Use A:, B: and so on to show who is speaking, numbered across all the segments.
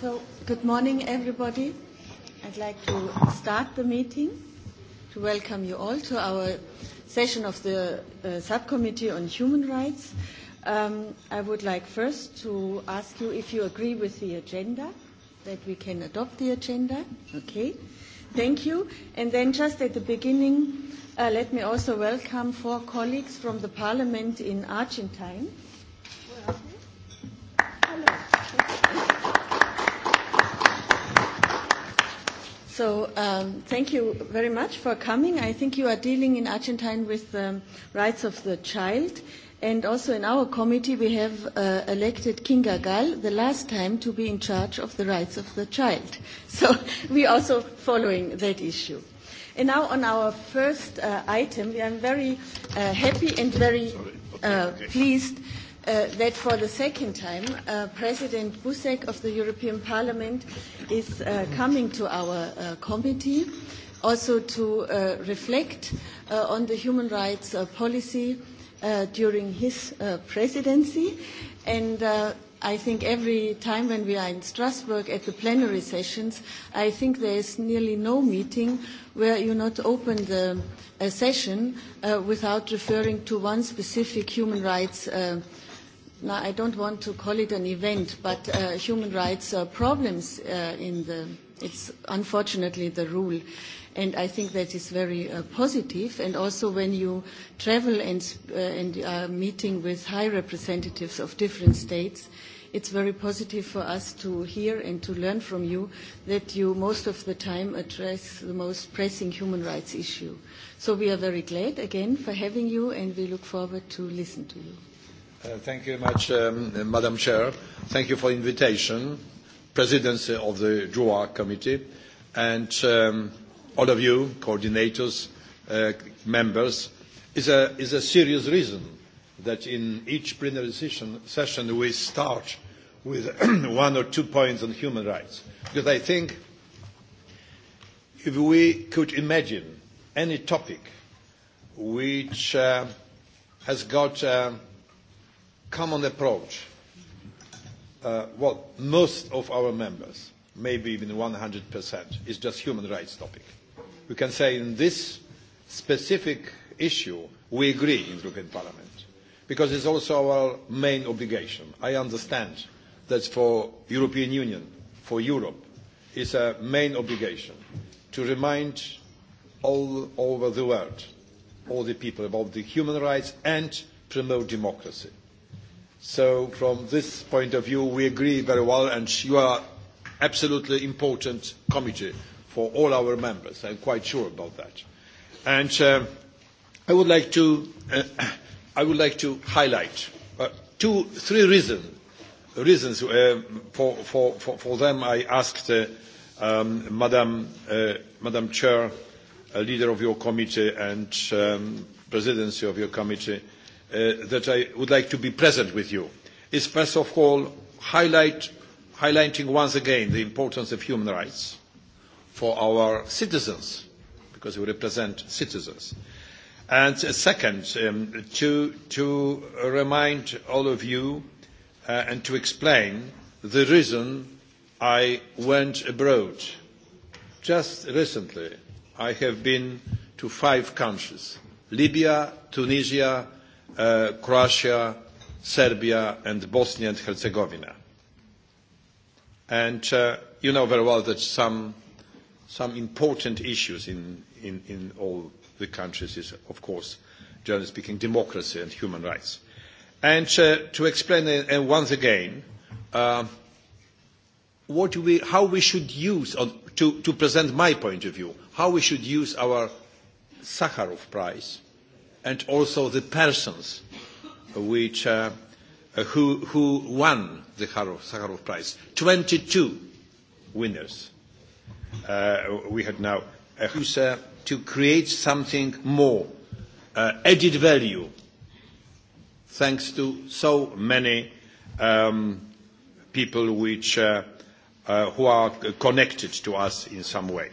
A: So, good morning, everybody. I'd like to start the meeting to welcome you all to our session of the uh, Subcommittee on Human Rights. Um, I would like first to ask you if you agree with the agenda, that we can adopt the agenda. Okay. Thank you. And then just at the beginning, uh, let me also welcome four colleagues from the Parliament in Argentine. So um, thank you very much for coming. I think you are dealing in Argentine with the um, rights of the child. And also in our committee, we have uh, elected Kinga Gal the last time to be in charge of the rights of the child. So we are also following that issue. And now on our first uh, item, we are very uh, happy and very uh, pleased. Okay. Okay uh, that for the second time, uh, President Busek of the European Parliament is uh, coming to our uh, committee also to uh, reflect uh, on the human rights uh, policy uh, during his uh, presidency. And uh, I think every time when we are in Strasbourg at the plenary sessions, I think there is nearly no meeting where you not open the a uh, session uh, without referring to one specific human rights uh, now I don't want to call it an event, but uh, human rights uh, problems uh, in the it's unfortunately the rule. And I think that is very uh, positive. And also when you travel and, uh, and are meeting with high representatives of different states, it's very positive for us to hear and to learn from you that you most of the time address the most pressing human rights issue. So we are very glad again for having you and we look forward to listen to you.
B: Uh, thank you very much, um, Madam Chair. Thank you for invitation, presidency of the Drua Committee, and um, all of you, coordinators, uh, members. Is a, is a serious reason that in each plenary session, session we start with one or two points on human rights. Because I think if we could imagine any topic which uh, has got uh, common approach. Uh, what most of our members, maybe even 100%, is just human rights topic. We can say in this specific issue, we agree in the European Parliament, because it's also our main obligation. I understand that for European Union, for Europe, it's a main obligation to remind all over the world all the people about the human rights and promote democracy. So from this point of view, we agree very well, and you are absolutely important committee for all our members. I'm quite sure about that. And um, I would like to, uh, I would like to highlight uh, two, three reasons uh, for them I asked um, Madam Chair, leader of your committee and um, presidency of your committee, uh, that I would like to be present with you is first of all highlight, highlighting once again the importance of human rights for our citizens, because we represent citizens. And uh, second, um, to, to remind all of you uh, and to explain the reason I went abroad. Just recently, I have been to five countries, Libya, Tunisia, Croatia, e, Serbia, and Bosnia and Herzegovina. And uh, you know very well that some, some important issues in, in, in all the countries is, of course, generally speaking, democracy and human rights. And uh, to explain it, and uh, once again, uh, what we, how we should use, or to, to present my point of view, how we should use our Sakharov Prize and also the persons which, uh, uh who, who won the Sakharov Prize. 22 winners uh, we had now. Uh, who's, uh, to create something more, uh, added value, thanks to so many um, people which, uh, uh, who are connected to us in some way.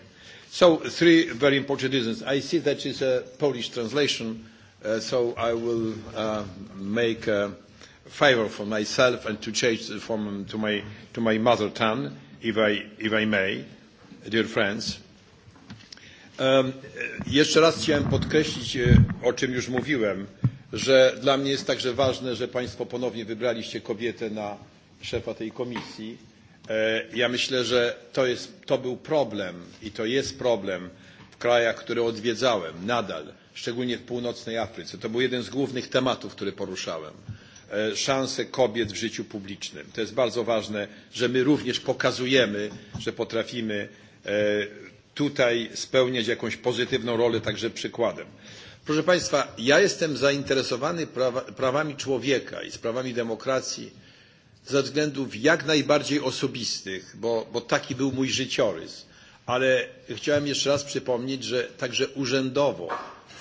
B: So three very important reasons. I see that is a Polish translation. Uh, so I will uh, make a favor for myself and to change the form to my, to my mother tongue, if I, if I may, dear friends. Um, jeszcze raz chciałem podkreślić, e, o czym już mówiłem, że dla mnie jest także ważne, że Państwo ponownie wybraliście kobietę na szefa tej komisji. E, ja myślę, że to, jest, to był problem i to jest problem w krajach, które odwiedzałem nadal szczególnie w północnej Afryce. To był jeden z głównych tematów, który poruszałem. E, szanse kobiet w życiu publicznym. To jest bardzo ważne, że my również pokazujemy, że potrafimy e, tutaj spełniać jakąś pozytywną rolę, także przykładem. Proszę Państwa, ja jestem zainteresowany prawa, prawami człowieka i sprawami demokracji ze względów jak najbardziej osobistych, bo, bo taki był mój życiorys. Ale chciałem jeszcze raz przypomnieć, że także urzędowo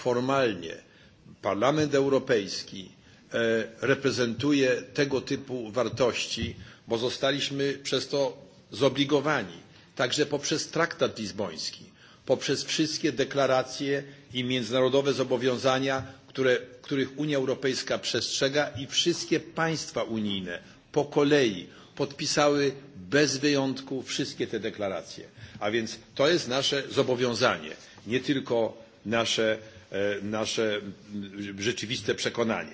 B: formalnie Parlament Europejski e, reprezentuje tego typu wartości, bo zostaliśmy przez to zobligowani, także poprzez traktat lizboński, poprzez wszystkie deklaracje i międzynarodowe zobowiązania, które, których Unia Europejska przestrzega i wszystkie państwa unijne po kolei podpisały bez wyjątku wszystkie te deklaracje. A więc to jest nasze zobowiązanie, nie tylko nasze E, nasze rzeczywiste przekonanie.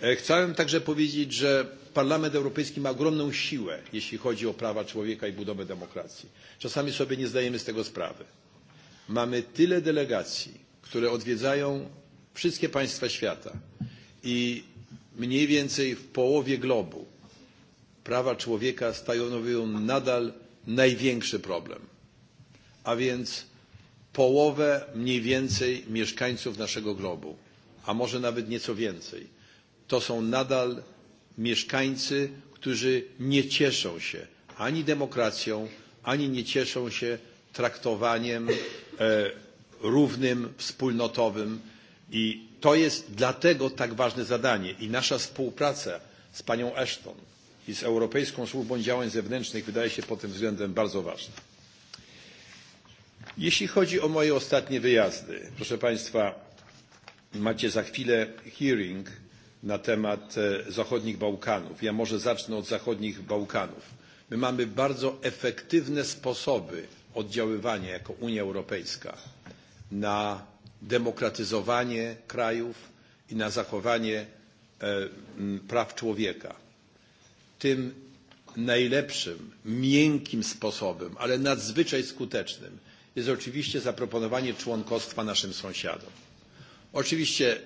B: E, chciałem także powiedzieć, że Parlament Europejski ma ogromną siłę, jeśli chodzi o prawa człowieka i budowę demokracji. Czasami sobie nie zdajemy z tego sprawy. Mamy tyle delegacji, które odwiedzają wszystkie państwa świata i mniej więcej w połowie globu prawa człowieka stanowią nadal największy problem. A więc połowę mniej więcej mieszkańców naszego globu, a może nawet nieco więcej, to są nadal mieszkańcy, którzy nie cieszą się ani demokracją, ani nie cieszą się traktowaniem e, równym, wspólnotowym. I to jest dlatego tak ważne zadanie. I nasza współpraca z panią Ashton i z Europejską Służbą Działań Zewnętrznych wydaje się pod tym względem bardzo ważna. Jeśli chodzi o moje ostatnie wyjazdy, proszę Państwa, macie za chwilę hearing na temat e, zachodnich Bałkanów. Ja może zacznę od zachodnich Bałkanów. My mamy bardzo efektywne sposoby oddziaływania jako Unia Europejska na demokratyzowanie krajów i na zachowanie e, praw człowieka. Tym najlepszym, miękkim sposobem, ale nadzwyczaj skutecznym jest oczywiście zaproponowanie członkostwa naszym sąsiadom. Oczywiście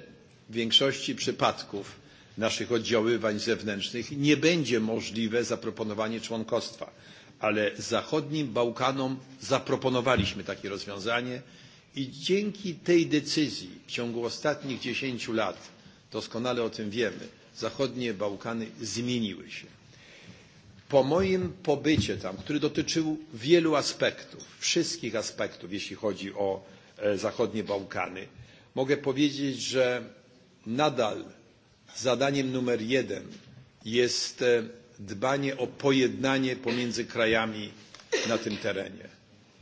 B: w większości przypadków naszych oddziaływań zewnętrznych nie będzie możliwe zaproponowanie członkostwa, ale zachodnim Bałkanom zaproponowaliśmy takie rozwiązanie i dzięki tej decyzji w ciągu ostatnich dziesięciu lat doskonale o tym wiemy zachodnie Bałkany zmieniły się po moim pobycie tam, który dotyczył wielu aspektów, wszystkich aspektów, jeśli chodzi o e, zachodnie Bałkany, mogę powiedzieć, że nadal zadaniem numer jeden jest e, dbanie o pojednanie pomiędzy krajami na tym terenie.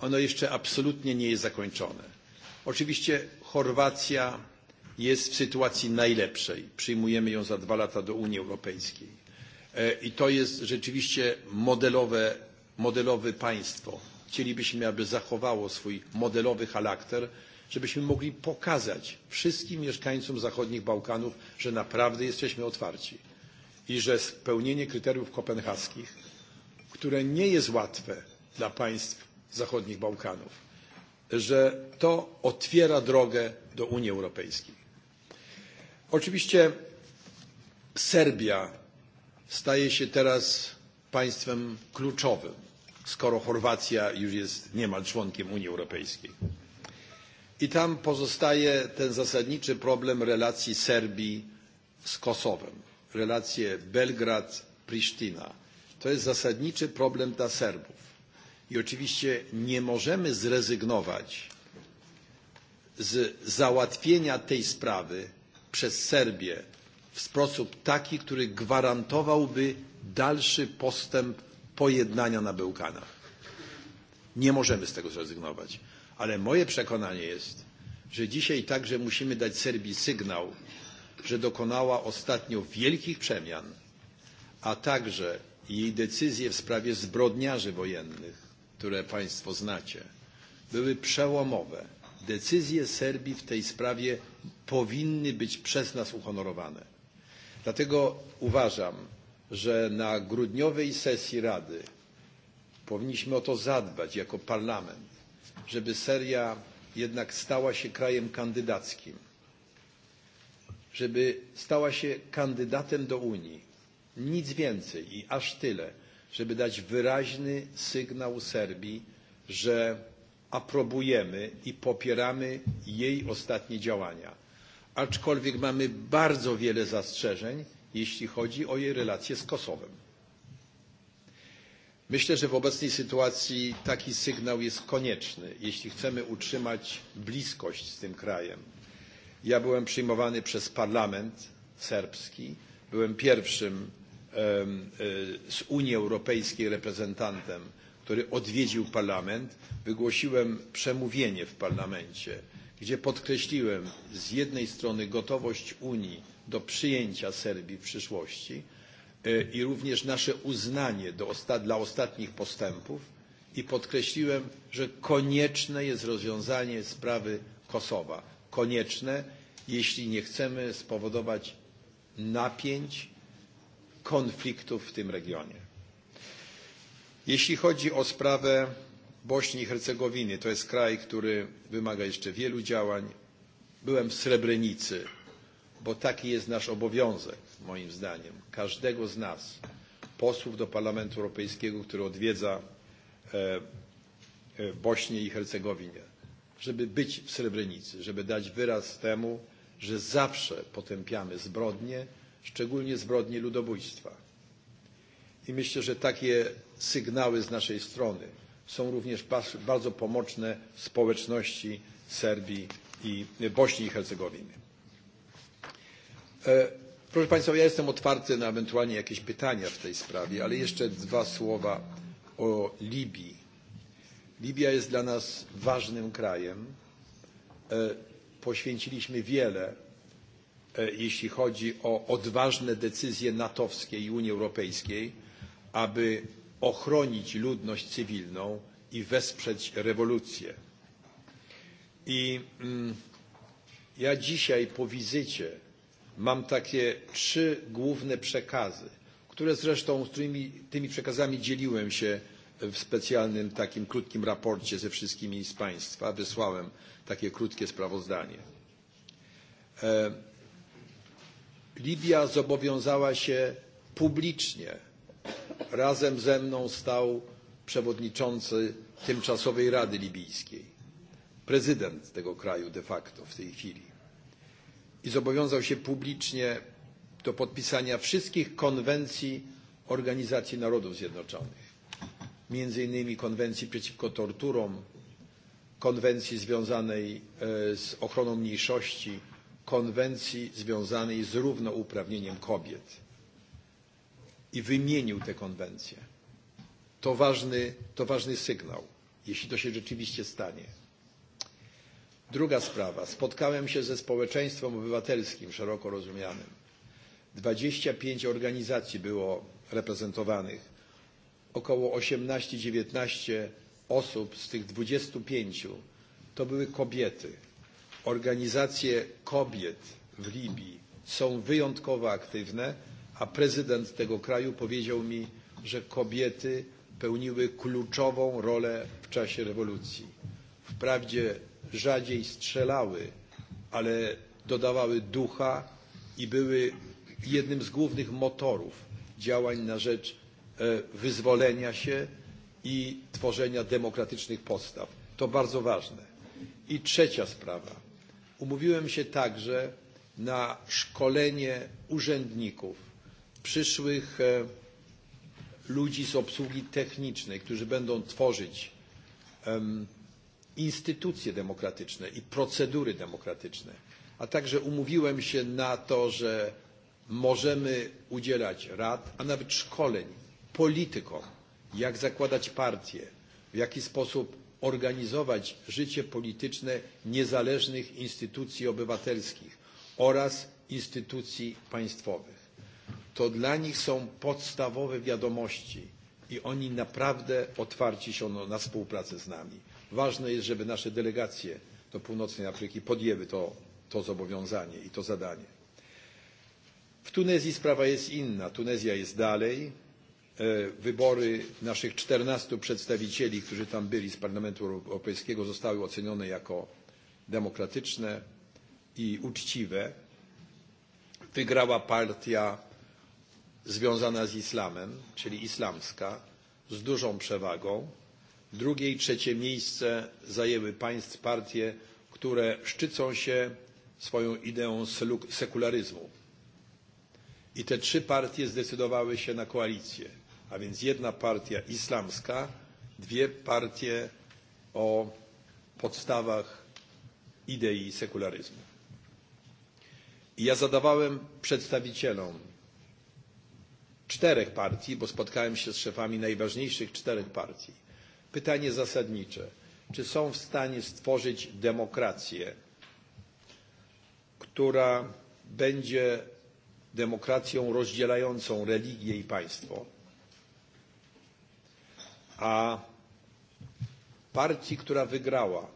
B: Ono jeszcze absolutnie nie jest zakończone. Oczywiście Chorwacja jest w sytuacji najlepszej. Przyjmujemy ją za dwa lata do Unii Europejskiej. E, I to jest rzeczywiście modelowe, modelowe państwo. Chcielibyśmy, aby zachowało swój modelowy charakter, żebyśmy mogli pokazać wszystkim mieszkańcom zachodnich Bałkanów, że naprawdę jesteśmy otwarci i że spełnienie kryteriów kopenhaskich, które nie jest łatwe dla państw zachodnich Bałkanów, że to otwiera drogę do Unii Europejskiej. Oczywiście Serbia staje się teraz państwem kluczowym, skoro Chorwacja już jest niemal członkiem Unii Europejskiej. I tam pozostaje ten zasadniczy problem relacji Serbii z Kosowem, relacje Belgrad-Pristina. To jest zasadniczy problem dla Serbów. I oczywiście nie możemy zrezygnować z załatwienia tej sprawy przez Serbię w sposób taki, który gwarantowałby dalszy postęp pojednania na Bełkanach. Nie możemy z tego zrezygnować. Ale moje przekonanie jest, że dzisiaj także musimy dać Serbii sygnał, że dokonała ostatnio wielkich przemian, a także jej decyzje w sprawie zbrodniarzy wojennych, które Państwo znacie, były przełomowe. Decyzje Serbii w tej sprawie powinny być przez nas uhonorowane. Dlatego uważam, że na grudniowej sesji Rady powinniśmy o to zadbać jako parlament, żeby Seria jednak stała się krajem kandydackim, żeby stała się kandydatem do Unii. Nic więcej i aż tyle, żeby dać wyraźny sygnał Serbii, że aprobujemy i popieramy jej ostatnie działania aczkolwiek mamy bardzo wiele zastrzeżeń, jeśli chodzi o jej relacje z Kosowem. Myślę, że w obecnej sytuacji taki sygnał jest konieczny, jeśli chcemy utrzymać bliskość z tym krajem. Ja byłem przyjmowany przez parlament serbski, byłem pierwszym e, z Unii Europejskiej reprezentantem, który odwiedził parlament, wygłosiłem przemówienie w parlamencie gdzie podkreśliłem z jednej strony gotowość Unii do przyjęcia Serbii w przyszłości e, i również nasze uznanie do, dla ostatnich postępów i podkreśliłem, że konieczne jest rozwiązanie sprawy Kosowa. Konieczne, jeśli nie chcemy spowodować napięć, konfliktów w tym regionie. Jeśli chodzi o sprawę Bośni i Hercegowiny. To jest kraj, który wymaga jeszcze wielu działań. Byłem w Srebrenicy, bo taki jest nasz obowiązek, moim zdaniem, każdego z nas, posłów do Parlamentu Europejskiego, który odwiedza e, e, Bośnię i Hercegowinę, żeby być w Srebrenicy, żeby dać wyraz temu, że zawsze potępiamy zbrodnie, szczególnie zbrodnie ludobójstwa. I myślę, że takie sygnały z naszej strony są również bardzo pomocne w społeczności Serbii i Bośni i Hercegowiny. E, proszę Państwa, ja jestem otwarty na ewentualnie jakieś pytania w tej sprawie, ale jeszcze dwa słowa o Libii. Libia jest dla nas ważnym krajem. E, poświęciliśmy wiele, e, jeśli chodzi o odważne decyzje natowskie i Unii Europejskiej, aby ochronić ludność cywilną i wesprzeć rewolucję. I mm, ja dzisiaj po wizycie mam takie trzy główne przekazy, które zresztą z którymi, tymi przekazami dzieliłem się w specjalnym takim krótkim raporcie ze wszystkimi z Państwa. Wysłałem takie krótkie sprawozdanie. E, Libia zobowiązała się publicznie razem ze mną stał przewodniczący tymczasowej Rady Libijskiej, prezydent tego kraju de facto w tej chwili. I zobowiązał się publicznie do podpisania wszystkich konwencji Organizacji Narodów Zjednoczonych, między innymi konwencji przeciwko torturom, konwencji związanej e, z ochroną mniejszości, konwencji związanej z równouprawnieniem kobiet i wymienił tę konwencję. To ważny, to ważny sygnał, jeśli to się rzeczywiście stanie. Druga sprawa. Spotkałem się ze społeczeństwem obywatelskim szeroko rozumianym. 25 organizacji było reprezentowanych. Około 18-19 osób z tych 25 to były kobiety. Organizacje kobiet w Libii są wyjątkowo aktywne a prezydent tego kraju powiedział mi, że kobiety pełniły kluczową rolę w czasie rewolucji. Wprawdzie rzadziej strzelały, ale dodawały ducha i były jednym z głównych motorów działań na rzecz e, wyzwolenia się i tworzenia demokratycznych podstaw. To bardzo ważne. I trzecia sprawa. Umówiłem się także na szkolenie urzędników przyszłych e, ludzi z obsługi technicznej, którzy będą tworzyć instytucje demokratyczne i procedury demokratyczne, a także umówiłem się na to, że możemy udzielać rad, a nawet szkoleń politykom, jak zakładać partie, w jaki sposób organizować życie polityczne niezależnych instytucji obywatelskich oraz instytucji państwowych to dla nich są podstawowe wiadomości i oni naprawdę otwarci się na współpracę z nami. Ważne jest, żeby nasze delegacje do Północnej Afryki podjęły to, to zobowiązanie i to zadanie. W Tunezji sprawa jest inna. Tunezja jest dalej. E, wybory naszych 14 przedstawicieli, którzy tam byli z Parlamentu Europejskiego, zostały ocenione jako demokratyczne i uczciwe. Wygrała partia związana z islamem, czyli islamska, z dużą przewagą. Drugie i trzecie miejsce zajęły państw, partie, które szczycą się swoją ideą sekularyzmu. I te trzy partie zdecydowały się na koalicję, a więc jedna partia islamska, dwie partie o podstawach idei sekularyzmu. I ja zadawałem przedstawicielom czterech partii, bo spotkałem się z szefami najważniejszych czterech partii. Pytanie zasadnicze. Czy są w stanie stworzyć demokrację, która będzie demokracją rozdzielającą religię i państwo, a partii, która wygrała,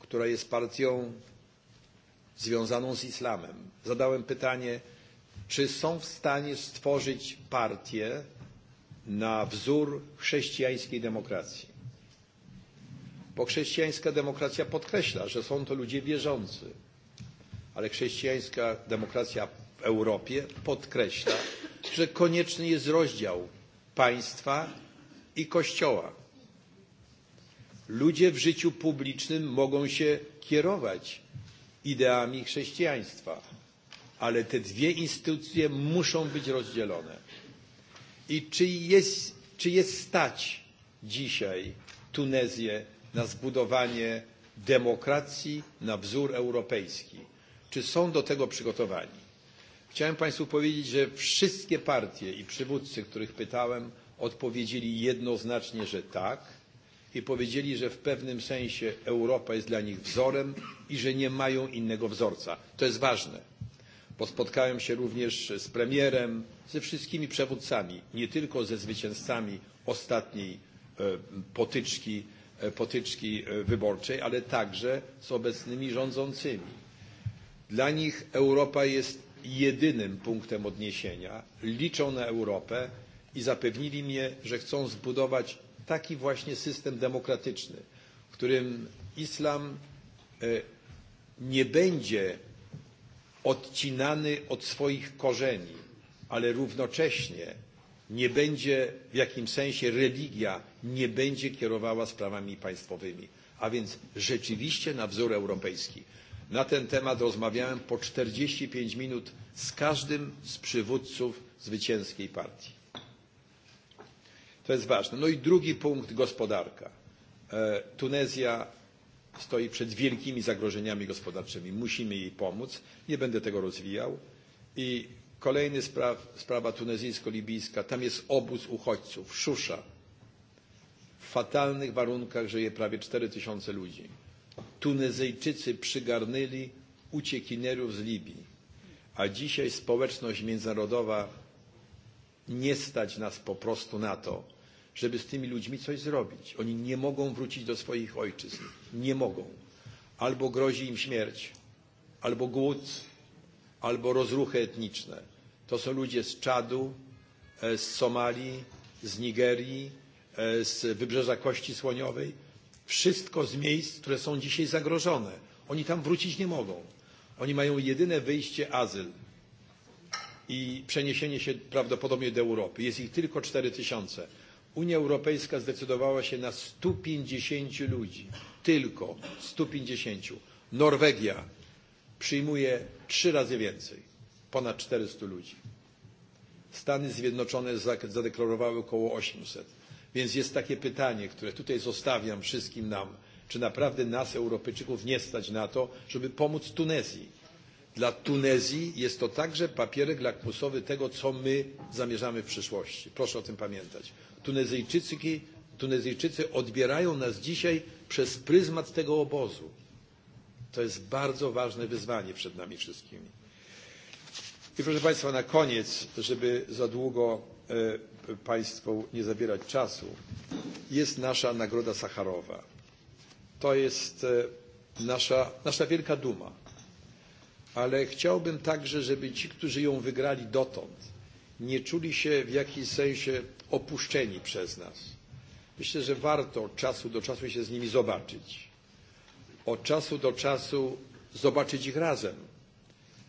B: która jest partią związaną z islamem. Zadałem pytanie, czy są w stanie stworzyć partię na wzór chrześcijańskiej demokracji. Bo chrześcijańska demokracja podkreśla, że są to ludzie wierzący, ale chrześcijańska demokracja w Europie podkreśla, że konieczny jest rozdział państwa i kościoła. Ludzie w życiu publicznym mogą się kierować ideami chrześcijaństwa ale te dwie instytucje muszą być rozdzielone. I czy jest, czy jest stać dzisiaj Tunezję na zbudowanie demokracji na wzór europejski? Czy są do tego przygotowani? Chciałem Państwu powiedzieć, że wszystkie partie i przywódcy, których pytałem, odpowiedzieli jednoznacznie, że tak i powiedzieli, że w pewnym sensie Europa jest dla nich wzorem i że nie mają innego wzorca. To jest ważne bo spotkałem się również z premierem, ze wszystkimi przewódcami, nie tylko ze zwycięzcami ostatniej e, potyczki, e, potyczki e, wyborczej, ale także z obecnymi rządzącymi. Dla nich Europa jest jedynym punktem odniesienia, liczą na Europę i zapewnili mnie, że chcą zbudować taki właśnie system demokratyczny, w którym islam nie będzie odcinany od swoich korzeni, ale równocześnie nie będzie, w jakim sensie religia nie będzie kierowała sprawami państwowymi. A więc rzeczywiście na wzór europejski. Na ten temat rozmawiałem po 45 minut z każdym z przywódców zwycięskiej partii. To jest ważne. No i drugi punkt gospodarka. E, Tunezja stoi przed wielkimi zagrożeniami gospodarczymi. Musimy jej pomóc. Nie będę tego rozwijał. I kolejny spraw, sprawa tunezyjsko-libijska. Tam jest obóz uchodźców, Szusza. W fatalnych warunkach żyje prawie 4 tysiące ludzi. Tunezyjczycy przygarnęli uciekinierów z Libii. A dzisiaj społeczność międzynarodowa nie stać nas po prostu na to, żeby z tymi ludźmi coś zrobić. Oni nie mogą wrócić do swoich ojczyzn. Nie mogą. Albo grozi im śmierć, albo głód, albo rozruchy etniczne. To są ludzie z Czadu, e, z Somalii, z Nigerii, e, z Wybrzeża Kości Słoniowej. Wszystko z miejsc, które są dzisiaj zagrożone. Oni tam wrócić nie mogą. Oni mają jedyne wyjście azyl i przeniesienie się prawdopodobnie do Europy. Jest ich tylko 4 tysiące. Unia Europejska zdecydowała się na 150 ludzi, tylko 150. Norwegia przyjmuje trzy razy więcej, ponad 400 ludzi. Stany Zjednoczone zadeklarowały około 800. Więc jest takie pytanie, które tutaj zostawiam wszystkim nam, czy naprawdę nas, Europejczyków, nie stać na to, żeby pomóc Tunezji. Dla Tunezji jest to także papierek lakmusowy tego, co my zamierzamy w przyszłości. Proszę o tym pamiętać. Tunezyjczycy, Tunezyjczycy odbierają nas dzisiaj przez pryzmat tego obozu. To jest bardzo ważne wyzwanie przed nami wszystkimi. I proszę Państwa, na koniec, żeby za długo e, Państwu nie zabierać czasu, jest nasza Nagroda Sacharowa. To jest e, nasza, nasza wielka duma. Ale chciałbym także, żeby ci, którzy ją wygrali dotąd, nie czuli się w jakimś sensie opuszczeni przez nas. Myślę, że warto od czasu do czasu się z nimi zobaczyć. Od czasu do czasu zobaczyć ich razem.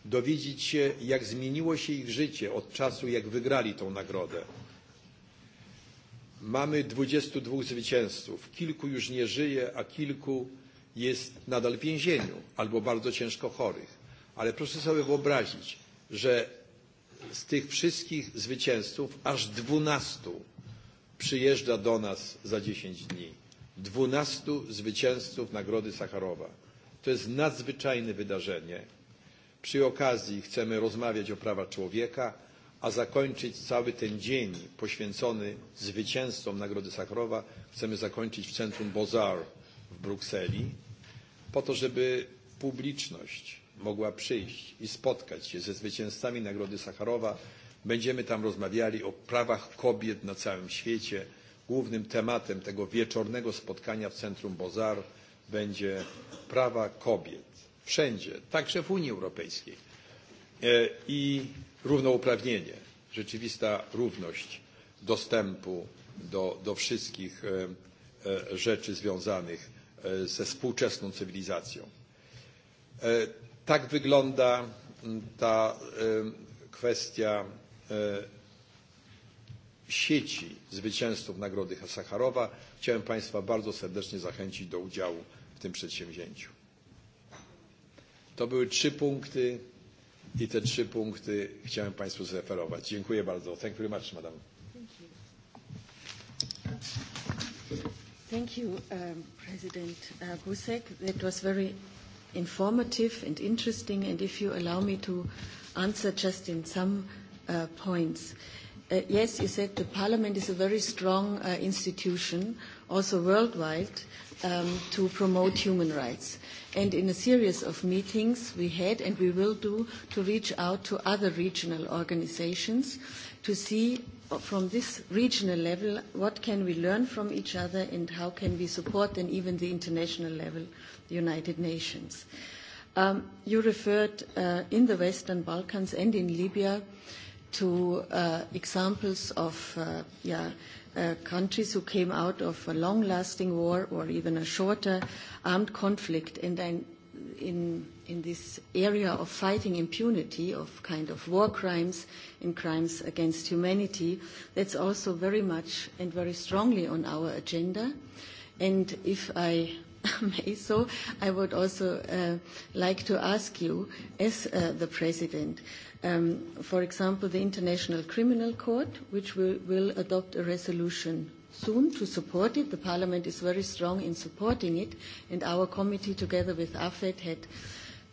B: Dowiedzieć się, jak zmieniło się ich życie od czasu, jak wygrali tą nagrodę. Mamy 22 zwycięzców. Kilku już nie żyje, a kilku jest nadal w więzieniu albo bardzo ciężko chorych. Ale proszę sobie wyobrazić, że z tych wszystkich zwycięzców aż dwunastu przyjeżdża do nas za 10 dni. Dwunastu zwycięzców Nagrody Sacharowa. To jest nadzwyczajne wydarzenie. Przy okazji chcemy rozmawiać o prawach człowieka, a zakończyć cały ten dzień poświęcony zwycięzcom Nagrody Sacharowa chcemy zakończyć w Centrum Bozar w Brukseli, po to, żeby publiczność mogła przyjść i spotkać się ze zwycięzcami Nagrody Sacharowa. Będziemy tam rozmawiali o prawach kobiet na całym świecie. Głównym tematem tego wieczornego spotkania w Centrum Bozar będzie prawa kobiet wszędzie, także w Unii Europejskiej e, i równouprawnienie, rzeczywista równość dostępu do, do wszystkich e, e, rzeczy związanych ze współczesną cywilizacją. Tak wygląda ta kwestia e, sieci zwycięzców Nagrody Sacharowa. Chciałem Państwa bardzo serdecznie zachęcić do udziału w tym przedsięwzięciu. To były trzy punkty i te trzy punkty chciałem Państwu zreferować. Dziękuję bardzo. Thank you very much, madam.
A: Thank you, um, President uh, Busek. That was very informative and interesting, and if you allow me to answer just in some uh, points. Uh, yes, you said the Parliament is a very strong uh, institution, also worldwide, um, to promote human rights. And in a series of meetings we had and we will do to reach out to other regional organizations to see from this regional level, what can we learn from each other and how can we support then even the international level, the United Nations? Um, you referred uh, in the Western Balkans and in Libya to uh, examples of uh, yeah, uh, countries who came out of a long-lasting war or even a shorter armed conflict. And then in in this area of fighting impunity, of kind of war crimes and crimes against humanity, that's also very much and very strongly on our agenda. And if I may so, I would also uh, like to ask you, as uh, the President, um, for example, the International Criminal Court, which will, will adopt a resolution soon to support it. The Parliament is very strong in supporting it, and our committee, together with AFED, had uh,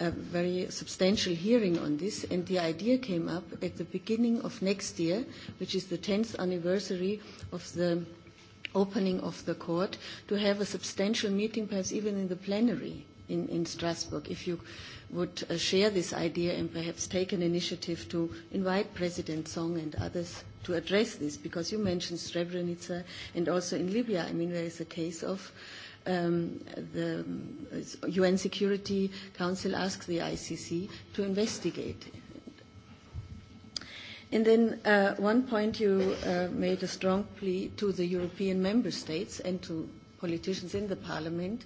A: a very substantial hearing on this, and the idea came up at the beginning of next year, which is the 10th anniversary of the opening of the court, to have a substantial meeting, perhaps even in the plenary in, in Strasbourg, if you would uh, share this idea and perhaps take an initiative to invite President Song and others to address this, because you mentioned Srebrenica and also in Libya. I mean, there is a case of uh, um, the UN Security Council asked the ICC to investigate. And then uh, one point you uh, made a strong plea to the European member states and to politicians in the parliament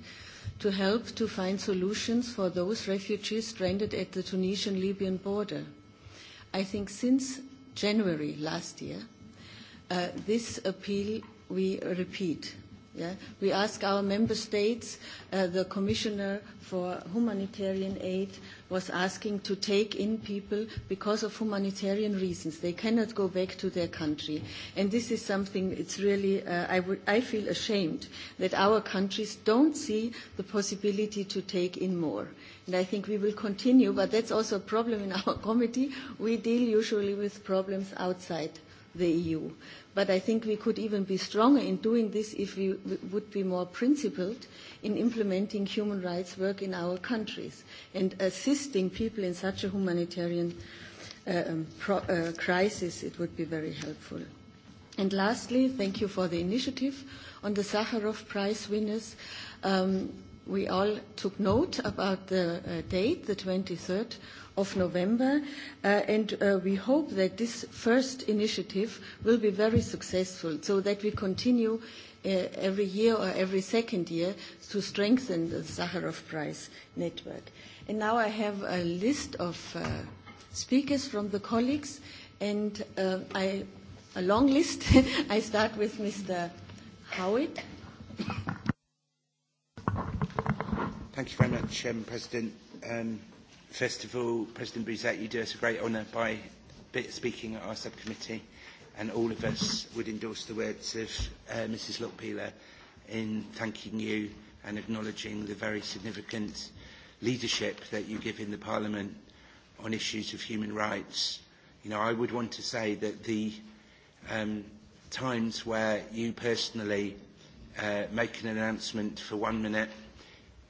A: to help to find solutions for those refugees stranded at the Tunisian-Libyan border. I think since January last year, uh, this appeal we repeat. Yeah? We ask our member states, uh, the commissioner for humanitarian aid was asking to take in people because of humanitarian reasons. They cannot go back to their country. And this is something, it's really, uh, I, w- I feel ashamed that our countries don't see the possibility to take in more. And I think we will continue, but that's also a problem in our committee. We deal usually with problems outside the EU. But I think we could even be stronger in doing this if we would be more principled in implementing human rights work in our countries and assisting people in such a humanitarian uh, um, pro- uh, crisis. It would be very helpful. And lastly, thank you for the initiative on the Sakharov Prize winners. Um, we all took note about the uh, date, the 23rd of November, uh, and uh, we hope that this first initiative will be very successful so that we continue uh, every year or every second year to strengthen the Sakharov Prize network. And now I have a list of uh, speakers from the colleagues, and uh, I, a long list. I start with Mr. Howitt.
C: Thank you very much, um, President. Um, First of all, President Bouzet, you do us a great honour by speaking at our subcommittee, and all of us would endorse the words of uh, Mrs. Lockpeeler in thanking you and acknowledging the very significant leadership that you give in the Parliament on issues of human rights. You know, I would want to say that the um, times where you personally uh, make an announcement for one minute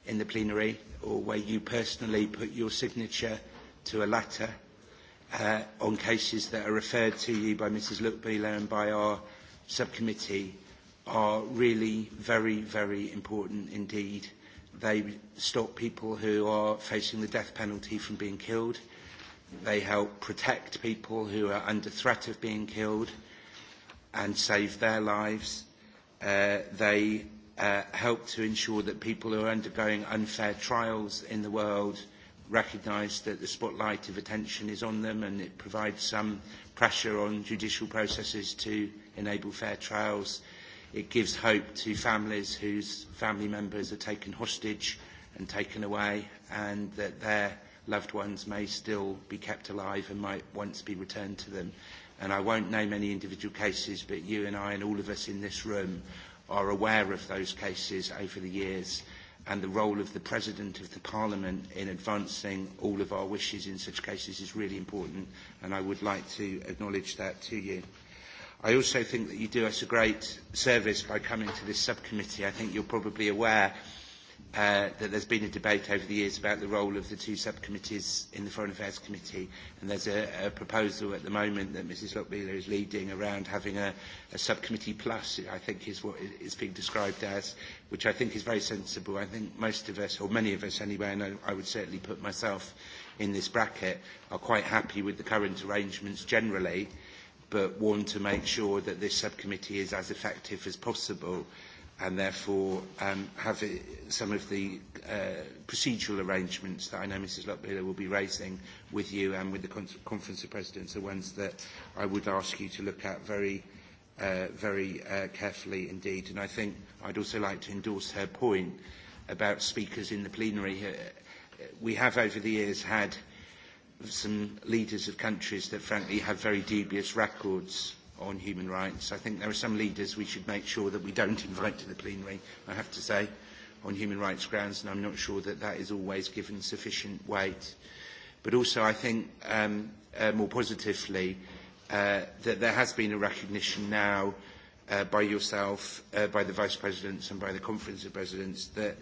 C: in the plenary or where you personally put your signature to a letter uh, on cases that are referred to you by Mrs. Lookbeeler and by our subcommittee are really very, very important indeed. They stop people who are facing the death penalty from being killed. They help protect people who are under threat of being killed and save their lives. Uh, they Uh, help to ensure that people who are undergoing unfair trials in the world recognise that the spotlight of attention is on them and it provides some pressure on judicial processes to enable fair trials. It gives hope to families whose family members are taken hostage and taken away and that their loved ones may still be kept alive and might once be returned to them. And I won't name any individual cases, but you and I and all of us in this room are aware of those cases over the years and the role of the President of the Parliament in advancing all of our wishes in such cases is really important and I would like to acknowledge that to you. I also think that you do us a great service by coming to this subcommittee. I think you're probably aware Uh, that there's been a debate over the years about the role of the two subcommittees in the Foreign Affairs Committee, and there's a, a proposal at the moment that Mrs Lockbeeler is leading around having a, a subcommittee plus, I think is what is being described as, which I think is very sensible. I think most of us, or many of us anyway, and I, I would certainly put myself in this bracket, are quite happy with the current arrangements generally, but want to make sure that this subcommittee is as effective as possible and therefore um, have it, some of the uh, procedural arrangements that I know Mrs Lockbiller will be raising with you and with the con Conference of Presidents are ones that I would ask you to look at very, uh, very uh, carefully indeed. And I think I'd also like to endorse her point about speakers in the plenary. Uh, we have over the years had some leaders of countries that frankly have very dubious records on human rights. I think there are some leaders we should make sure that we don't invite to the plenary, I have to say, on human rights grounds, and I'm not sure that that is always given sufficient weight. But also, I think, um, uh, more positively, uh, that there has been a recognition now uh, by yourself, uh, by the Vice Presidents and by the Conference of Presidents that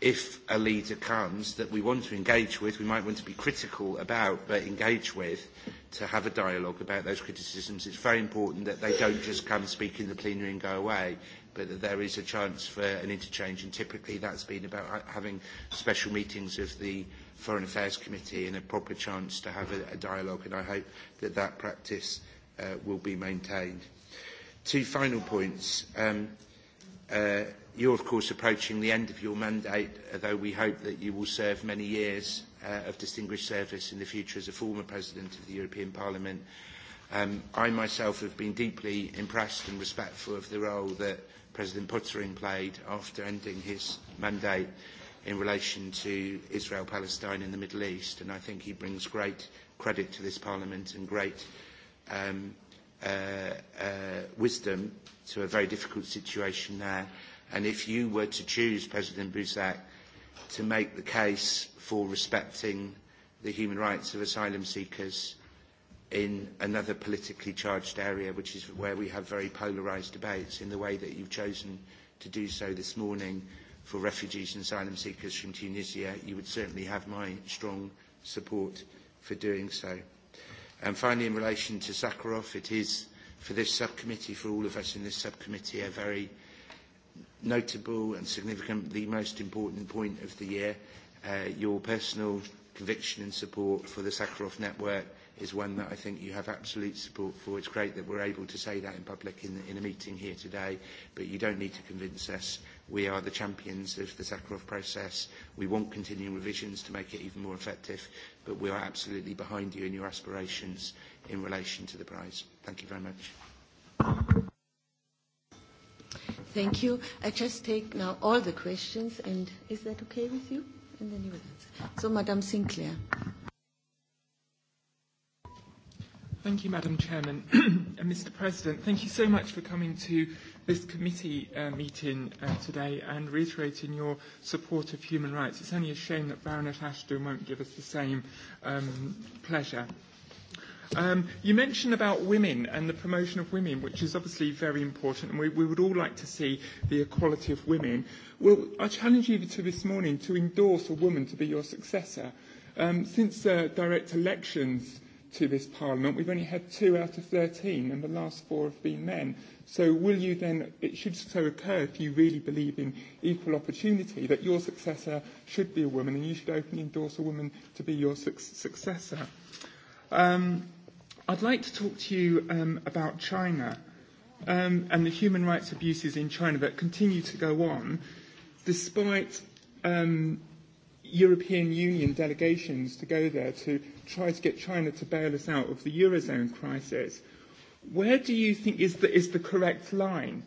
C: if a leader comes that we want to engage with, we might want to be critical about, but engage with, uh, to have a dialogue about those criticisms. It's very important that they don't just come speak in the plenary and go away, but that there is a chance for an interchange. And typically that's been about having special meetings of the Foreign Affairs Committee and a proper chance to have a, a dialogue. And I hope that that practice uh, will be maintained. Two final points. Um, Uh, you're, of course, approaching the end of your mandate, although we hope that you will serve many years uh, of distinguished service in the future as a former President of the European Parliament. Um, I myself have been deeply impressed and respectful of the role that President Pottering played after ending his mandate in relation to Israel-Palestine in the Middle East, and I think he brings great credit to this Parliament and great um, Uh, uh, wisdom to a very difficult situation there. And if you were to choose President Buzak to make the case for respecting the human rights of asylum seekers in another politically charged area, which is where we have very polarised debates, in the way that you've chosen to do so this morning for refugees and asylum seekers from Tunisia, you would certainly have my strong support for doing so. And finally, in relation to Sakharov, it is for this subcommittee, for all of us in this subcommittee, a very notable and significant, the most important point of the year. Uh, your personal conviction and support for the Sakharov network is one that I think you have absolute support for. It's great that we're able to say that in public in, in a meeting here today, but you don't need to convince us we are the champions of the Sakharov process. We want continuing revisions to make it even more effective, but we are absolutely behind you in your aspirations in relation to the prize. Thank you very much.
A: Thank you. I just take now all the questions, and is that okay with you? And then you will answer. So, Madame Sinclair.
D: Thank you, Madam Chairman. and uh, Mr. President, thank you so much for coming to this committee uh, meeting uh, today and reiterating your support of human rights. It's only a shame that Baroness Ashton won't give us the same um, pleasure. Um, you mentioned about women and the promotion of women, which is obviously very important, and we, we would all like to see the equality of women. Well, I challenge you to this morning to endorse a woman to be your successor. Um, since uh, direct elections, to this parliament. We've only had two out of 13, and the last four have been men. So will you then, it should so occur if you really believe in equal opportunity, that your successor should be a woman, and you should openly endorse a woman to be your su- successor. Um, I'd like to talk to you um, about China um, and the human rights abuses in China that continue to go on despite um, European Union delegations to go there to try to get China to bail us out of the Eurozone crisis. Where do you think is the, is the correct line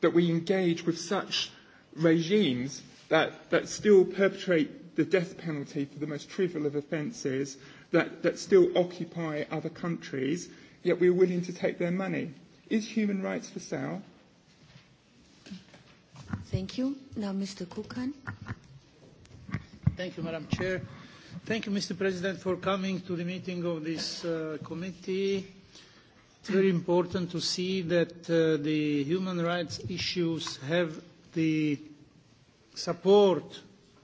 D: that we engage with such regimes that, that still perpetrate the death penalty for the most trivial of offences, that, that still occupy other countries, yet we're willing to take their money? Is human rights for sale?
A: Thank you. Now, Mr. Kukan.
E: Thank you, Madam Chair. Thank you, Mr. President, for coming to the meeting of this uh, committee. It's very important to see that uh, the human rights issues have the support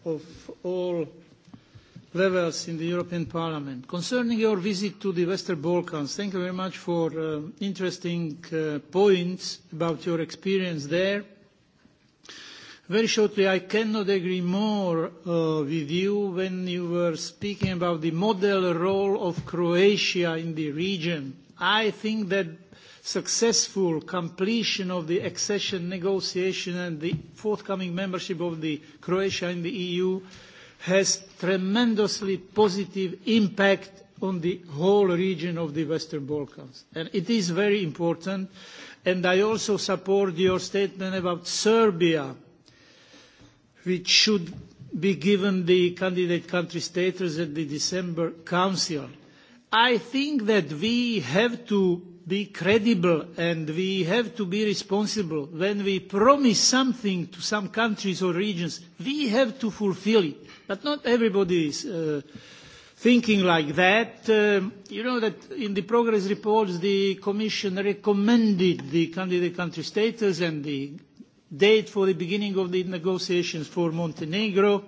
E: of all levels in the European Parliament. Concerning your visit to the Western Balkans, thank you very much for uh, interesting uh, points about your experience there. Very shortly, I cannot agree more uh, with you when you were speaking about the model role of Croatia in the region. I think that successful completion of the accession negotiation and the forthcoming membership of the Croatia in the EU has tremendously positive impact on the whole region of the Western Balkans. And it is very important. And I also support your statement about Serbia which should be given the candidate country status at the December Council. I think that we have to be credible and we have to be responsible. When we promise something to some countries or regions, we have to fulfill it. But not everybody is uh, thinking like that. Um, you know that in the progress reports, the Commission recommended the candidate country status and the date for the beginning of the negotiations for Montenegro.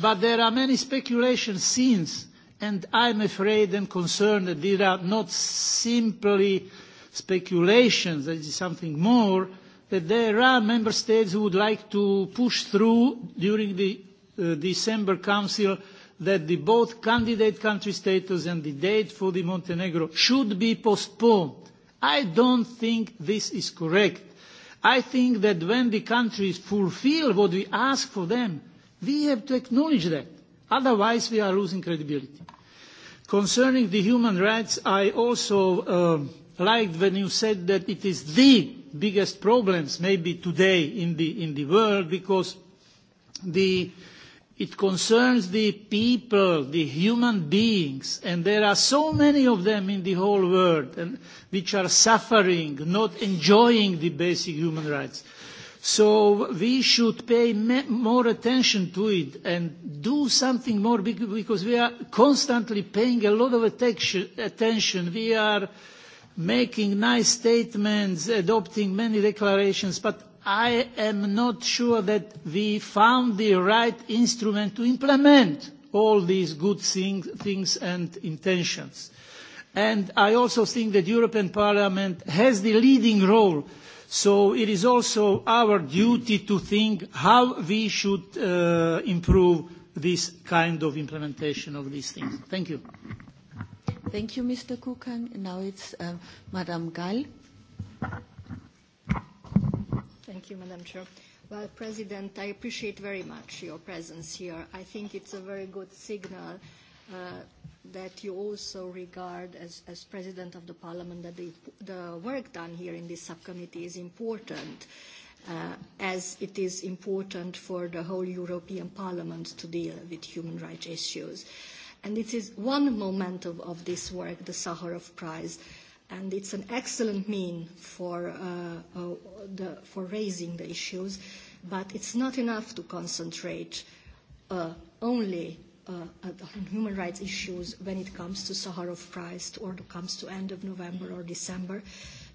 E: But there are many speculations since, and I'm afraid and concerned that these are not simply speculations, that it's something more, that there are member states who would like to push through during the uh, December Council that the both candidate country status and the date for the Montenegro should be postponed. I don't think this is correct. I think that when the countries fulfill what we ask for them, we have to acknowledge that. Otherwise, we are losing credibility. Concerning the human rights, I also uh, liked when you said that it is the biggest problems maybe today in the, in the world because the uh, It concerns the people, the human beings, and there are so many of them in the whole world and which are suffering, not enjoying the basic human rights. So we should pay me- more attention to it and do something more because we are constantly paying a lot of attention. We are making nice statements, adopting many declarations, but I am not sure that we found the right instrument to implement all these good thing, things and intentions. And I also think that European Parliament has the leading role. So it is also our duty to think how we should uh, improve this kind of implementation of these things. Thank you. Thank
A: you, Mr. Kukan. Now it's uh, Madame Gall. Thank you.
F: Thank you, Madam Chair. Well, President, I appreciate very much your presence here. I think it's a very good signal uh, that you also regard as, as President of the Parliament that the, the work done here in this subcommittee is important, uh, as it is important for the whole European Parliament to deal with human rights issues. And it is one momentum of this work, the Sakharov Prize, uh, and it's an excellent mean for, uh, uh, the, for raising the issues, but it's not enough to concentrate uh, only uh, on human rights issues when it comes to Sahara of Christ or it comes to end of November or December,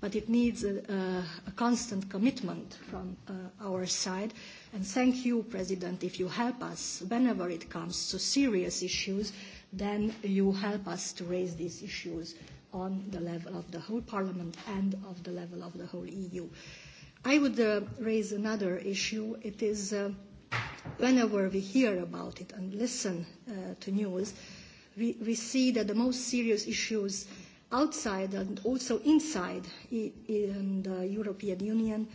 F: but it needs a, a, a constant commitment from uh, our side. And thank you, President, if you help us whenever it comes to serious issues, then you help us to raise these issues on the level of the whole parliament and of the level of the whole EU. I would uh, raise another issue. It is uh, whenever we hear about it and listen uh, to news, we, we see that the most serious issues outside and also inside e, e, in the European Union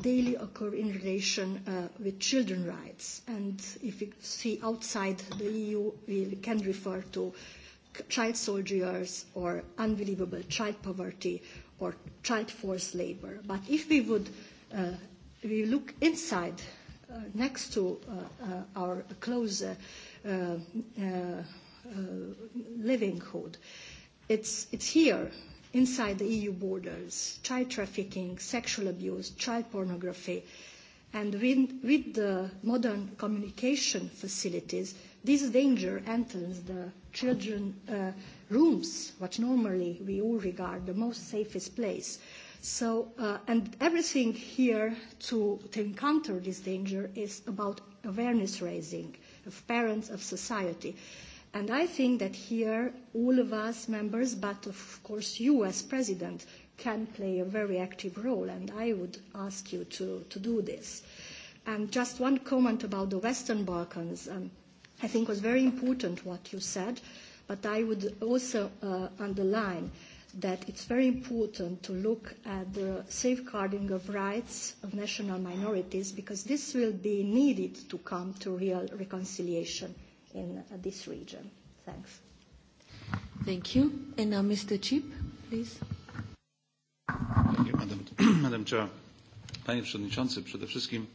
F: daily occur in relation uh, with children's rights. And if you see outside the EU, we can refer to uh, child soldiers or unbelievable child poverty or child forced labor. But if we would uh, we look inside, uh, next to uh, uh, our close uh, uh, uh, living hood, it's, it's here, inside the EU borders, child trafficking, sexual abuse, child pornography. And with, with the modern communication facilities, This danger enters the children's uh, rooms, what normally we all regard the most safest place. So, uh, and everything here to, to encounter this danger is about awareness raising of parents, of society. And I think that here, all of us members, but of course you as president, can play a very active role, and I would ask you to, to do this. And just one comment about the Western Balkans. Um, I think was very important what you said, but I would also uh, underline that it's very important to look at the safeguarding of rights of national minorities because this will be needed to come to real reconciliation in uh, this region. Thanks. Thank you. And now, Mr. Chip, please.
G: Thank you, Madam, Madam Chair. Panie Przewodniczący, przede wszystkim.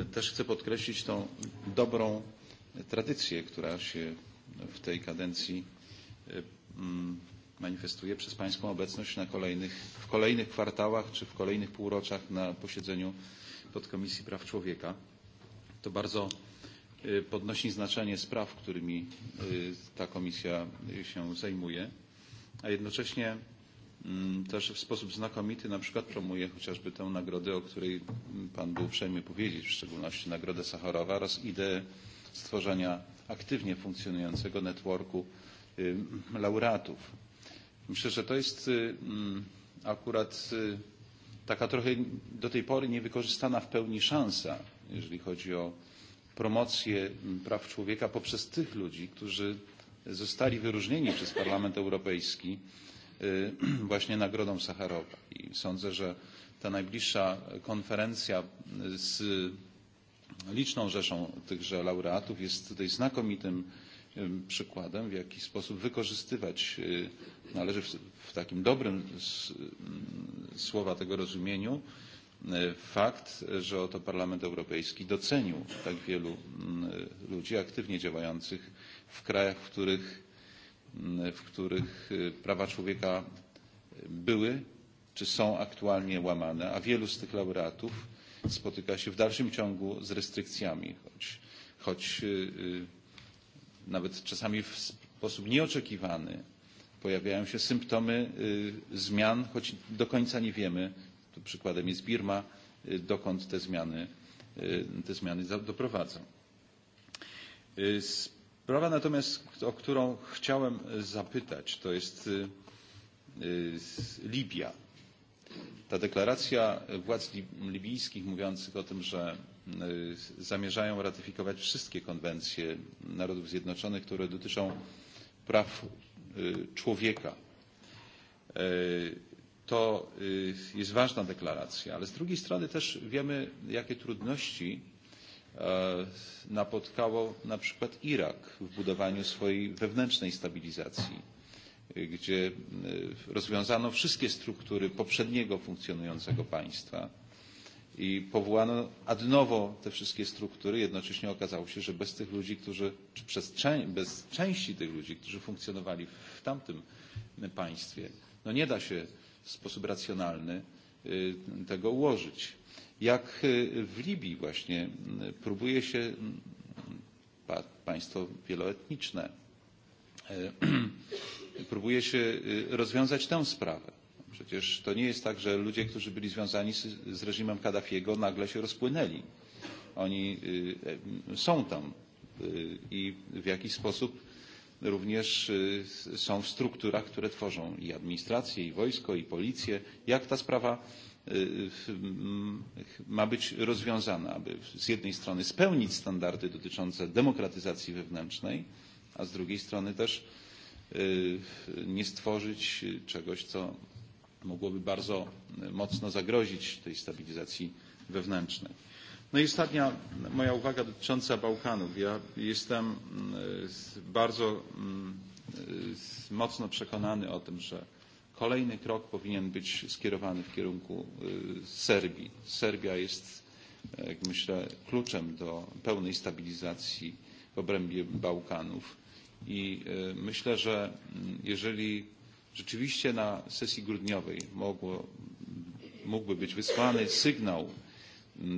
G: E, też chcę podkreślić tą dobrą tradycję, która się w tej kadencji e, mm, manifestuje przez Pańską obecność na kolejnych, w kolejnych kwartałach czy w kolejnych półroczach na posiedzeniu Podkomisji Praw Człowieka. To bardzo e, podnosi znaczenie spraw, którymi ta komisja się zajmuje, a jednocześnie Mm, też w sposób znakomity na przykład promuje chociażby tę nagrodę, o której Pan był uprzejmy powiedzieć, w szczególności Nagrodę Sacharowa oraz ideę stworzenia aktywnie funkcjonującego networku laureatów. Myślę, że to jest mm, akurat taka trochę do tej pory niewykorzystana w pełni szansa, jeżeli chodzi o promocję mm, praw człowieka poprzez tych ludzi, którzy zostali wyróżnieni przez Parlament Europejski właśnie Nagrodą Sacharowa. I sądzę, że ta najbliższa konferencja z liczną rzeszą tychże laureatów jest tutaj znakomitym przykładem, w jaki sposób wykorzystywać, należy w takim dobrym mm, słowa tego rozumieniu, fakt, że oto Parlament Europejski docenił tak wielu mm, ludzi aktywnie działających w krajach, w których E, w których e, prawa człowieka e, były czy są aktualnie łamane a wielu z tych laureatów spotyka się w dalszym ciągu z restrykcjami choć, choć nawet czasami w sposób nieoczekiwany pojawiają się symptomy zmian choć do końca nie wiemy tu przykładem jest Birma dokąd te zmiany, te zmiany doprowadzą. Sprawa natomiast, o którą chciałem zapytać, to jest Libia. Ta deklaracja władz libijskich mówiących o tym, że zamierzają ratyfikować wszystkie konwencje Narodów Zjednoczonych, które dotyczą praw człowieka. To jest ważna deklaracja, ale z drugiej strony też wiemy, jakie trudności E, napotkało na przykład Irak w budowaniu swojej wewnętrznej stabilizacji, e, gdzie e, rozwiązano wszystkie struktury poprzedniego funkcjonującego państwa i powołano ad nowo te wszystkie struktury. Jednocześnie okazało się, że bez tych ludzi, którzy, czy przez, bez części tych ludzi, którzy funkcjonowali w tamtym państwie, no nie da się w sposób racjonalny tego ułożyć jak e, w Libii właśnie próbuje się państwo wieloetniczne e, próbuje się e, rozwiązać tę sprawę. Przecież to nie jest tak, że ludzie, którzy byli związani z, z reżimem Kaddafiego nagle się rozpłynęli. Oni są tam i w jakiś sposób również są w strukturach, które tworzą i administrację, i wojsko, i policję. Jak ta sprawa ma być rozwiązana, aby z jednej strony spełnić standardy dotyczące demokratyzacji wewnętrznej, a z drugiej strony też nie stworzyć czegoś, co mogłoby bardzo mocno zagrozić tej stabilizacji wewnętrznej. No i ostatnia moja uwaga dotycząca Bałkanów. Ja jestem bardzo mm, mocno przekonany o tym, że kolejny krok powinien być skierowany w kierunku Serbii. Serbia jest, jak myślę, kluczem do pełnej stabilizacji w obrębie Bałkanów i myślę, że jeżeli rzeczywiście na sesji grudniowej mogło, mógłby być wysłany sygnał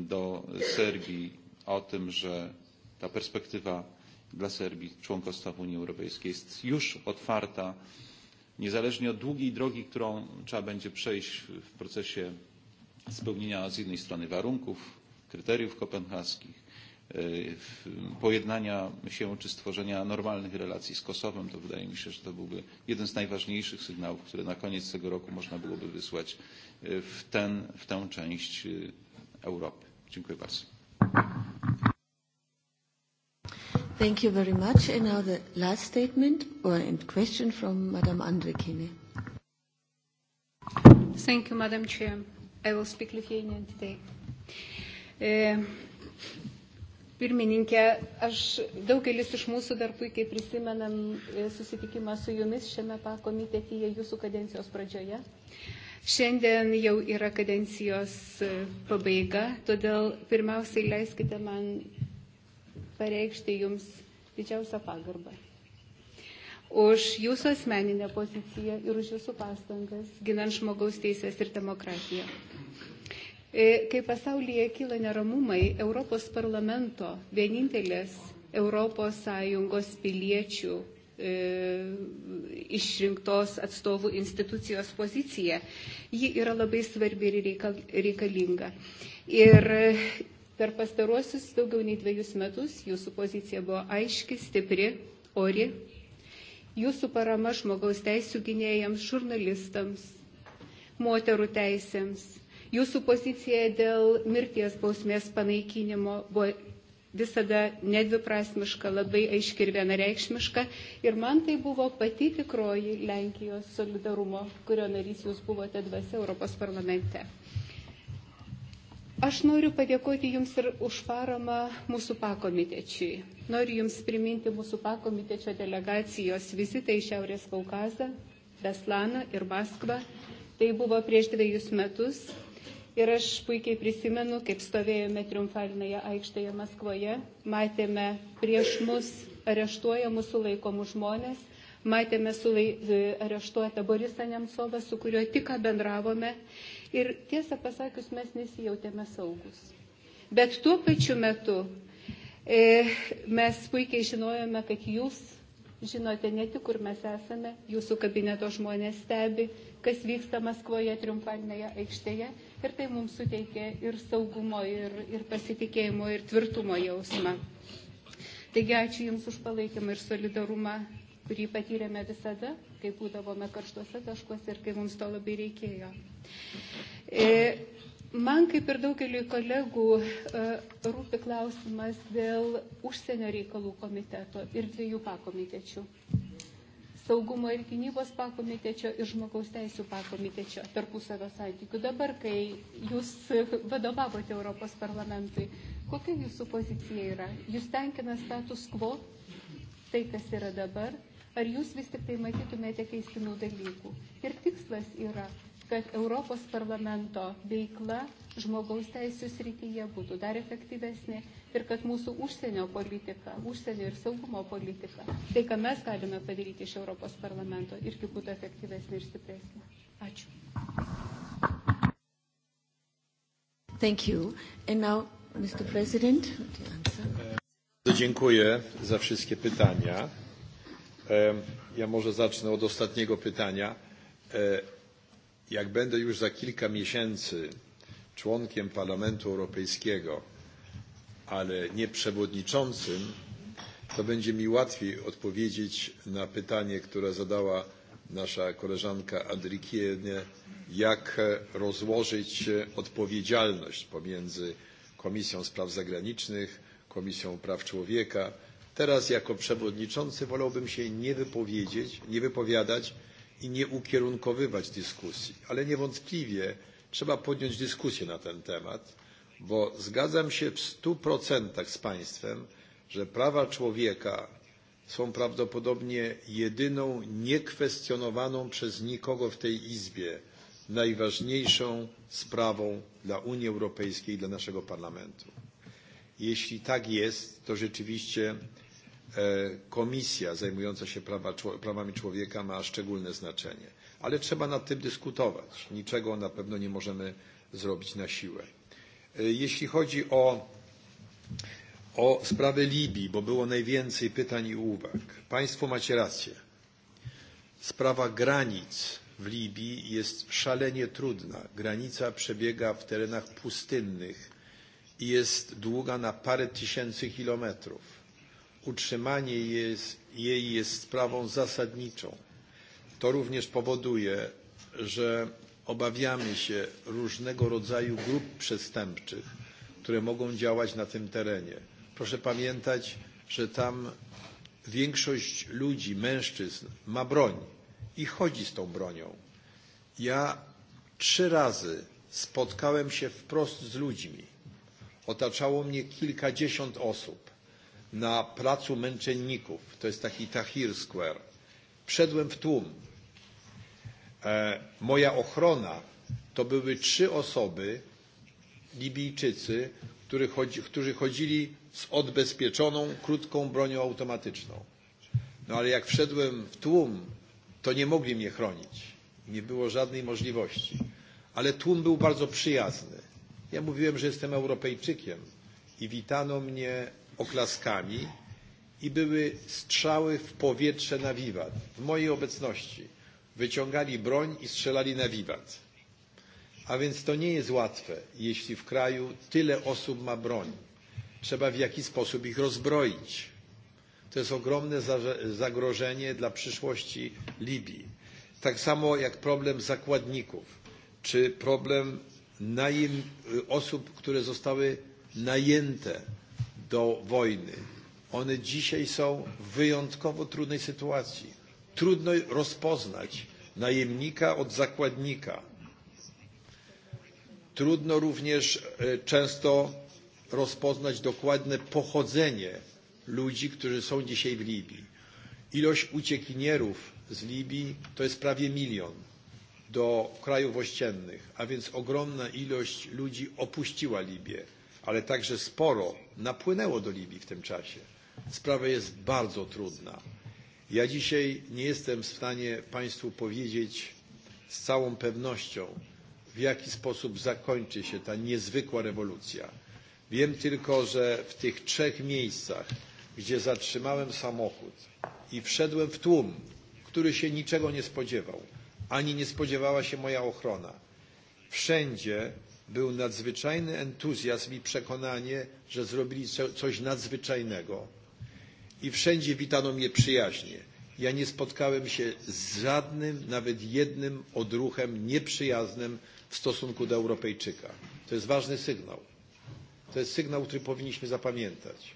G: do Serbii o tym, że ta perspektywa dla Serbii członkostwa w Unii Europejskiej jest już otwarta, niezależnie od długiej drogi, którą trzeba będzie przejść w procesie spełnienia z jednej strony warunków, kryteriów kopenhaskich, e, pojednania się czy stworzenia normalnych relacji z Kosowem, to wydaje mi się, że to byłby jeden z najważniejszych sygnałów, które na koniec tego roku można byłoby wysłać e, w, ten, w tę część e, Europy. Dziękuję bardzo.
A: Thank you very much. And now the last statement or end question from Madame Andrikine.
H: Thank you, Madam Chair. I will speak Lithuanian today. Pirmininkė, aš daugelis iš mūsų dar puikiai prisimenam e, susitikimą su jumis šiame komitetyje jūsų kadencijos pradžioje. Šiandien jau yra kadencijos e, pabaiga, todėl pirmiausiai leiskite man pareikšti jums didžiausią pagarbą. Už jūsų asmeninę poziciją ir už jūsų pastangas ginant žmogaus teisės ir demokratiją. E, kai pasaulyje kyla neramumai, Europos parlamento vienintelės ES piliečių e, išrinktos atstovų institucijos pozicija, ji yra labai svarbi ir reikalinga. Ir per pastarosius daugiau nei dviejus metus jūsų pozicija buvo aiški, stipri, ori. Jūsų parama žmogaus teisų gynėjams, žurnalistams, moterų teisėms. Jūsų pozicija dėl mirties bausmės panaikinimo buvo visada nedviprasmiška, labai aiški ir vienareikšmiška. Ir man tai buvo pati tikroji Lenkijos solidarumo, kurio narys jūs buvote dvasia Europos parlamente. Aš noriu padėkoti Jums ir už paramą mūsų pakomitečiui. Noriu Jums priminti mūsų pakomitečio delegacijos vizitą į Šiaurės Kaukazą, Beslaną ir Maskvą. Tai buvo prieš dviejus metus. Ir aš puikiai prisimenu, kaip stovėjome triumfalinėje aikštėje Maskvoje, matėme prieš mus areštuojamus sulaikomus žmonės, matėme sulai, e, areštuotą Borisą Nemcovą, su kuriuo tik bendravome. Ir tiesą pasakius, mes nesijautėme saugus. Bet tuo pačiu metu e, mes puikiai žinojome, kad jūs žinote ne tik, kur mes esame, jūsų kabineto žmonės stebi, kas vyksta Maskvoje triumfalinėje aikštėje. Ir tai mums suteikė ir saugumo, ir, ir pasitikėjimo, ir tvirtumo jausmą. Taigi ačiū Jums už palaikymą ir solidarumą kurį patyrėme visada, kai būdavome karštuose taškuose ir kai mums to labai reikėjo. E, man, kaip ir daugeliu kolegų, e, rūpi klausimas dėl užsienio reikalų komiteto ir dviejų pakomitečių. Saugumo ir gynybos pakomitečio ir žmogaus teisų pakomitečio tarpusavio santykių. Dabar, kai jūs vadovavote Europos parlamentui, kokia jūsų pozicija yra? Jūs tenkina status quo, tai kas yra dabar, ar jūs vis tik tai matytumėte keistinų dalykų. Ir tikslas yra, kad Europos parlamento veikla žmogaus teisų srityje būtų dar efektyvesnė ir kad mūsų užsienio politika, užsienio ir saugumo politika, tai ką mes galime padaryti iš Europos parlamento, irgi būtų efektyvesnė ir stipresnė. Ačiū.
A: Thank you. And now, Mr. President, the answer.
B: Dziękuję za wszystkie pytania. Ja może zacznę od ostatniego pytania. E, jak będę już za kilka miesięcy członkiem Parlamentu Europejskiego, ale nie przewodniczącym, to będzie mi łatwiej odpowiedzieć na pytanie, które zadała nasza koleżanka Andrikienie, jak rozłożyć odpowiedzialność pomiędzy Komisją Spraw Zagranicznych, Komisją Praw Człowieka, teraz jako przewodniczący wolałbym się nie wypowiedzieć, nie wypowiadać i nie ukierunkowywać dyskusji. Ale niewątpliwie trzeba podjąć dyskusję na ten temat, bo zgadzam się w stu procentach z Państwem, że prawa człowieka są prawdopodobnie jedyną niekwestionowaną przez nikogo w tej Izbie najważniejszą sprawą dla Unii Europejskiej i dla naszego Parlamentu. Jeśli tak jest, to rzeczywiście E, komisja zajmująca się prawa, prawami człowieka ma szczególne znaczenie. Ale trzeba nad tym dyskutować. Niczego na pewno nie możemy zrobić na siłę. E, jeśli chodzi o, o sprawę Libii, bo było najwięcej pytań i uwag. Państwo macie rację. Sprawa granic w Libii jest szalenie trudna. Granica przebiega w terenach pustynnych i jest długa na parę tysięcy kilometrów utrzymanie jest, jej jest sprawą zasadniczą. To również powoduje, że obawiamy się różnego rodzaju grup przestępczych, które mogą działać na tym terenie. Proszę pamiętać, że tam większość ludzi, mężczyzn ma broń i chodzi z tą bronią. Ja trzy razy spotkałem się wprost z ludźmi. Otaczało mnie kilkadziesiąt osób na placu męczenników, to jest taki Tahir Square, wszedłem w tłum. E, moja ochrona to były trzy osoby, Libijczycy, który chodzi, którzy chodzili z odbezpieczoną, krótką bronią automatyczną. No ale jak wszedłem w tłum, to nie mogli mnie chronić. Nie było żadnej możliwości. Ale tłum był bardzo przyjazny. Ja mówiłem, że jestem Europejczykiem i witano mnie oklaskami i były strzały w powietrze na wiwat, w mojej obecności. Wyciągali broń i strzelali na wiwat. A więc to nie jest łatwe, jeśli w kraju tyle osób ma broń. Trzeba w jakiś sposób ich rozbroić. To jest ogromne zagrożenie dla przyszłości Libii. Tak samo jak problem zakładników, czy problem najem, osób, które zostały najęte do wojny. One dzisiaj są w wyjątkowo trudnej sytuacji. Trudno rozpoznać najemnika od zakładnika. Trudno również e, często rozpoznać dokładne pochodzenie ludzi, którzy są dzisiaj w Libii. Ilość uciekinierów z Libii to jest prawie milion do krajów ościennych, a więc ogromna ilość ludzi opuściła Libię ale także sporo napłynęło do Libii w tym czasie. Sprawa jest bardzo trudna. Ja dzisiaj nie jestem w stanie Państwu powiedzieć z całą pewnością, w jaki sposób zakończy się ta niezwykła rewolucja. Wiem tylko, że w tych trzech miejscach, gdzie zatrzymałem samochód i wszedłem w tłum, który się niczego nie spodziewał, ani nie spodziewała się moja ochrona, wszędzie był nadzwyczajny entuzjazm i przekonanie, że zrobili coś nadzwyczajnego. I wszędzie witano mnie przyjaźnie. Ja nie spotkałem się z żadnym, nawet jednym odruchem nieprzyjaznym w stosunku do Europejczyka. To jest ważny sygnał. To jest sygnał, który powinniśmy zapamiętać,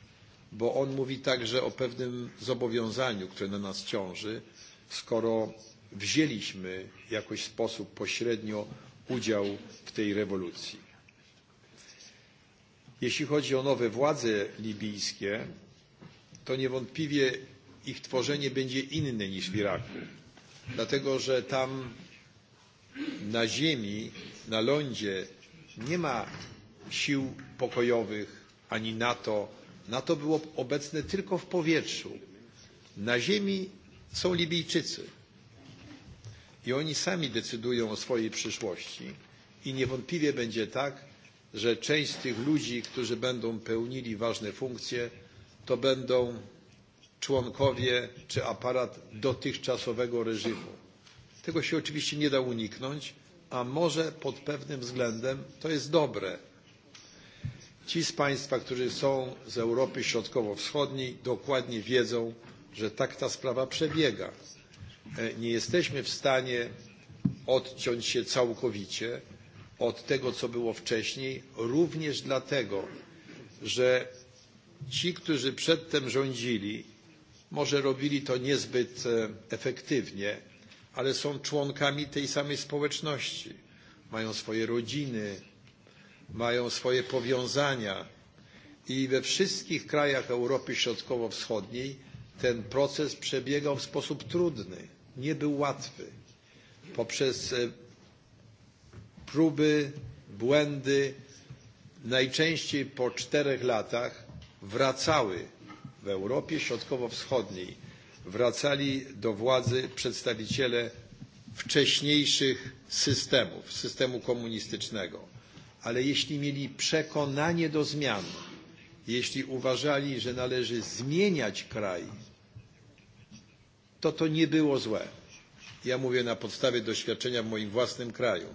B: bo on mówi także o pewnym zobowiązaniu, które na nas ciąży, skoro wzięliśmy jakoś w sposób pośrednio udział tej rewolucji. Jeśli chodzi o nowe władze libijskie, to niewątpliwie ich tworzenie będzie inne niż w Iraku, dlatego że tam na ziemi, na lądzie nie ma sił pokojowych ani NATO. NATO było obecne tylko w powietrzu. Na ziemi są Libijczycy i oni sami decydują o swojej przyszłości. I niewątpliwie będzie tak, że część z tych ludzi, którzy będą pełnili ważne funkcje, to będą członkowie czy aparat dotychczasowego reżimu. Tego się oczywiście nie da uniknąć, a może pod pewnym względem to jest dobre. Ci z Państwa, którzy są z Europy Środkowo-Wschodniej, dokładnie wiedzą, że tak ta sprawa przebiega. E, nie jesteśmy w stanie odciąć się całkowicie, od tego, co było wcześniej, również dlatego, że ci, którzy przedtem rządzili, może robili to niezbyt e, efektywnie, ale są członkami tej samej społeczności. Mają swoje rodziny, mają swoje powiązania i we wszystkich krajach Europy Środkowo-Wschodniej ten proces przebiegał w sposób trudny, nie był łatwy. Poprzez e, próby, błędy, najczęściej po czterech latach wracały w Europie Środkowo-Wschodniej, wracali do władzy przedstawiciele wcześniejszych systemów, systemu komunistycznego. Ale jeśli mieli przekonanie do zmian, jeśli uważali, że należy zmieniać kraj, to to nie było złe. Ja mówię na podstawie doświadczenia w moim własnym kraju.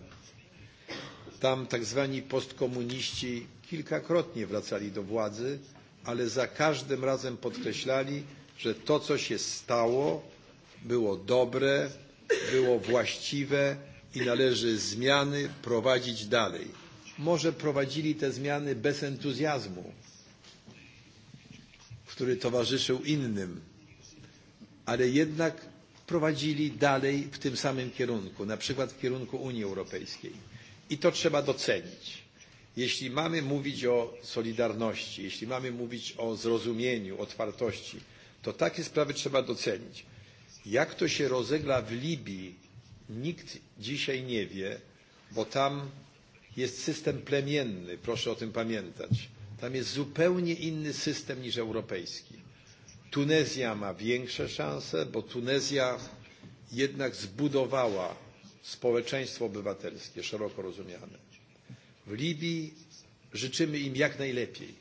B: Tam tak zwani postkomuniści kilkakrotnie wracali do władzy, ale za każdym razem podkreślali, że to, co się stało, było dobre, było właściwe i należy zmiany prowadzić dalej. Może prowadzili te zmiany bez entuzjazmu, który towarzyszył innym, ale jednak prowadzili dalej w tym samym kierunku, na przykład w kierunku Unii Europejskiej. I to trzeba docenić. Jeśli mamy mówić o solidarności, jeśli mamy mówić o zrozumieniu, otwartości, to takie sprawy trzeba docenić. Jak to się rozegra w Libii, nikt dzisiaj nie wie, bo tam jest system plemienny, proszę o tym pamiętać. Tam jest zupełnie inny system niż europejski. Tunezja ma większe szanse, bo Tunezja jednak zbudowała społeczeństwo obywatelskie, szeroko rozumiane. W Libii życzymy im jak najlepiej,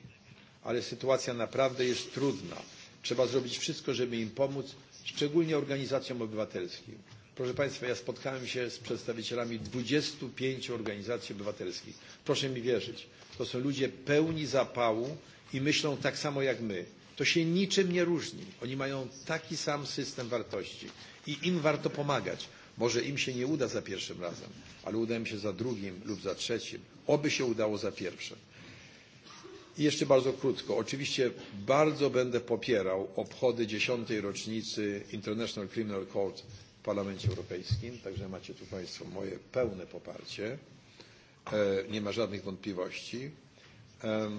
B: ale sytuacja naprawdę jest trudna. Trzeba zrobić wszystko, żeby im pomóc, szczególnie organizacjom obywatelskim. Proszę Państwa, ja spotkałem się z przedstawicielami 25 organizacji obywatelskich. Proszę mi wierzyć, to są ludzie pełni zapału i myślą tak samo jak my. To się niczym nie różni. Oni mają taki sam system wartości i im warto pomagać. Może im się nie uda za pierwszym razem, ale uda im się za drugim lub za trzecim. Oby się udało za pierwszym. I jeszcze bardzo krótko. Oczywiście bardzo będę popierał obchody dziesiątej rocznicy International Criminal Court w Parlamencie Europejskim. Także macie tu Państwo moje pełne poparcie. E, nie ma żadnych wątpliwości. E,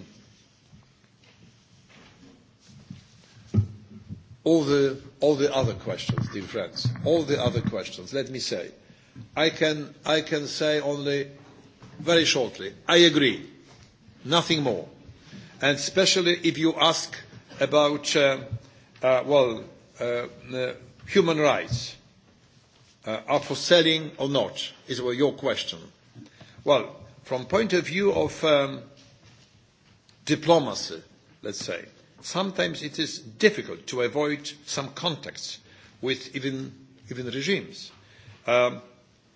B: all the, all the other questions, dear friends, all the other questions, let me say, I can, I can say only very shortly, I agree, nothing more. And especially if you ask about, uh, uh, well, uh, uh, human rights uh, are for selling or not, is well, your question. Well, from point of view of um, diplomacy, let's say, sometimes it is difficult to avoid some contacts with even, even regimes. Um,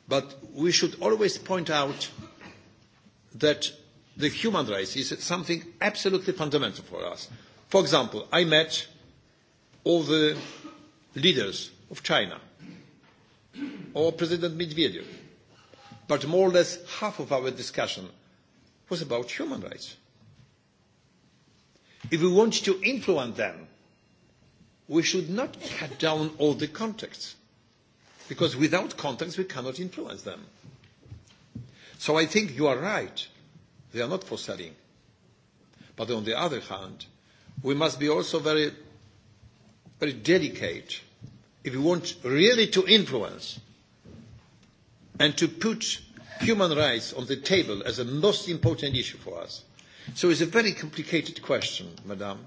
B: but we should always point out that the human rights is something absolutely fundamental for us. For example, I met all the leaders of China or President Medvedev, but more or less half of our discussion was about human rights if we want to influence them, we should not cut down all the contacts. Because without contacts, we cannot influence them. So I think you are right. They are not for selling. But on the other hand, we must be also very, very delicate if we want really to influence and to put human rights on the table as the most important issue for us. So it's a very complicated question, madam.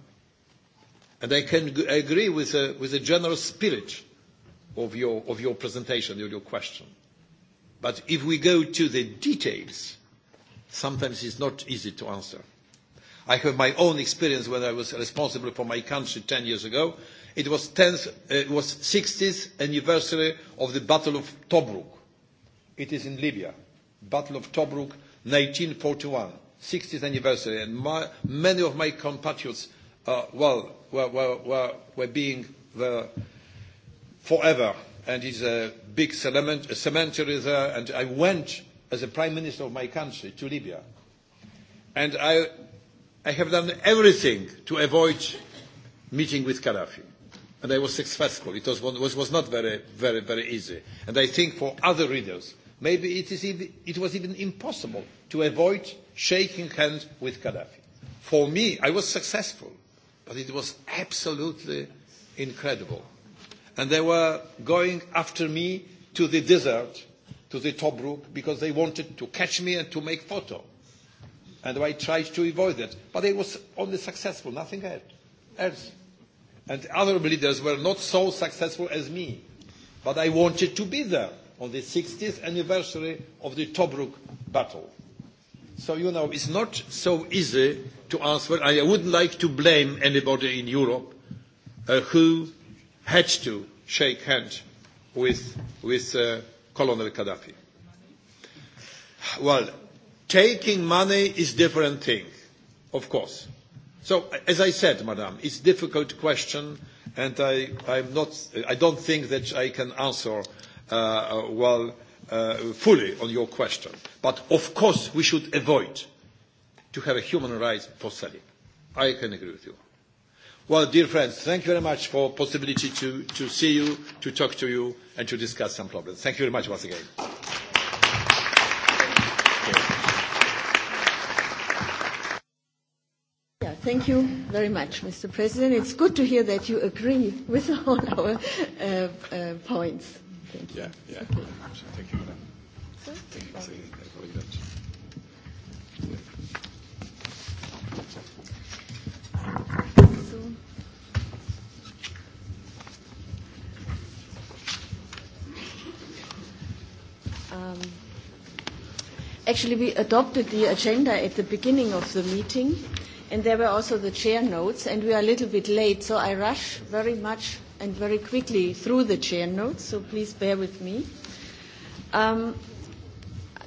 B: And I can g- agree with the, with the general spirit of your, of your presentation, of your question. But if we go to the details, sometimes it's not easy to answer. I have my own experience when I was responsible for my country 10 years ago. It was, 10th, uh, it was 60th anniversary of the Battle of Tobruk. It is in Libya. Battle of Tobruk, 1941. 60th anniversary, and my, many of my compatriots uh, well, were, were, were, were being there forever. And it's a big cement, a cemetery there. And I went as a prime minister of my country to Libya. And I, I have done everything to avoid meeting with Gaddafi. And I was successful. It was, was, was not very, very, very easy. And I think for other readers, maybe it, is even, it was even impossible to avoid shaking hands with Gaddafi. For me, I was successful, but it was absolutely incredible. And they were going after me to the desert, to the Tobruk, because they wanted to catch me and to make photo. And I tried to avoid that. But it was only successful, nothing else. And other leaders were not so successful as me. But I wanted to be there on the 60th anniversary of the Tobruk battle. So, you know, it's not so easy to answer. I wouldn't like to blame anybody in Europe uh, who had to shake hands with, with uh, Colonel Gaddafi. Well, taking money is different thing, of course. So, as I said, madam, it's a difficult question, and I, I'm not, I don't think that I can answer uh, well uh, fully on your question. But of course, we should avoid to have a human rights for selling. I can agree with you. Well, dear friends, thank you very much for the possibility to, to see you, to talk to you, and to discuss some problems. Thank you very much once again.
A: Yeah, thank you very much, Mr. President. It's good to hear that you agree with all our uh, uh, points
I: think. Yeah, yeah. Thank you, madam.
A: Um, actually, we adopted the agenda at the beginning of the meeting, and there were also the chair notes, and we are a little bit late, so I rush very much and very quickly through the chair notes, so please bear with me. Um,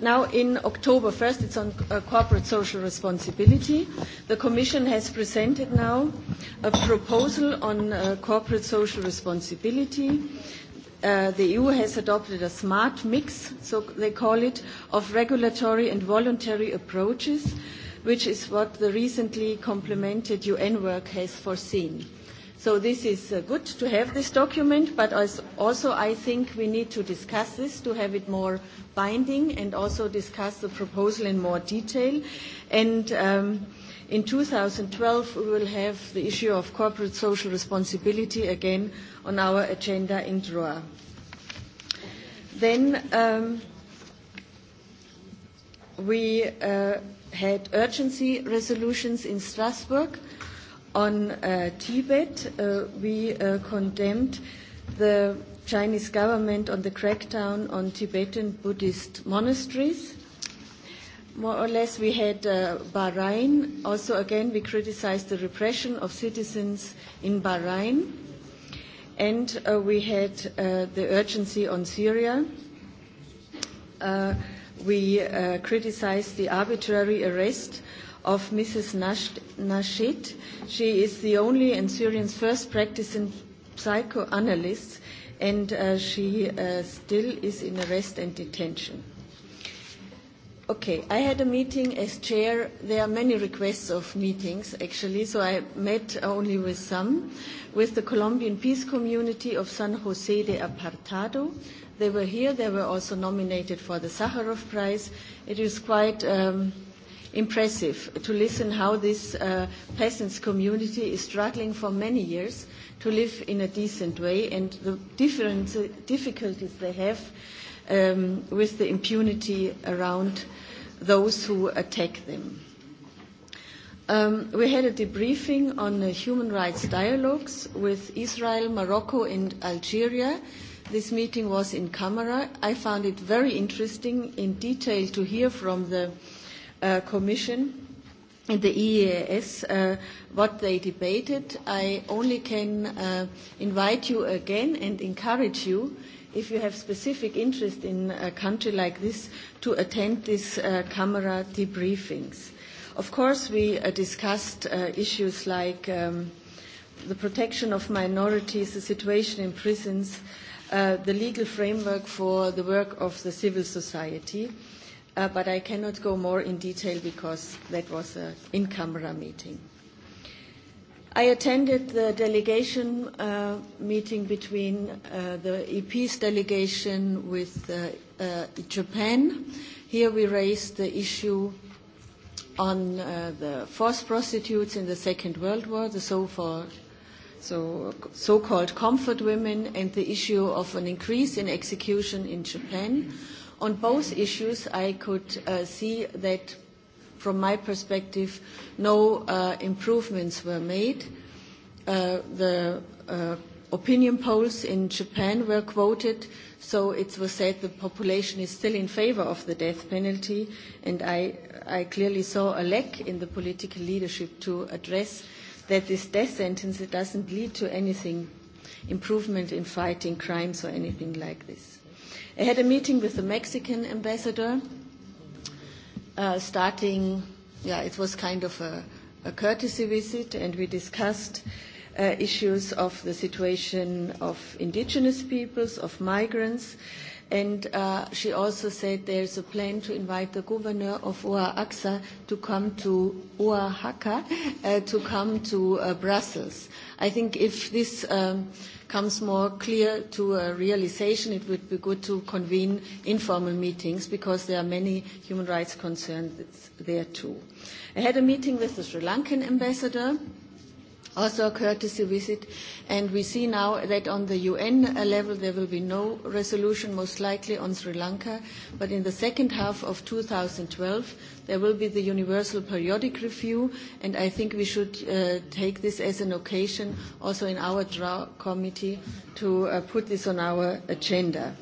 A: now, in October 1st, it's on uh, corporate social responsibility. The Commission has presented now a proposal on uh, corporate social responsibility. Uh, the EU has adopted a smart mix, so they call it, of regulatory and voluntary approaches, which is what the recently complemented UN work has foreseen. So this is uh, good to have this document, but as also I think we need to discuss this to have it more binding and also discuss the proposal in more detail. And um, in 2012, we will have the issue of corporate social responsibility again on our agenda in Droa. Then um, we uh, had urgency resolutions in Strasbourg. On uh, Tibet, uh, we uh, condemned the Chinese government on the crackdown on Tibetan Buddhist monasteries. More or less, we had uh, Bahrain. Also, again, we criticized the repression of citizens in Bahrain. And uh, we had uh, the urgency on Syria. Uh, we uh, criticized the arbitrary arrest of Mrs. Nash Nashid. She is the only in Syrian's first practicing psychoanalyst, and uh, she uh, still is in arrest and detention. Okay, I had a meeting as chair. There are many requests of meetings, actually, so I met only with some, with the Colombian peace community of San Jose de Apartado. They were here. They were also nominated for the Sakharov Prize. It is quite. Um, impressive to listen how this uh, peasants community is struggling for many years to live in a decent way and the different difficulties they have um, with the impunity around those who attack them. Um, we had a debriefing on the uh, human rights dialogues with Israel, Morocco and Algeria. This meeting was in camera. I found it very interesting in detail to hear from the uh, uh, Commission and the EAS, uh, what they debated. I only can uh, invite you again and encourage you, if you have specific interest in a country like this, to attend these uh, camera debriefings. Of course, we uh, discussed uh, issues like um, the protection of minorities, the situation in prisons, uh, the legal framework for the work of the civil society. Uh, Uh, but I cannot go more in detail because that was an in-camera meeting. I attended the delegation uh, meeting between uh, the EP's delegation with uh, uh, Japan. Here we raised the issue on uh, the forced prostitutes in the Second World War, the so-called so, so-called comfort women, and the issue of an increase in execution in Japan. Mm-hmm. On both issues, I could uh, see that, from my perspective, no uh, improvements were made. Uh, the uh, opinion polls in Japan were quoted, so it was said the population is still in favor of the death penalty, and I, I clearly saw a lack in the political leadership to address that this death sentence it doesn't lead to anything, improvement in fighting crimes or anything like this. I had a meeting with the Mexican ambassador uh, starting, yeah, it was kind of a, a courtesy visit, and we discussed uh, issues of the situation of indigenous peoples, of migrants. And uh, she also said there's a plan to invite the governor of Oaxaca to come to Oaxaca, uh, to come to uh, Brussels. I think if this um, comes more clear to a realization, it would be good to convene informal meetings because there are many human rights concerns there too. I had a meeting with the Sri Lankan ambassador also a courtesy visit. And we see now that on the UN level there will be no resolution most likely on Sri Lanka. But in the second half of 2012 there will be the universal periodic review. And I think we should uh, take this as an occasion also in our draw committee to uh, put this on our agenda.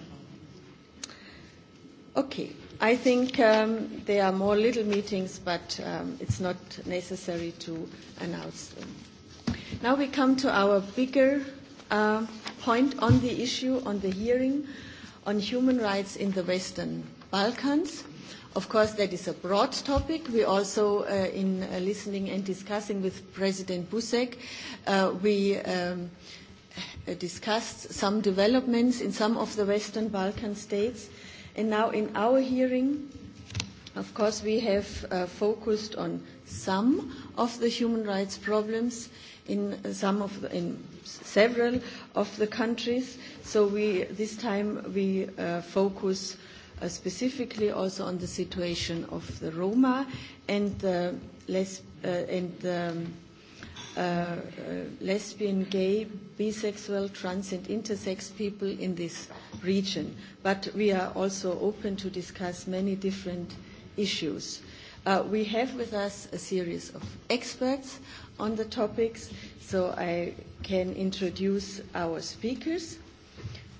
A: Okay. I think um, there are more little meetings, but um, it's not necessary to announce them. Now we come to our bigger uh, point on the issue, on the hearing on human rights in the Western Balkans. Of course, that is a broad topic. We also, uh, in uh, listening and discussing with President Busek, uh, we um, discussed some developments in some of the Western Balkan states. And now in our hearing, of course, we have uh, focused on some of the human rights problems in some of the, in several of the countries. So we this time we uh, focus uh, specifically also on the situation of the Roma and the les uh, and the, um, uh, uh, lesbian, gay, bisexual, trans, and intersex people in this region. But we are also open to discuss many different issues. Uh, we have with us a series of experts on the topics, so I can introduce our speakers.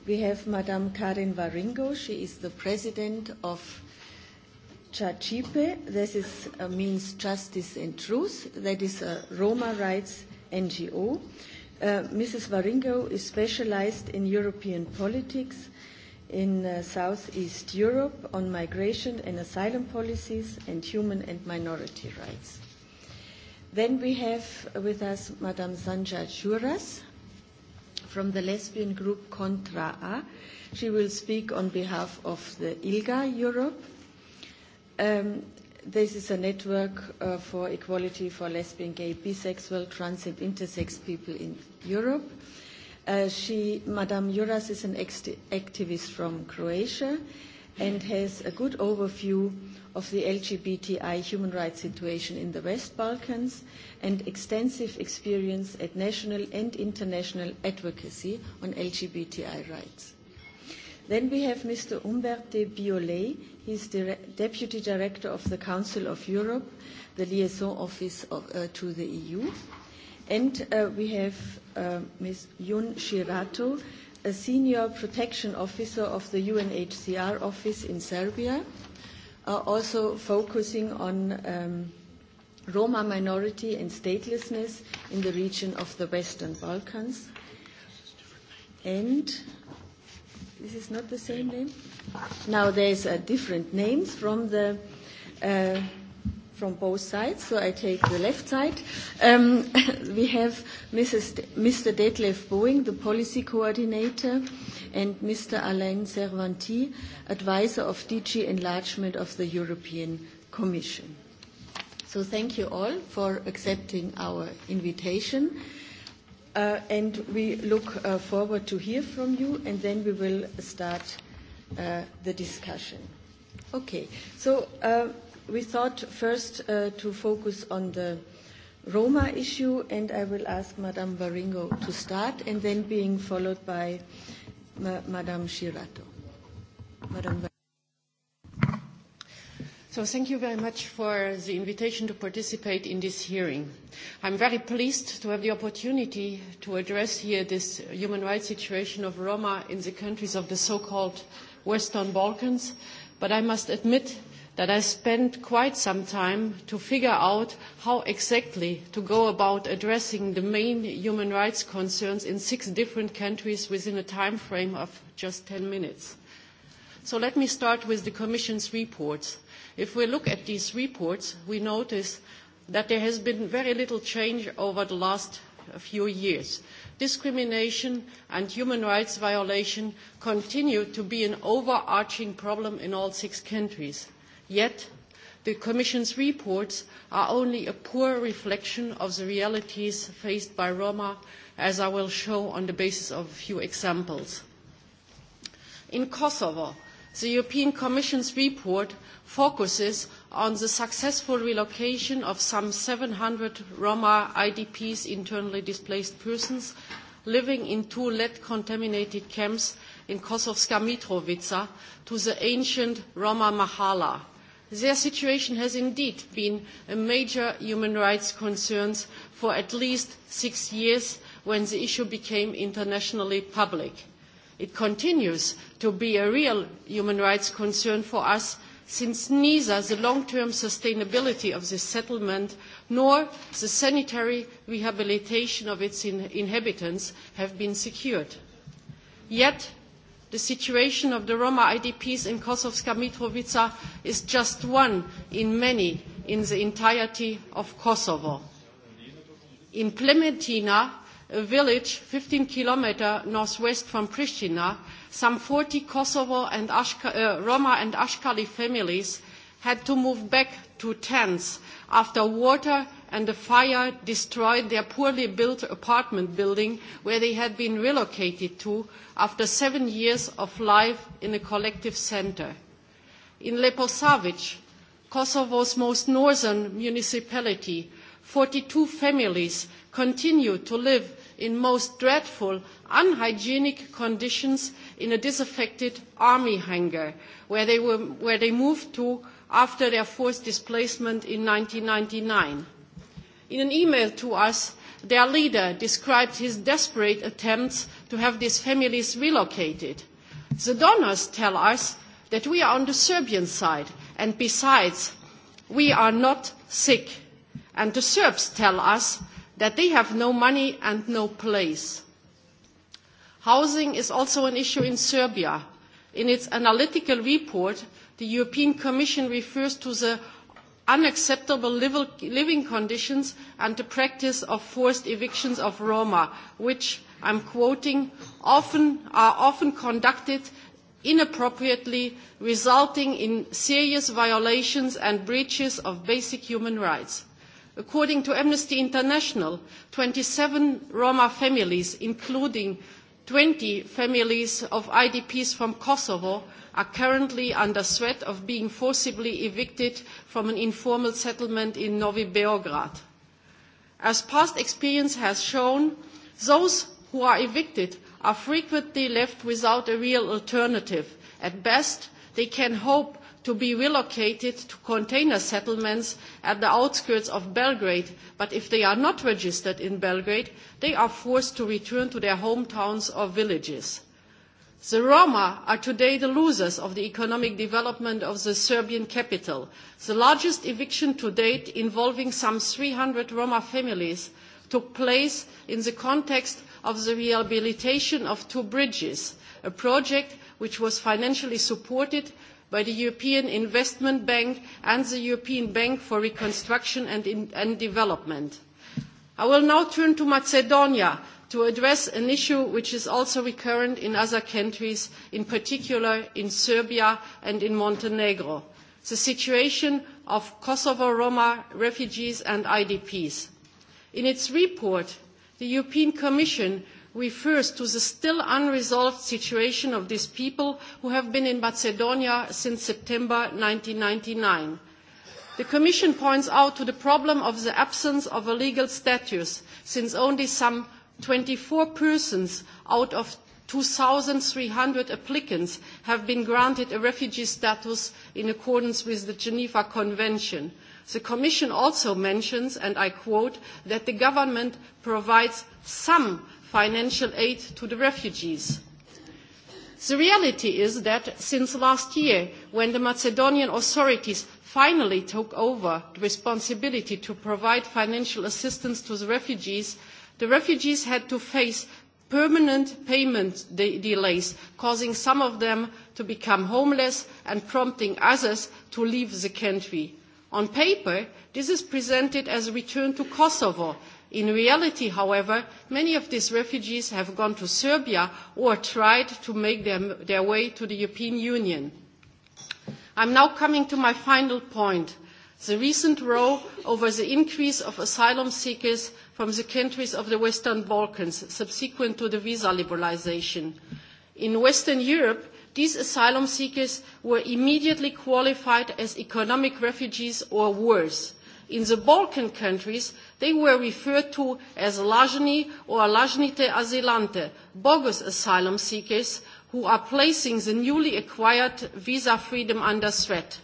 A: We have Madame Karin Varingo, she is the president of Chachipe. This is, uh, means justice and truth, that is a Roma rights NGO. Uh, Mrs. Varingo is specialized in European politics in uh, Southeast Europe on migration and asylum policies and human and minority rights. Then we have with us Madame Sanja Juras from the lesbian group Contra A. She will speak on behalf of the ILGA Europe. Um, this is a network uh, for equality for lesbian, gay, bisexual, trans and intersex people in Europe. Uh, she, Madame Juras is an ex- activist from Croatia and has a good overview of the LGBTI human rights situation in the West Balkans and extensive experience at national and international advocacy on LGBTI rights. Then we have Mr. Humbert de Biolay. He is the Deputy Director of the Council of Europe, the liaison office of, uh, to the EU. And uh, we have uh, Ms. Yun Shirato, a Senior Protection Officer of the UNHCR office in Serbia. Uh, are also focusing on um, Roma minority and statelessness in the region of the Western Balkans. And this is not the same name. Now there's a different names from the uh, from both sides, so I take the left side. Um, we have Mrs. D- Mr. Detlef Boeing, the policy coordinator, and Mr. Alain Cervanti, advisor of DG Enlargement of the European Commission. So thank you all for accepting our invitation. Uh, and we look uh, forward to hear from you, and then we will start uh, the discussion. Okay. So. Uh, we thought first uh, to focus on the Roma issue, and I will ask Madame Baringo to start, and then being followed by Ma- Madame Shirato. Madame Bar- so thank you very much for the invitation to
J: participate in this hearing. I'm very pleased to have the opportunity to address here this human rights situation of Roma in the countries of the so-called Western Balkans, but I must admit that I spent quite some time to figure out how exactly to go about addressing the main human rights concerns in six different countries within a time frame of just 10 minutes. So let me start with the Commission's reports. If we look at these reports, we notice that there has been very little change over the last few years. Discrimination and human rights violation continue to be an overarching problem in all six countries. Yet, the Commission's reports are only a poor reflection of the realities faced by Roma, as I will show on the basis of a few examples. In Kosovo, the European Commission's report focuses on the successful relocation of some 700 Roma IDPs, internally displaced persons, living in two lead-contaminated camps in Kosovska Mitrovica to the ancient Roma Mahala, Their situation has indeed been a major human rights concern for at least six years when the issue became internationally public. It continues to be a real human rights concern for us since neither the long-term sustainability of this settlement nor the sanitary rehabilitation of its inhabitants have been secured. Yet, The situation of the Roma IDPs in Kosovska Mitrovica is just one in many in the entirety of Kosovo. In Plementina, a village 15 kilometers northwest from Pristina, some 40 Kosovo and Ashka, uh, Roma and Ashkali families had to move back to tents after water and the fire destroyed their poorly built apartment building where they had been relocated to after seven years of life in a collective center. In Leposavich, Kosovo's most northern municipality, 42 families continue to live in most dreadful, unhygienic conditions in a disaffected army hangar where they, were, where they moved to after their forced displacement in 1999. In an email to us, their leader described his desperate attempts to have these families relocated. The donors tell us that we are on the Serbian side, and besides, we are not sick. And the Serbs tell us that they have no money and no place. Housing is also an issue in Serbia. In its analytical report, the European Commission refers to the unacceptable living conditions and the practice of forced evictions of Roma, which, I'm quoting, often, are often conducted inappropriately, resulting in serious violations and breaches of basic human rights. According to Amnesty International, 27 Roma families, including 20 families of IDPs from Kosovo, are currently under threat of being forcibly evicted from an informal settlement in Novi Beograd. As past experience has shown, those who are evicted are frequently left without a real alternative. At best, they can hope to be relocated to container settlements at the outskirts of Belgrade, but if they are not registered in Belgrade, they are forced to return to their hometowns or villages. The Roma are today the losers of the economic development of the Serbian capital. The largest eviction to date involving some 300 Roma families took place in the context of the rehabilitation of two bridges, a project which was financially supported by the European Investment Bank and the European Bank for Reconstruction and, in- and Development. I will now turn to Macedonia, to address an issue which is also recurrent in other countries, in particular in Serbia and in Montenegro, the situation of Kosovo Roma refugees and IDPs. In its report, the European Commission refers to the still unresolved situation of these people who have been in Macedonia since September 1999. The Commission points out to the problem of the absence of a legal status since only some 24 persons out of 2,300 applicants have been granted a refugee status in accordance with the Geneva Convention. The Commission also mentions, and I quote, that the government provides some financial aid to the refugees. The reality is that since last year, when the Macedonian authorities finally took over the responsibility to provide financial assistance to the refugees, The refugees had to face permanent payment de delays, causing some of them to become homeless and prompting others to leave the country. On paper, this is presented as a return to Kosovo. In reality, however, many of these refugees have gone to Serbia or tried to make their, their way to the European Union. I'm now coming to my final point, the recent row over the increase of asylum seekers from the countries of the Western Balkans subsequent to the visa liberalization. In Western Europe, these asylum seekers were immediately qualified as economic refugees or worse. In the Balkan countries, they were referred to as Lajni or Lajnite Asylante, bogus asylum seekers who are placing the newly acquired visa freedom under threat.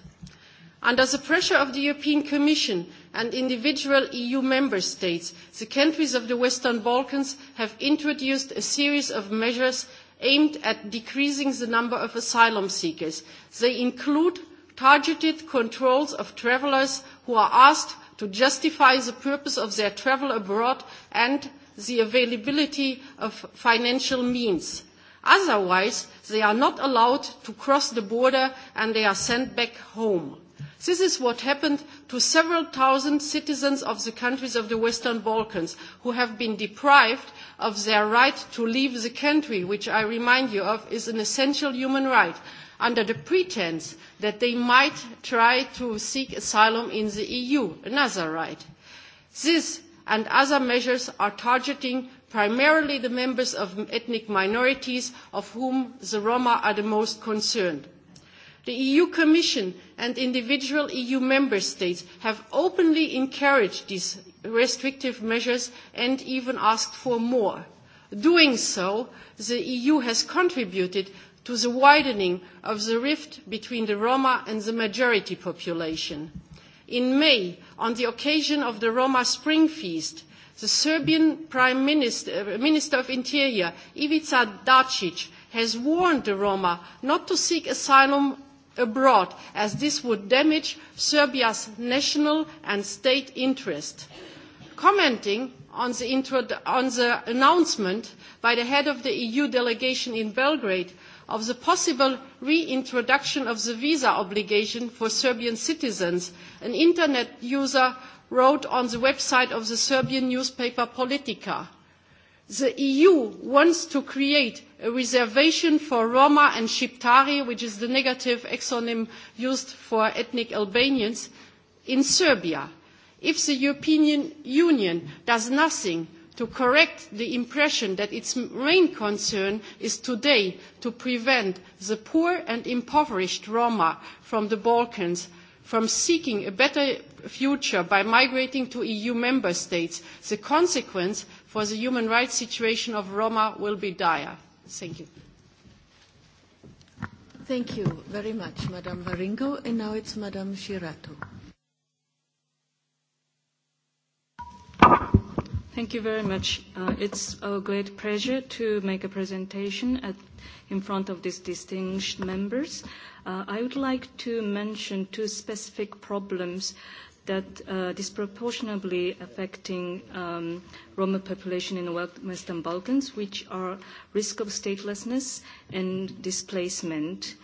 J: Under the pressure of the European Commission, and individual EU member states, the countries of the Western Balkans have introduced a series of measures aimed at decreasing the number of asylum seekers. They include targeted controls of travelers who are asked to justify the purpose of their travel abroad and the availability of financial means. Otherwise, they are not allowed to cross the border and they are sent back home. This is what happened to several thousand citizens of the countries of the Western Balkans who have been deprived of their right to leave the country, which I remind you of is an essential human right, under the pretense that they might try to seek asylum in the EU, another right. This and other measures are targeting primarily the members of ethnic minorities of whom the Roma are the most concerned. The EU Commission and individual EU member states have openly encouraged these restrictive measures and even asked for more. Doing so, the EU has contributed to the widening of the rift between the Roma and the majority population. In May, on the occasion of the Roma Spring Feast, the Serbian Prime Minister, uh, Minister of Interior, Ivica Dacic, has warned the Roma not to seek asylum abroad, as this would damage Serbia's national and state interest. Commenting on the, intro, on the announcement by the head of the EU delegation in Belgrade of the possible reintroduction of the visa obligation for Serbian citizens, an internet user wrote on the website of the Serbian newspaper Politica the eu wants to create a reservation for roma and shqiptari which is the negative exonym used for ethnic albanians in serbia if the european union does nothing to correct the impression that its main concern is today to prevent the poor and impoverished roma from the balkans from seeking a better future by migrating to eu member states the consequence for the human rights situation of Roma will be dire. Thank you.
A: Thank you very much, Madame Varingo. And now it's Madame Shirato.
K: Thank you very much. Uh, it's a great pleasure to make a presentation at, in front of these distinguished members. Uh, I would like to mention two specific problems that uh, disproportionately affecting um, Roma population in the Western Balkans, which are risk of statelessness and displacement.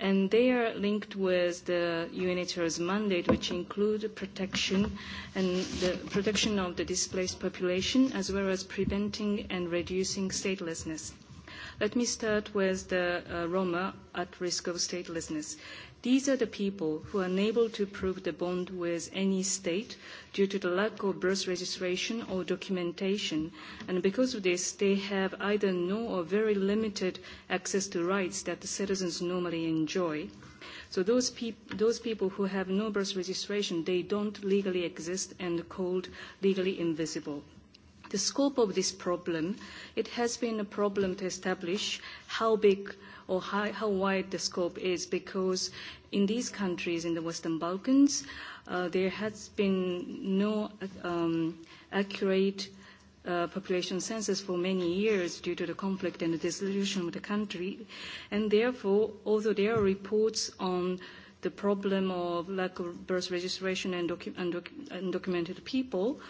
K: They are linked with the UNHCR's mandate, which include protection and the protection of the displaced population, as well as preventing and reducing statelessness. Let me start with the uh, Roma at risk of statelessness. These are the people who are unable to prove the bond with any state due to the lack of birth registration or documentation, and because of this, they have either no or very limited access to rights that the citizens normally enjoy. So those, pe- those people who have no birth registration, they don't legally exist and called legally invisible. The scope of this problem, it has been a problem to establish how big or how, how wide the scope is because in these countries in the Western Balkans, uh, there has been no um, accurate uh, population census for many years due to the conflict and the dissolution of the country. And therefore, although there are reports on the problem of lack of birth registration and, docu- and, doc- and documented people, uh,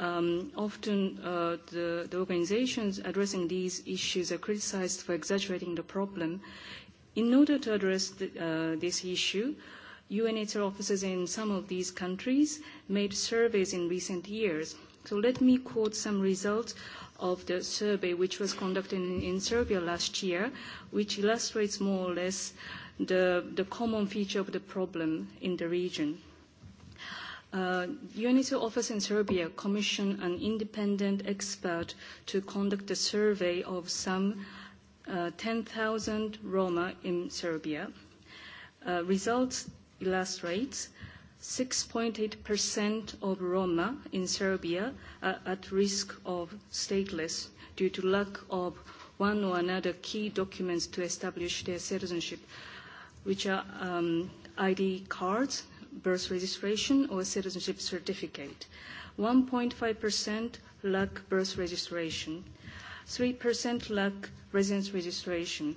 K: Um, often uh, the, the organizations addressing these issues are criticized for exaggerating the problem. In order to address the, uh, this issue, UNHCR officers in some of these countries made surveys in recent years. So let me quote some results of the survey which was conducted in, in Serbia last year, which illustrates more or less the, the common feature of the problem in the region. Uh, UNITY office in Serbia commissioned an independent expert to conduct a survey of some uh, 10,000 Roma in Serbia. Uh, results illustrate 6.8% of Roma in Serbia are at risk of stateless due to lack of one or another key documents to establish their citizenship, which are um, ID cards, birth registration or citizenship certificate. 1.5% lack birth registration. 3% lack residence registration.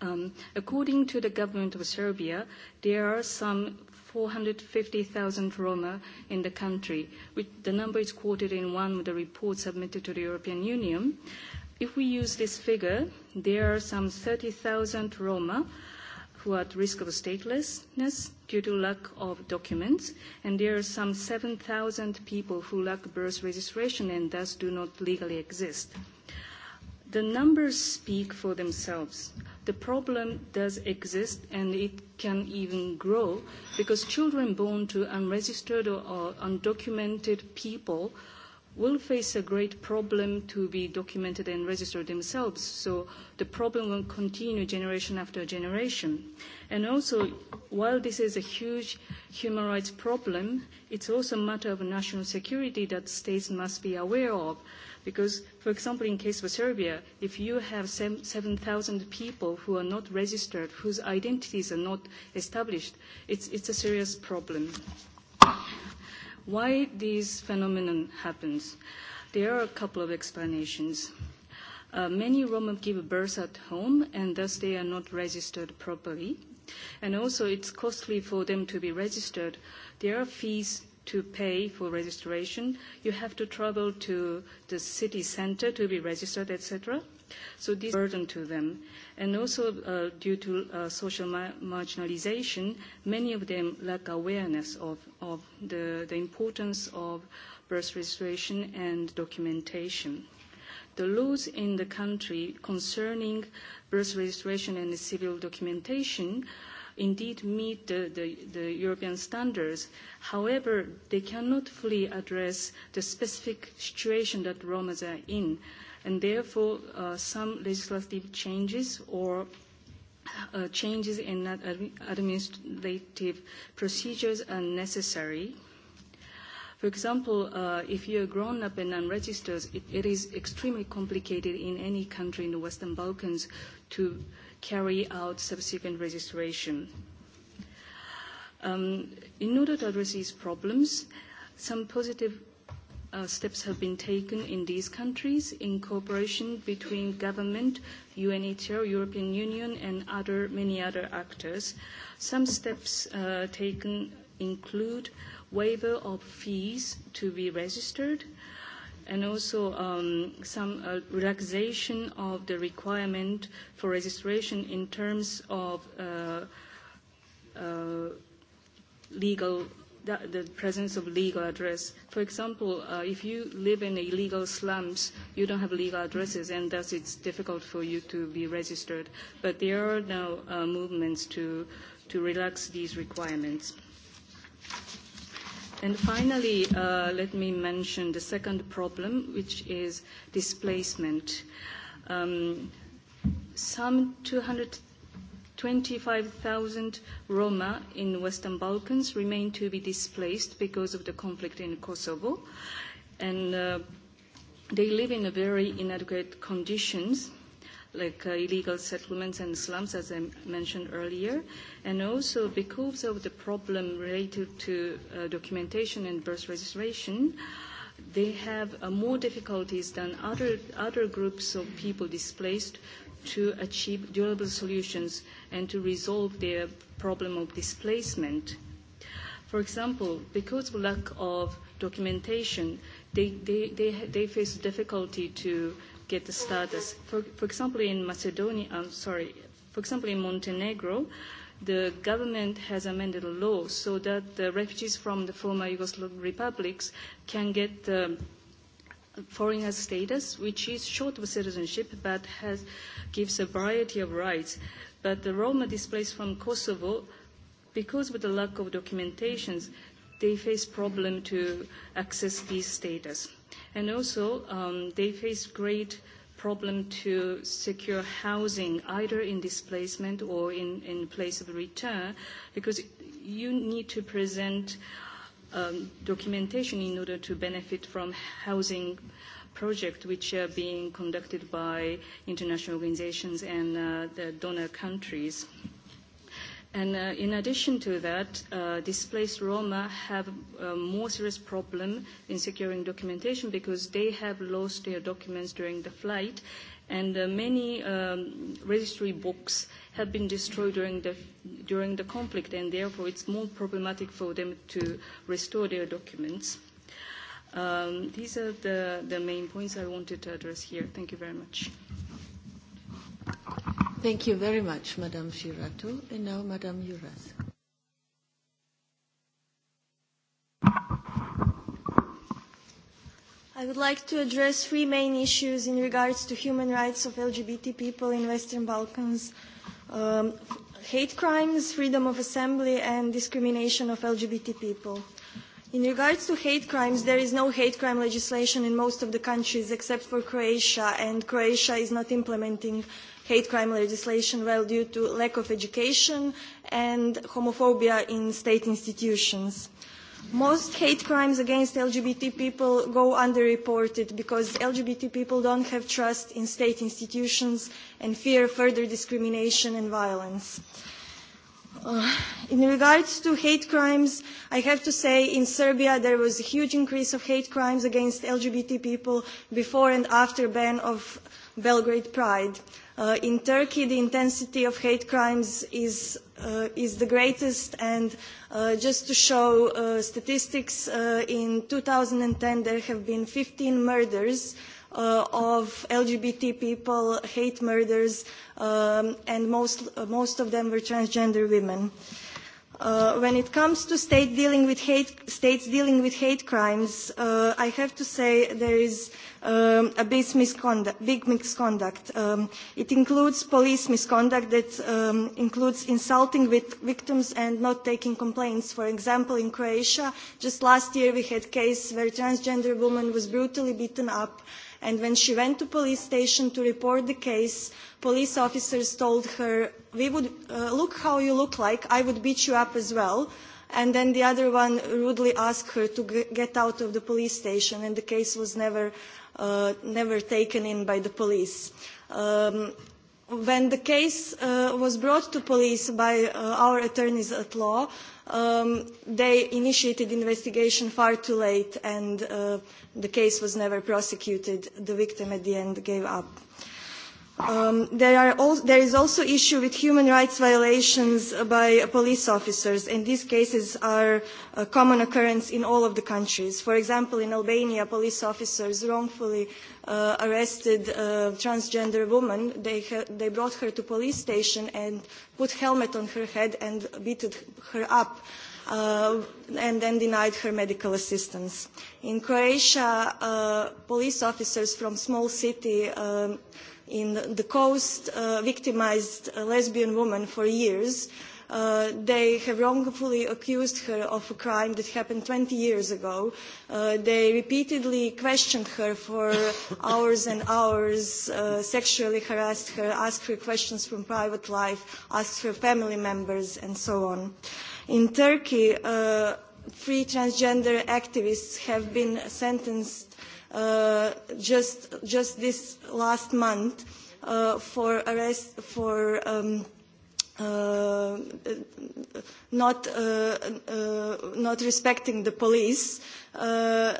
K: Um, according to the government of Serbia, there are some 450,000 Roma in the country. Which the number is quoted in one of the reports submitted to the European Union. If we use this figure, there are some 30,000 Roma who are at risk of statelessness due to lack of documents, and there are some 7,000 people who lack birth registration and thus do not legally exist. The numbers speak for themselves. The problem does exist and it can even grow because children born to unregistered or, or undocumented people will face a great problem to be documented and registered themselves. So the problem will continue generation after generation. And also, while this is a huge human rights problem, it's also a matter of national security that states must be aware of. Because, for example, in case of Serbia, if you have 7,000 people who are not registered, whose identities are not established, it's, it's a serious problem why this phenomenon happens. There are a couple of explanations. Uh, many Roma give birth at home, and thus they are not registered properly. And also, it's costly for them to be registered. There are fees to pay for registration. You have to travel to the city center to be registered, etc. So this burden to them. And also uh, due to uh, social ma- marginalization, many of them lack awareness of, of the, the importance of birth registration and documentation. The laws in the country concerning birth registration and civil documentation uh, indeed meet the, the, the European standards. However, they cannot fully address the specific situation that Romas are in. And therefore, uh, some legislative changes or uh, changes in ad- administrative procedures are necessary. For example, uh, if you're grown up and unregistered, it, it is extremely complicated in any country in the Western Balkans to carry out subsequent registration. Um, in order to address these problems, some positive uh, steps have been taken in these countries in cooperation between government, UNHCR, European Union, and other, many other actors. Some steps uh, taken include waiver of fees to be registered. Uh, and also um, some uh, relaxation of the requirement for registration in terms of uh, uh, legal, the presence of legal address. For example, if you live in illegal slums, you don't have legal addresses, and thus it's difficult for you to be registered. But there are now movements to relax these requirements. Finally, uh, let me mention the second problem, which is displacement. Um, some 225,000 Roma in Western Balkans remain to be displaced because of the conflict in Kosovo, and uh, they live in very inadequate conditions like uh, illegal settlements and slums, as I m- mentioned earlier. And also, because of the problem related to uh, documentation and birth registration, they have uh, more difficulties than other, other groups of people displaced to achieve durable solutions and to resolve their problem of displacement. For example, because of lack of documentation, they, they, they, they face difficulty to get the status. For, for example, in Macedonia, I'm sorry, for example, in Montenegro, the government has amended a law so that the refugees from the former Yugoslav republics can get the um, foreigner status, which is short of citizenship but has, gives a variety of rights. But the Roma displaced from Kosovo, because of the lack of documentations, they face problem to access these status. And also, um, they face great problem to secure housing, either in displacement or in, in place of return, because you need to present um, documentation in order to benefit from housing projects which are being conducted by international organizations and uh, the donor countries. And uh, in addition to that, uh, displaced Roma have a uh, more serious problem in securing documentation because they have lost their documents during the flight. And uh, many um, registry books have been destroyed during the, during the conflict, and therefore it's more problematic for them to restore their documents. Um, these are the, the main points I wanted to address here. Thank you very much.
A: Thank you. Thank you very much, Madame Girardot. And now, Madame Juras.
L: I would like to address three main issues in regards to human rights of LGBT people in Western Balkans, um, hate crimes, freedom of assembly, and discrimination of LGBT people. In regards to hate crimes, there is no hate crime legislation in most of the countries except for Croatia, and Croatia is not implementing uh, hate crime legislation well due to lack of education and homophobia in state institutions. Most hate crimes against LGBT people go underreported because LGBT people don't have trust in state institutions and fear further discrimination and violence. Uh, in regards to hate crimes, I have to say in Serbia there was a huge increase of hate crimes against LGBT people before and after ban of Belgrade Pride. Uh, in Turkey, the intensity of hate crimes is, uh, is the greatest. And uh, just to show uh, statistics, uh, in 2010 there have been 15 murders uh, of LGBT people, hate murders, um, and most, uh, most of them were transgender women. Uh, Uh, when it comes to state dealing with hate, states dealing with hate crimes, uh, I have to say there is um, a big misconduct. Big misconduct. Um, it includes police misconduct that um, includes insulting with victims and not taking complaints. For example, in Croatia, just last year we had a case where a transgender woman was brutally beaten up and when she went to police station to report the case, police officers told her, we would uh, look how you look like, I would beat you up as well. And then the other one rudely asked her to g get out of the police station, and the case was never, uh, never taken in by the police. Um, when the case uh, was brought to police by uh, our attorneys at law, uh, um, they initiated investigation far too late and uh, the case was never prosecuted. The victim at the end gave up. Uh, Um, there, are al- there is also issue with human rights violations by uh, police officers, and these cases are a common occurrence in all of the countries. For example, in Albania, police officers wrongfully uh, arrested a transgender woman. They, ha- they brought her to police station and put helmet on her head and beat her up. Uh, and then denied her medical assistance. In Croatia, uh, police officers from small city um, in the coast uh, victimized a lesbian woman for years. Uh, they have wrongfully accused her of a crime that happened 20 years ago. Uh, they repeatedly questioned her for hours and hours, uh, sexually harassed her, asked her questions from private life, asked her family members, and so on. In Turkey, uh, three transgender activists have been sentenced Uh, just just this last month uh, for arrest for um, uh, not uh, uh, not respecting the police uh,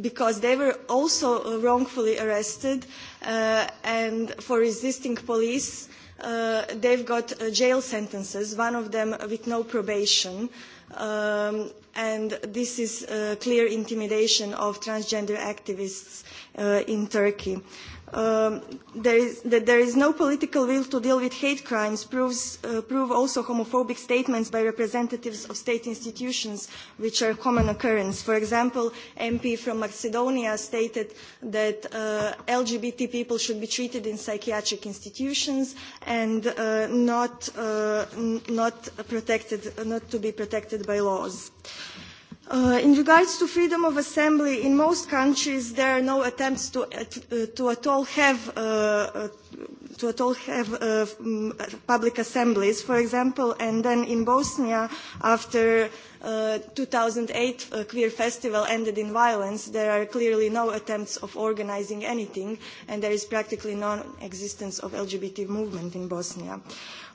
L: because they were also wrongfully arrested uh, and for resisting police uh, they've got uh, jail sentences one of them with no probation. Um, and this is a uh, clear intimidation of transgender activists uh, in Turkey. Uh, Um, there is, that there is no political will to deal with hate crimes proves uh, prove also homophobic statements by representatives of state institutions, which are a common occurrence. For example, MP from Macedonia stated that uh, LGBT people should be treated in psychiatric institutions and uh, not, uh, n not, protected, not to be protected by laws. Uh, Uh, in regards to freedom of assembly, in most countries there are no attempts to, uh, uh to at all have, uh, uh, to at all have uh, mm, public assemblies, for example, and then in Bosnia, after uh, 2008 uh, queer festival ended in violence, there are clearly no attempts of organizing anything, and there is practically non-existence of LGBT movement in Bosnia.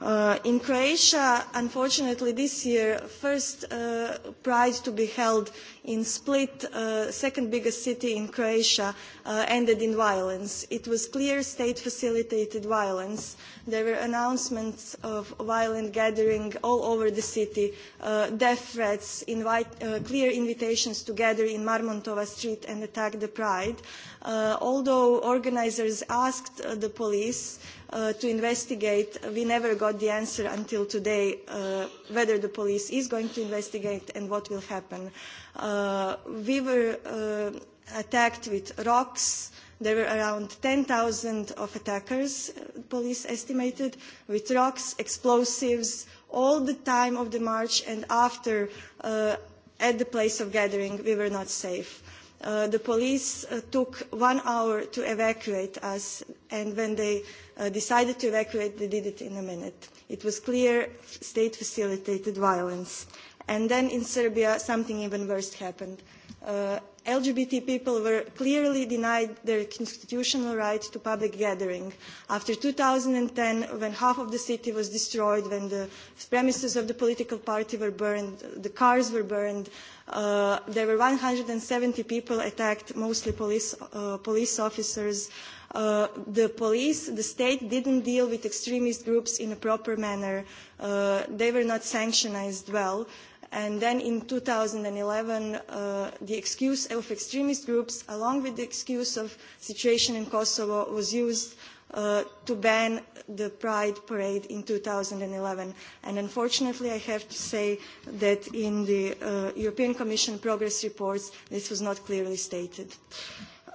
L: Uh, in Croatia, unfortunately, this year, first uh, pride to be held held in Split, uh, second biggest city in Croatia, uh, ended in violence. It was clear state facilitated violence. There were announcements of violent gathering all over the city, uh, death threats, invite, uh, clear invitations to gather in Marmontova street and attack the Pride. Uh, although organizers asked uh, the police uh, to investigate, we never got the answer until today uh, whether the police is going to investigate and what will happen. Uh, uh, we were uh, attacked with rocks. There were around 10,000 of attackers, uh, police estimated, with rocks, explosives, all the time of the march and after uh, at the place of gathering, we were not safe. Uh, the police uh, took one hour to evacuate us and when they uh, decided to evacuate, they did it in a minute. It was clear state facilitated violence. And then in Serbia, something even worse happened. Uh, LGBT people were clearly denied their constitutional right to public gathering. After 2010, when half of the city was destroyed, when the premises of the political party were burned, the cars were burned, uh, there were 170 people attacked, mostly police, uh, police officers. Uh, the police, the state didn't deal with extremist groups in a proper manner. Uh, they were not sanctionized well. Uh, And then in 2011, uh, the excuse of extremist groups, along with the excuse of situation in Kosovo, was used uh, to ban the Pride parade in 2011. And unfortunately, I have to say that in the uh, European Commission progress reports, this was not clearly stated.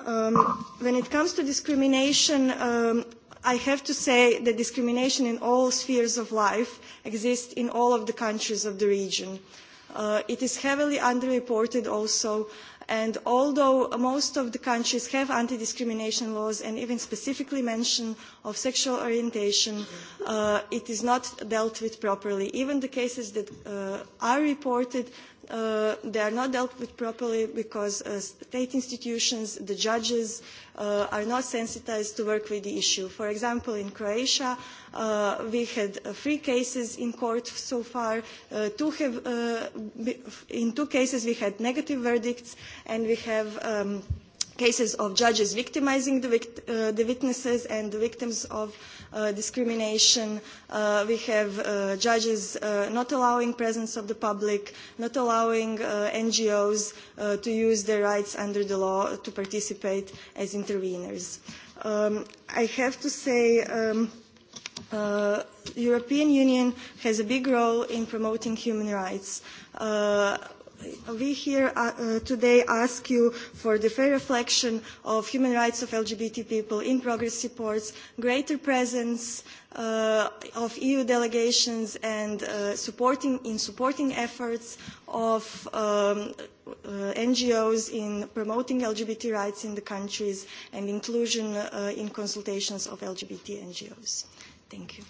L: Um, when it comes to discrimination, um, I have to say that discrimination in all spheres of life exists in all of the countries of the region. Uh, Uh, it is heavily underreported also, and although most of the countries have anti-discrimination laws and even specifically mention of sexual orientation, uh, it is not dealt with properly. Even the cases that uh, are reported uh, they are not dealt with properly because uh, state institutions, the judges, uh, are not sensitized to work with the issue. For example, in Croatia, uh, we had uh, three cases in court so far. Uh, two have, uh, in two cases, we had negative verdicts, and we have um, cases of judges victimizing the, vict- uh, the witnesses and the victims of. Uh, discrimination. Uh, we have uh, judges uh, not allowing presence of the public, not allowing uh, NGOs uh, to use their rights under the law to participate as interveners. Um, I have to say, um, uh, European Union has a big role in promoting human rights. Uh, We here uh, uh, today ask you for the fair reflection of human rights of LGBT people in progress reports, greater presence uh, of EU delegations and uh, supporting, in supporting efforts of um, uh, NGOs in promoting LGBT rights in the countries and inclusion uh, in consultations of LGBT NGOs. Thank you.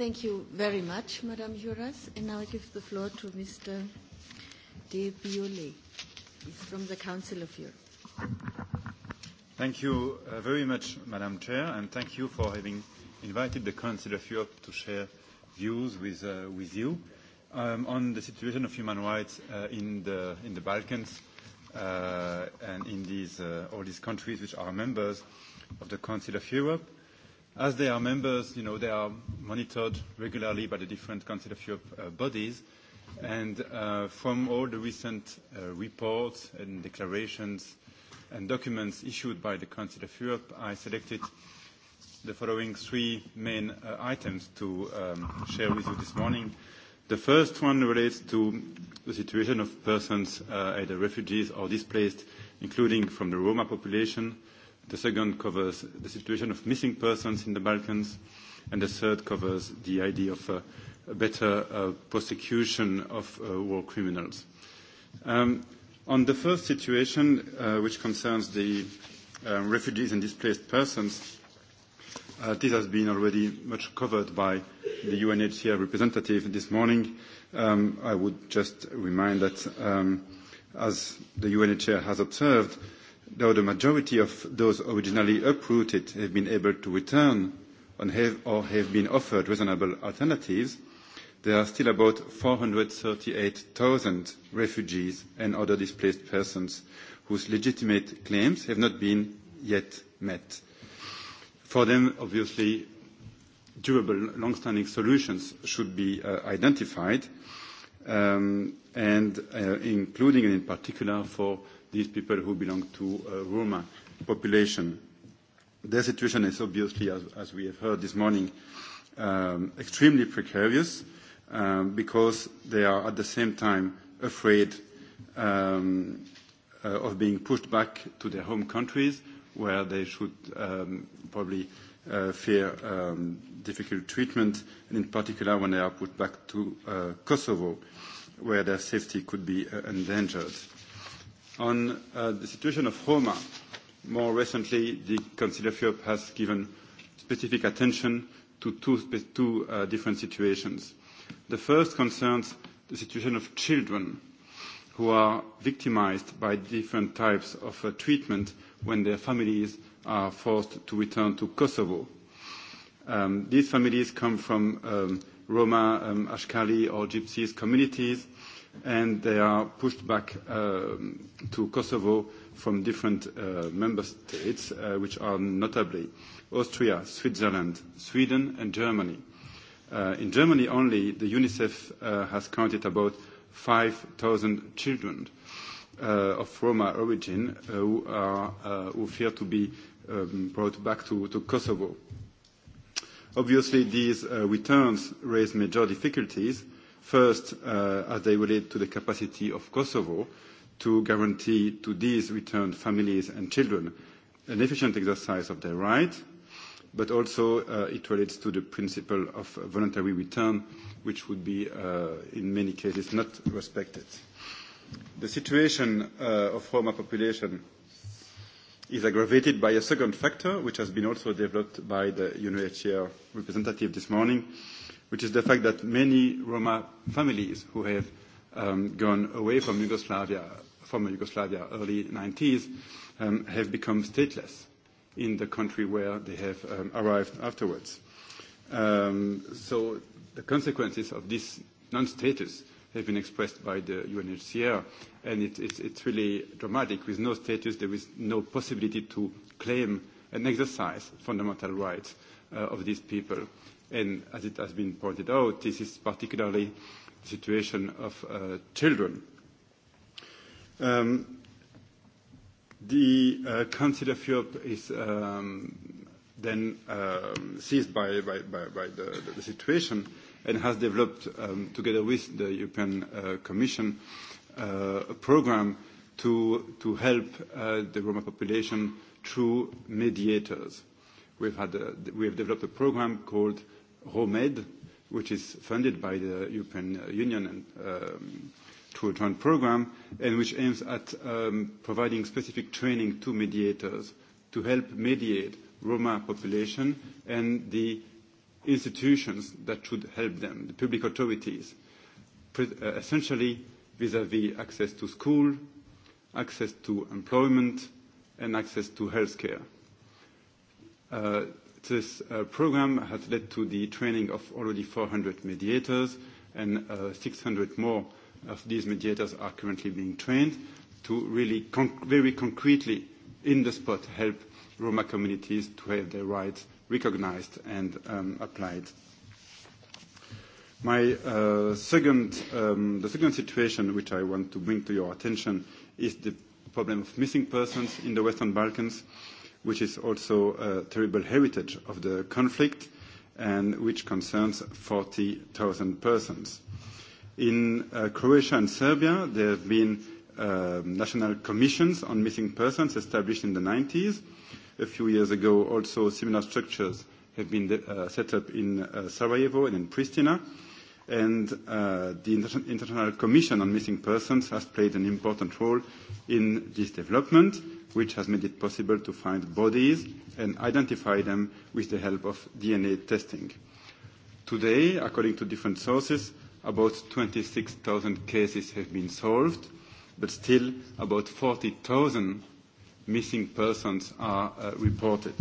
L: Thank you very much,
A: Madame Juras. And now I give the floor to Mr. De Biolay. He's from the Council of Europe.
I: Thank you uh, very much, Madam Chair, and thank you for having invited the Council of Europe to share views with, uh, with you um, on the situation of human rights uh, in, the, in the Balkans uh, and in these, uh, all these countries which are members of the Council of Europe. As they are members, you know, they are monitored regularly by the different Council of Europe uh, bodies. And uh, from all the recent uh, reports and declarations and documents issued by the Council of Europe, I selected the following three main uh, items to um, share with you this morning. The first one relates to the situation of persons, uh, either refugees or displaced, including from the Roma population. The second covers the situation of missing persons in the Balkans. And the third covers the idea of a, a better uh, prosecution of uh, war criminals. Um, on the first situation, uh, which concerns the uh, refugees and displaced persons, uh, this has been already much covered by the UNHCR representative this morning. Um, I would just remind that, um, as the UNHCR has observed, uh, though the majority of those originally uprooted have been able to return and have, or have been offered reasonable alternatives, there are still about 438,000 refugees and other displaced persons whose legitimate claims have not been yet met. For them, obviously, durable, long-standing solutions should be uh, identified, um, and uh, including and in particular for these people who belong to uh, Roma population. Their situation is obviously, as, as we have heard this morning, um, extremely precarious um, because they are at the same time afraid um, uh, of being pushed back to their home countries where they should um, probably uh, fear um, difficult treatment, and in particular when they are put back to uh, Kosovo where their safety could be uh, endangered. Uh, On uh, the situation of Roma, more recently, the Council of Europe has given specific attention to two, spe- two uh, different situations. The first concerns the situation of children who are victimized by different types of uh, treatment when their families are forced to return to Kosovo. Um, these families come from um, Roma, um, Ashkali, or Gypsies communities and they are pushed back um, to Kosovo from different uh, member states, uh, which are notably Austria, Switzerland, Sweden, and Germany. Uh, in Germany only, the UNICEF uh, has counted about 5,000 children uh, of Roma origin uh, who, are, uh, who fear to be um, brought back to, to Kosovo. Obviously, these uh, returns raise major difficulties. Uh, First, uh, as they relate to the capacity of Kosovo to guarantee to these returned families and children an efficient exercise of their right, but also uh, it relates to the principle of voluntary return, which would be, uh, in many cases, not respected. The situation of Roma population is aggravated by a second factor, which has been also developed by the UNHCR representative this morning, which is the fact that many Roma families who have um, gone away from Yugoslavia, former Yugoslavia, early 90s, um, have become stateless in the country where they have um, arrived afterwards. Um, so the consequences of this non-status have been expressed by the UNHCR, and it, it, it's really dramatic. With no status, there is no possibility to claim and exercise fundamental rights uh, of these people and as it has been pointed out, this is particularly the situation of uh, children. Um, the uh, Council of Europe is um, then um, seized by, by, by, by the, the situation and has developed, um, together with the European uh, Commission, uh, a program to, to help uh, the Roma population through mediators. We've, had a, we've developed a program called uh, Romed, which is funded by the European Union and uh, um, to a joint program, and which aims at um, providing specific training to mediators to help mediate Roma population and the institutions that should help them, the public authorities, pre- uh, essentially vis-à-vis access to school, access to employment, and access to healthcare. Uh, This uh, program has led to the training of already 400 mediators, and uh, 600 more of these mediators are currently being trained to really conc- very concretely in the spot help Roma communities to have their rights recognized and um, applied. My uh, second, um, the second situation which I want to bring to your attention is the problem of missing persons in the Western Balkans which is also a terrible heritage of the conflict and which concerns 40,000 persons. In uh, Croatia and Serbia, there have been uh, national commissions on missing persons established in the 90s. A few years ago, also similar structures have been uh, set up in uh, Sarajevo and in Pristina and uh, the Inter- International Commission on Missing Persons has played an important role in this development, which has made it possible to find bodies and identify them with the help of DNA testing. Today, according to different sources, about 26,000 cases have been solved, but still about 40,000 missing persons are uh, reported.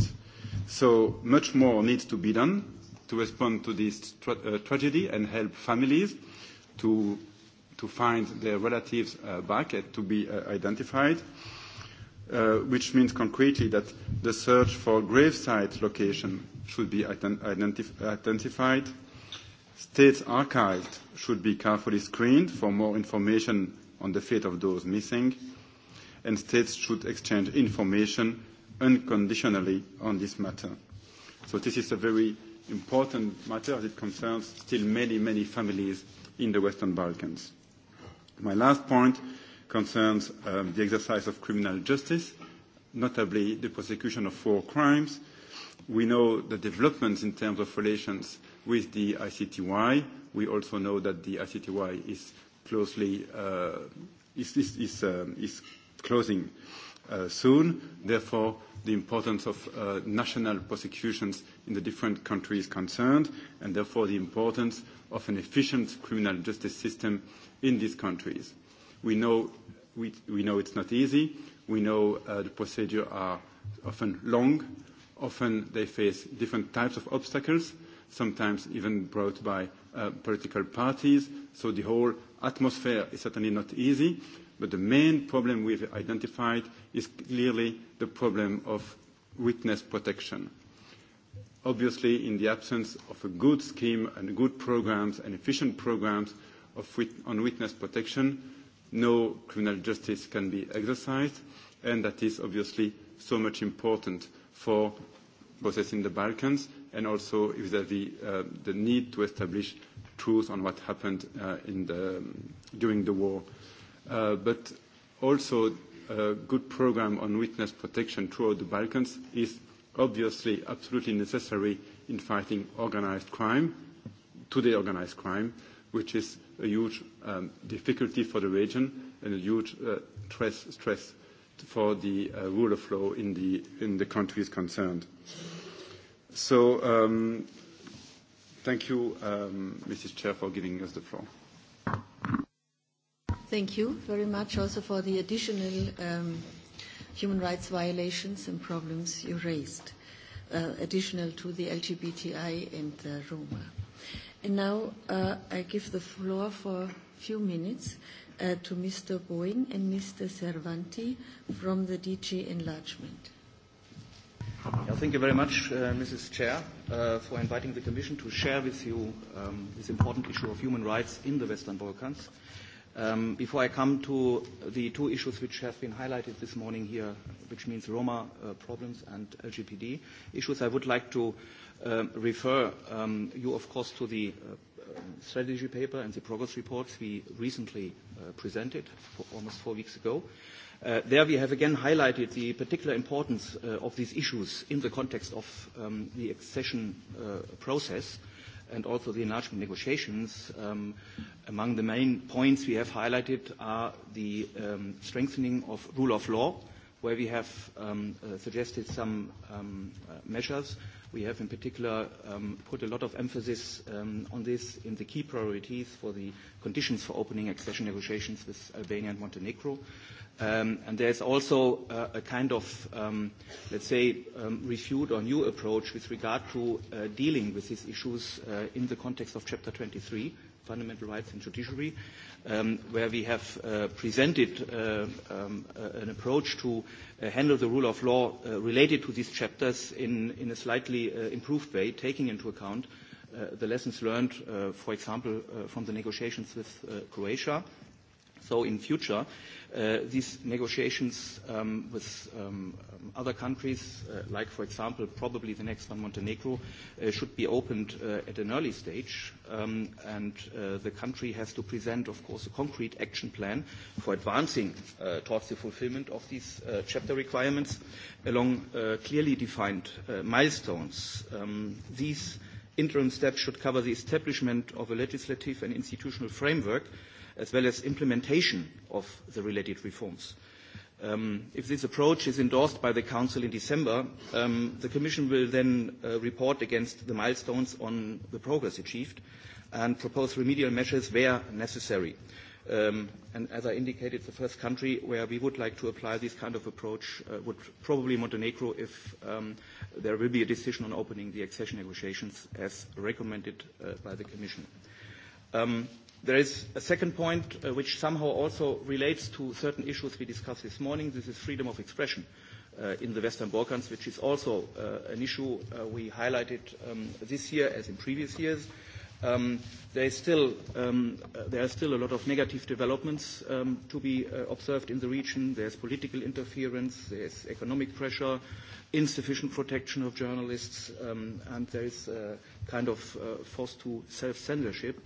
I: So much more needs to be done to respond to this tra- uh, tragedy and help families to, to find their relatives uh, back and to be uh, identified, uh, which means concretely that the search for gravesite location should be ident- identif- identified. State archives should be carefully screened for more information on the fate of those missing, and states should exchange information unconditionally on this matter. So this is a very important matter that concerns still many, many families in the Western Balkans. My last point concerns um, the exercise of criminal justice, notably the prosecution of four crimes. We know the developments in terms of relations with the ICTY. We also know that the ICTY is closely uh, is, is, is, um, is closing uh, soon. Therefore, the importance of uh, national prosecutions in the different countries concerned, and therefore the importance of an efficient criminal justice system in these countries. We know, we, we know it's not easy. We know uh, the procedures are often long. Often they face different types of obstacles, sometimes even brought by uh, political parties. So the whole atmosphere is certainly not easy. But the main problem we've identified is clearly the problem of witness protection. Obviously, in the absence of a good scheme and good programs and efficient programs of wit- on witness protection, no criminal justice can be exercised, and that is obviously so much important for process in the Balkans and also vis-à-vis uh, the need to establish truth on what happened uh, in the, um, during the war. Uh, but also good program on witness protection throughout the Balkans is obviously absolutely necessary in fighting organized crime, today organized crime, which is a huge um, difficulty for the region and a huge uh, stress, stress for the uh, rule of law in the, in the countries concerned. So um, thank you, um, Mrs. Chair, for giving us the floor.
A: Thank you very much also for the additional um, human rights violations and problems you raised, uh, additional to the LGBTI and the Roma. And now uh, I give the floor for a few minutes uh, to Mr. Boeing and Mr. Cervanti from the DG Enlargement.
M: Yeah, thank you very much, uh, Mrs. Chair, uh, for inviting the Commission to share with you um, this important issue of human rights in the Western Balkans. Uh, Um, before I come to the two issues which have been highlighted this morning here, which means Roma uh, problems and LGPD issues, I would like to uh, refer um, you, of course, to the uh, strategy paper and the progress reports we recently uh, presented for almost four weeks ago. Uh, there we have again highlighted the particular importance uh, of these issues in the context of um, the accession uh, process. Uh, and also the enlargement negotiations, um, among the main points we have highlighted are the um, strengthening of rule of law, where we have um, uh, suggested some um, uh, measures. We have in particular um, put a lot of emphasis um, on this in the key priorities for the conditions for opening accession negotiations with Albania and Montenegro. Uh, Um, there's also uh, a kind of, um, let's say, um, refute or new approach with regard to uh, dealing with these issues uh, in the context of Chapter 23, Fundamental Rights and Judiciary, where we have presented an approach to handle the rule of law related to these chapters in a slightly improved way, taking into account the lessons learned, for example, from the negotiations with Croatia, In future, uh, these negotiations um, with um, um, other countries, uh, like for example, probably the next one, Montenegro, uh, should be opened at an early stage. The country has to present, of course, a concrete action plan for advancing towards the fulfillment of these chapter requirements along clearly defined milestones. These interim steps should cover the establishment of a legislative and institutional framework as well as implementation of the related reforms. Um, if this approach is endorsed by the Council in December, um, the Commission will then uh, report against the milestones on the progress achieved and propose remedial measures where necessary. Um, and as I indicated, the first country where we would like to apply this kind of approach uh, would probably Montenegro if um, there will be a decision on opening the accession negotiations as recommended uh, by the Commission. Um, There is a second point uh, which somehow also relates to certain issues we discussed this morning. This is freedom of expression uh, in the Western Balkans, which is also uh, an issue we highlighted um, this year as in previous years. Um, um, there are still a lot of negative developments to be observed in the region. There's political interference, there's economic pressure, insufficient protection of journalists, and there is a kind of forced to self-censorship.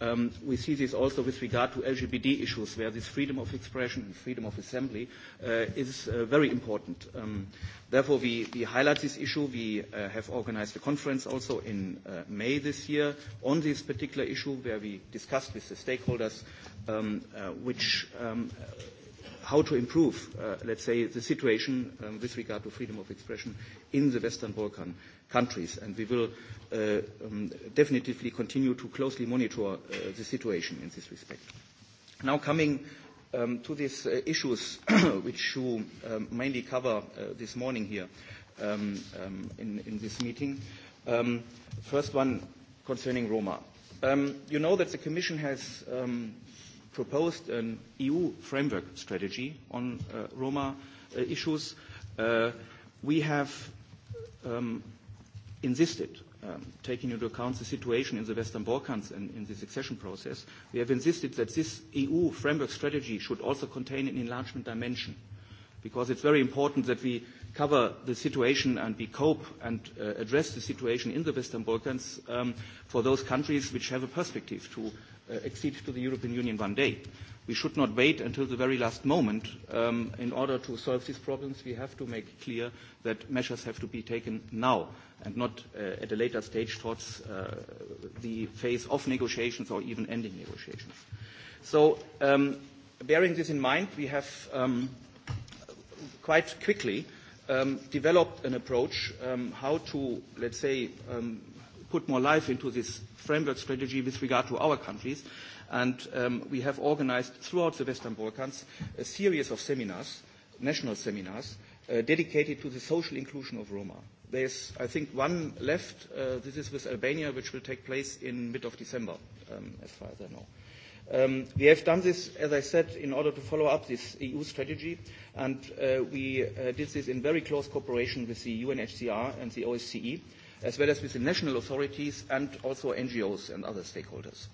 M: Um, we see this also with regard to LGBT issues, where this freedom of expression and freedom of assembly uh, is uh, very important. Um, therefore, we, we highlight this issue. We uh, have organized a conference also in uh, May this year on this particular issue, where we discussed with the stakeholders um, uh, which, um, uh, how to improve, uh, let's say, the situation um, with regard to freedom of expression in the Western Balkans countries. And we will uh, um, definitely continue to closely monitor uh, the situation in this respect. Now coming um, to these uh, issues which you um, mainly cover uh, this morning here um, um, in, in this meeting. Um, first one concerning Roma. Um, you know that the Commission has um, proposed an EU framework strategy on uh, Roma uh, issues. Uh, we have um, insisted, um, taking into account the situation in the Western Balkans and in the succession process, we have insisted that this EU framework strategy should also contain an enlargement dimension, because it's very important that we cover the situation and we cope and uh, address the situation in the Western Balkans um, for those countries which have a perspective to uh, accede to the European Union one day. We should not wait until the very last moment. Um, in order to solve these problems, we have to make clear that measures have to be taken now and not uh, at a later stage towards uh, the phase of negotiations or even ending negotiations. So, um, bearing this in mind, we have um, quite quickly um, developed an approach um, how to, let's say, um, put more life into this framework strategy with regard to our countries. And um, we have organized throughout the Western Balkans a series of seminars, national seminars, uh, dedicated to the social inclusion of Roma. There's, I think, one left. Uh, this is with Albania, which will take place in mid of December, um, as far as I know. Um, we have done this, as I said, in order to follow up this EU strategy, and uh, we uh, did this in very close cooperation with the UNHCR and the OSCE, as well as with the national authorities and also NGOs and other stakeholders.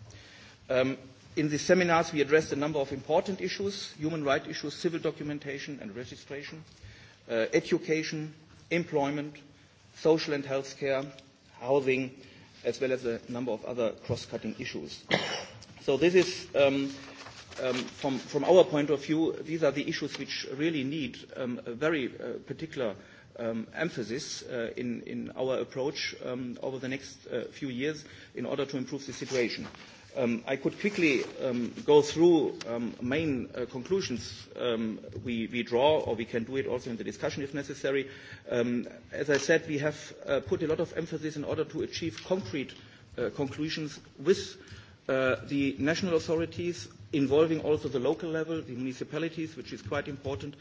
M: Um, in the seminars, we addressed a number of important issues, human rights issues, civil documentation and registration, education, employment, social and health care, housing, as well as a number of other cross-cutting issues. So this is, um, um, from, from our point of view, these are the issues which really need um, a very uh, particular um, emphasis uh, in, in our approach um, over the next uh, few years in order to improve the situation. Um, I could quickly um, go through um, main uh, conclusions um, we, we draw, or we can do it also in the discussion if necessary. Um, as I said, we have uh, put a lot of emphasis in order to achieve concrete uh, conclusions with uh, the national authorities involving also the local level, the municipalities, which is quite important.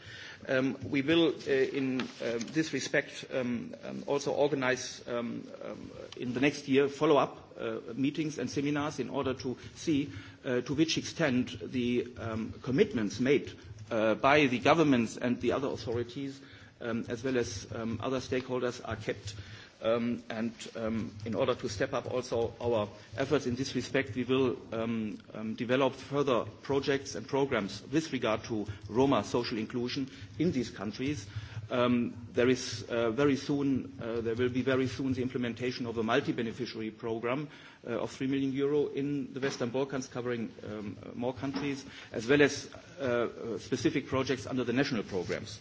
M: Um, we will, uh, in uh, this respect, um, um, also organize um, um, uh, in the next year follow up uh, meetings and seminars in order to see uh, to which extent the um, commitments made uh, by the governments and the other authorities, um, as well as um, other stakeholders, are kept uh, Um, um, in order to step up also our efforts in this respect, we will um, develop further projects and programs with regard to Roma social inclusion in these countries. Uh, uh, there will be very soon the implementation of a multi-beneficiary program uh, of 3 million euro in the Western Balkans, covering more countries, as well as specific projects under the national programs.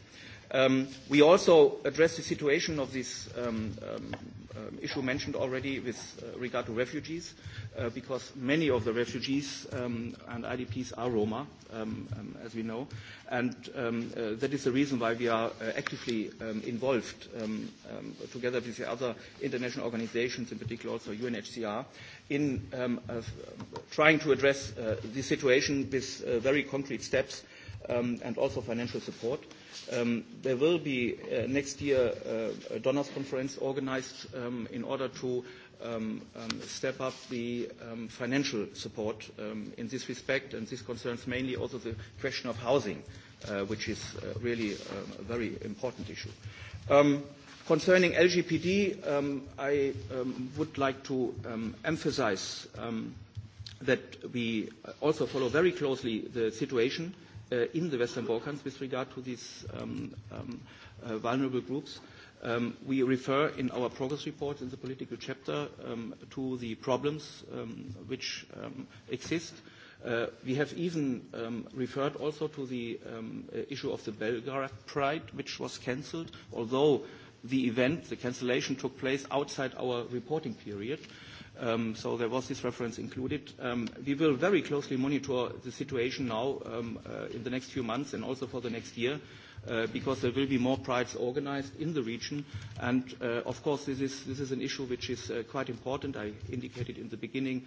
M: Um, we also address the situation of this um, um, um, issue mentioned already with uh, regard to refugees, uh, because many of the refugees um, and IDPs are Roma, um, um, as we know, and um, uh, that is the reason why we are uh, actively um, involved um, um, together with the other international organizations, in particular also UNHCR, in um, uh, trying to address uh, this situation with uh, very concrete steps um, and also financial support. Um, there will be uh, next year uh, a donors conference organized um, in order to um, um, step up the um, financial support um, in this respect, and this concerns mainly also the question of housing, uh, which is uh, really um, a very important issue. Um, concerning LGPD, um, I um, would like to um, emphasize um, that we also follow very closely the situation uh, in the Western Balkans with regard to these um, um, uh, vulnerable groups. Um, we refer in our progress report in the political chapter um, to the problems um, which um, exist. Uh, we have even um, referred also to the um, uh, issue of the Belgrade Pride, which was cancelled, although the event, the cancellation, took place outside our reporting period. Uh, Um, so there was this reference included. Um, we will very closely monitor the situation now um, uh, in the next few months and also for the next year uh, because there will be more Prides organized in the region. And uh, of course, this is an issue which is quite important. I indicated in the beginning,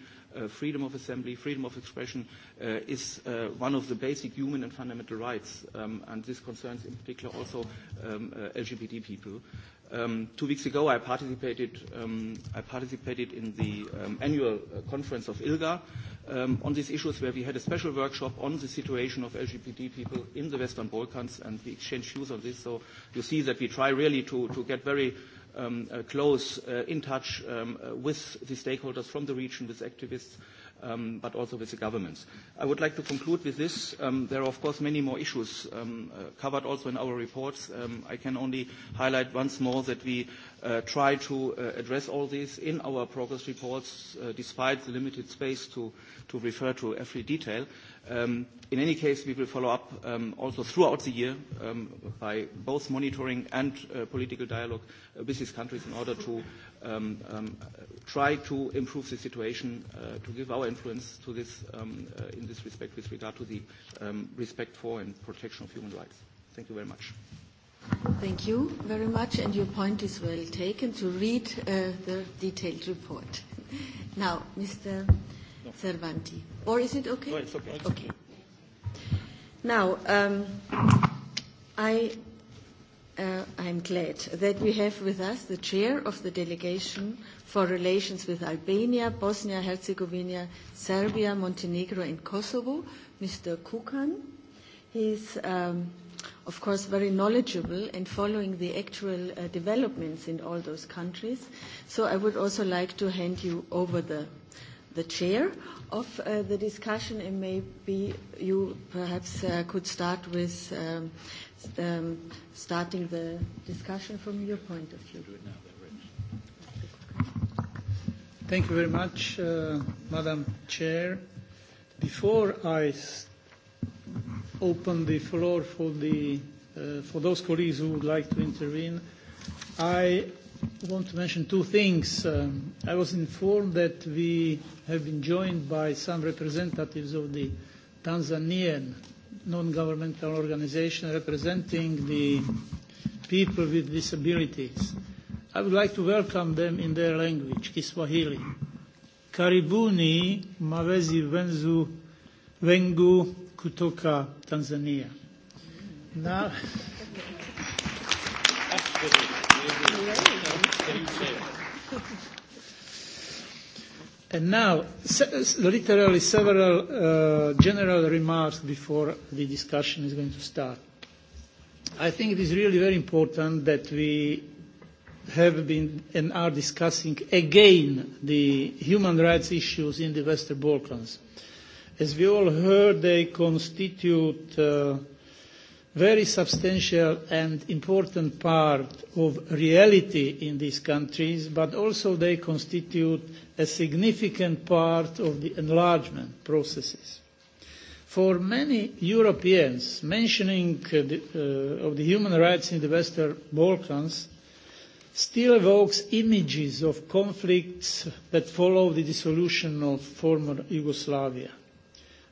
M: freedom of assembly, freedom of expression is one of the basic human and fundamental rights. And this concerns in particular also LGBT people. Um, two weeks ago, I participated, um, I participated in the um, annual uh, conference of ILGA um, on these issues where we had a special workshop on the situation of LGBT people in the Western Balkans and we exchanged views on this. So you see that we try really to, to get very um, uh, close uh, in touch um, uh, with the stakeholders from the region, with activists um, but also with the governments. I would like to conclude with this. Um, there are, of course, many more issues um, uh, covered also in our reports. Um, I can only highlight once more that we uh, try to uh, address all these in our progress reports, uh, despite the limited space to, to refer to every detail. Um, in any case, we will follow up um, also throughout the year um, by both monitoring and uh, political dialogue uh, with these countries in order to um, um, try to improve the situation, uh, to give our influence to this um, uh, in this respect with regard to the um, respect for and protection of human rights. Thank you very much.
A: Thank you very much, and your point is well taken to read uh, the detailed report. Now, Mr. No. Cervanti, or is it
F: okay? No, it's okay. okay.
A: Now, um, I. Uh, I'm glad that we have with us the chair of the delegation for relations with Albania, Bosnia, Herzegovina, Serbia, Montenegro, and Kosovo, Mr. Kukan. He's, um, of course, very knowledgeable and following the actual uh, developments in all those countries. So I would also like to hand you over the uh, the chair of uh, the discussion, and maybe you perhaps uh, could start with um, um, starting the discussion from your point of view.
E: Thank you very much, uh, Madam Chair. Before I open the floor for, the, uh, for those colleagues who would like to intervene, I want to mention two things. Um, I was informed that we have been joined by some representatives of the Tanzanian non-governmental organization representing the people with disabilities. I would like to welcome them in their language, Kiswahili. Karibuni mavezi wenzu wengu kutoka Tanzania. Now, And now, literally several uh, general remarks before the discussion is going to start. I think it is really very important that we have been and are discussing again the human rights issues in the Western Balkans. As we all heard, they constitute uh, very substantial and important part of reality in these countries, but also they constitute a significant part of the enlargement processes. For many Europeans, mentioning uh, the, uh, of the human rights in the Western Balkans still evokes images of conflicts that follow the dissolution of former Yugoslavia.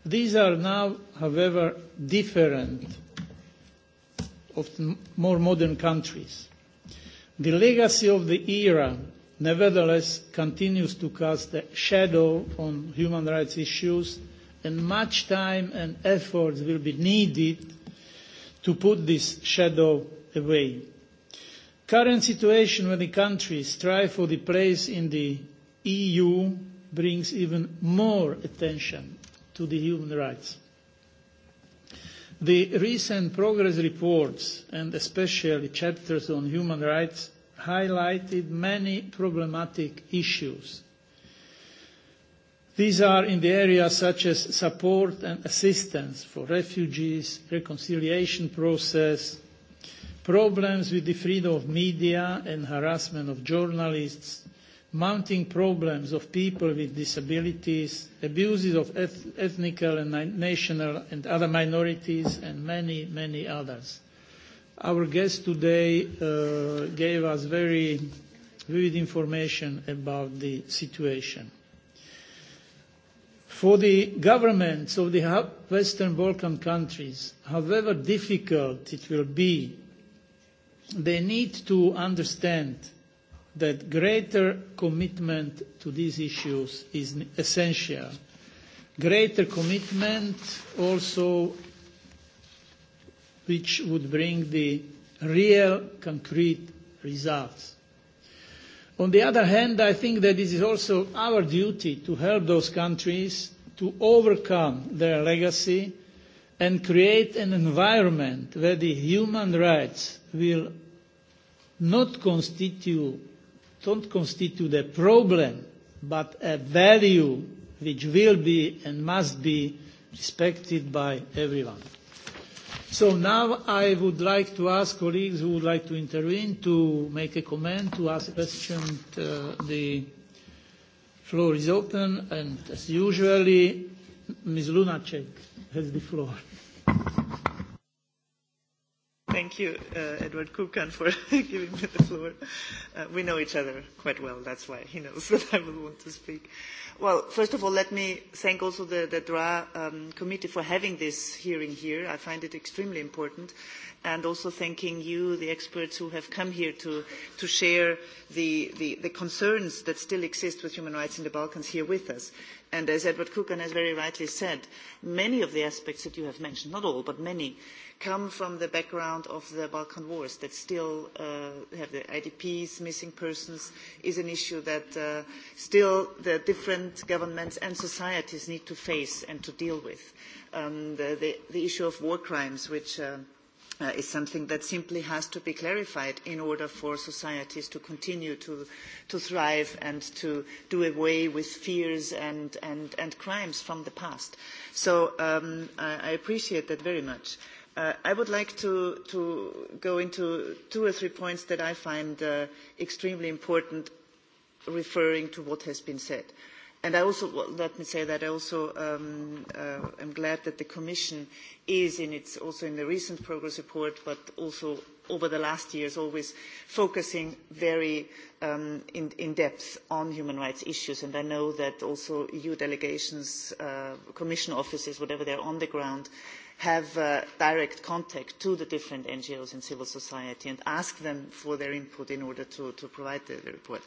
E: These are now, however, different of the more modern countries. The legacy of the era, nevertheless, continues to cast a shadow on human rights issues, and much time and effort will be needed to put this shadow away. Current situation when the countries strive for the place in the EU brings even more attention to the human rights. The recent progress reports and especially chapters on human rights highlighted many problematic issues. These are in the areas such as support and assistance for refugees, reconciliation process, problems with the freedom of media and harassment of journalists, mounting problems of people with disabilities, abuses of eth ethnical and national and other minorities, and many, many others. Our guest today uh, gave us very vivid information about the situation. For the governments of the Western Balkan countries, however difficult it will be, they need to understand that greater commitment to these issues is essential. Greater commitment also which would bring the real concrete results. On the other hand, I think that this is also our duty to help those countries to overcome their legacy and create an environment where the human rights will not constitute don't constitute a problem, but a value which will be and must be respected by everyone. So now I would like to ask colleagues who would like to intervene to make a comment, to ask a question. Uh, the floor is open, and as usually, Ms. Lunacek has the floor.
D: Thank
N: you, uh, Edward Kukan, for giving me the floor. Uh, we know each other quite well, that's why he knows that I would want to speak. Well, first of all, let me thank also the, the DRA um, committee for having this hearing here. I find it extremely important. And also thanking you, the experts who have come here to, to share the, the, the concerns that still exist with human rights in the Balkans here with us. And as Edward Kukan has very rightly said, many of the aspects that you have mentioned, not all, but many, come from the background of the Balkan Wars that still uh, have the IDPs, missing persons, is an issue that uh, still the different governments and societies need to face and to deal with. Um, the, the, the issue of war crimes, which uh, uh, is something that simply has to be clarified in order for societies to continue to, to thrive and to do away with fears and, and, and crimes from the past. So um, I, I appreciate that very much. Uh, I would like to, to go into two or three points that I find uh, extremely important referring to what has been said. And I also, well, let me say that I also um, uh, am glad that the Commission is in its, also in the recent progress report, but also over the last years, always focusing very um, in, in depth on human rights issues. And I know that also EU delegations, uh, Commission offices, whatever they're on the ground, uh, have uh, direct contact to the different NGOs and civil society and ask them for their input in order to, to provide the, the report.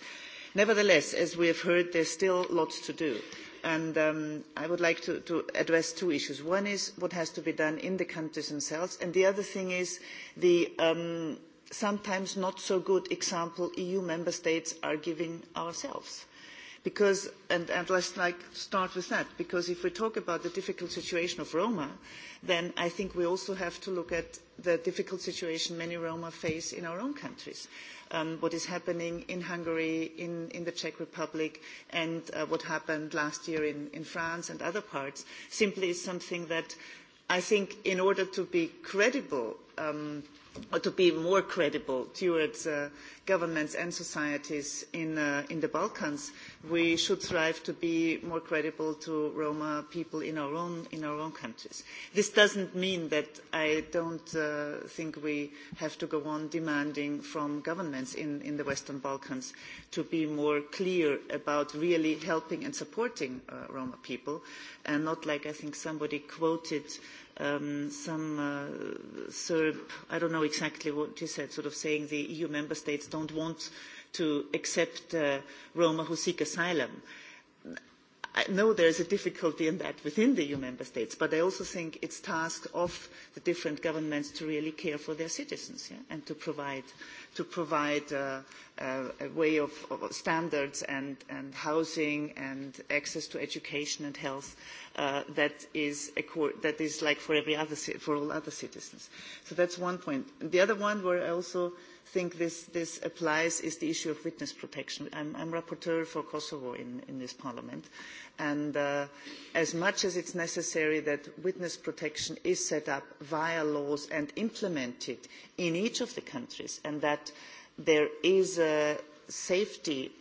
N: Nevertheless, as we have heard, there's still lots to do. And um, I would like to, to address two issues. One is what has to be done in the countries themselves. And the other thing is the um, sometimes not so good example EU member states are giving ourselves because and, and let's like start with that because if we talk about the difficult situation of Roma, then I think we also have to look at the difficult situation many Roma face in our own countries. Um, what is happening in Hungary, in, in the Czech Republic, and uh, what happened last year in, in France and other parts simply is something that I think in order to be credible um, to be more credible towards uh, governments and societies in, uh, in the Balkans, we should strive to be more credible to Roma people in our own, in our own countries. This doesn't mean that I don't uh, think we have to go on demanding from governments in, in the Western Balkans to be more clear about really helping and supporting uh, Roma people, and not like I think somebody quoted uh, um, some uh, Serb, I don't know exactly what you said, sort of saying the EU member states don't want to accept uh, Roma who seek asylum. Uh, I know there is a difficulty in that within the EU member states, but I also think it's task of the different governments to really care for their citizens yeah? and to provide, to provide uh, uh, a way of, of standards and, and housing and access to education and health uh, that, is a core, that is like for, every other, for all other citizens. So that's one point. The other one where I also think this, this applies is the issue of witness protection. I'm, I'm rapporteur for Kosovo in, in this parliament. And uh, as much as it's necessary that witness protection is set up via laws and implemented in each of the countries and that there is a safety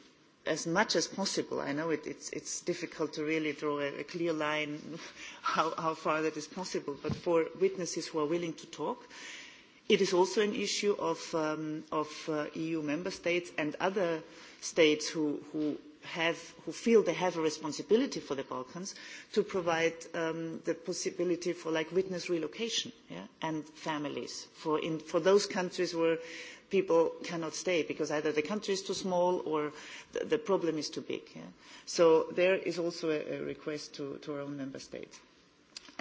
N: as much as possible, I know it, it's, it's difficult to really draw a, a clear line how, how far that is possible, but for witnesses who are willing to talk, uh, it is also an issue of, um, of uh, EU member states and other states who, who, have, who feel they have a responsibility for the Balkans to provide um, the possibility for like, witness relocation yeah? and families for, in, for those countries where people cannot stay because either the country is too small or the, the problem is too big. Yeah? So there is also a, a request to, to our own member states.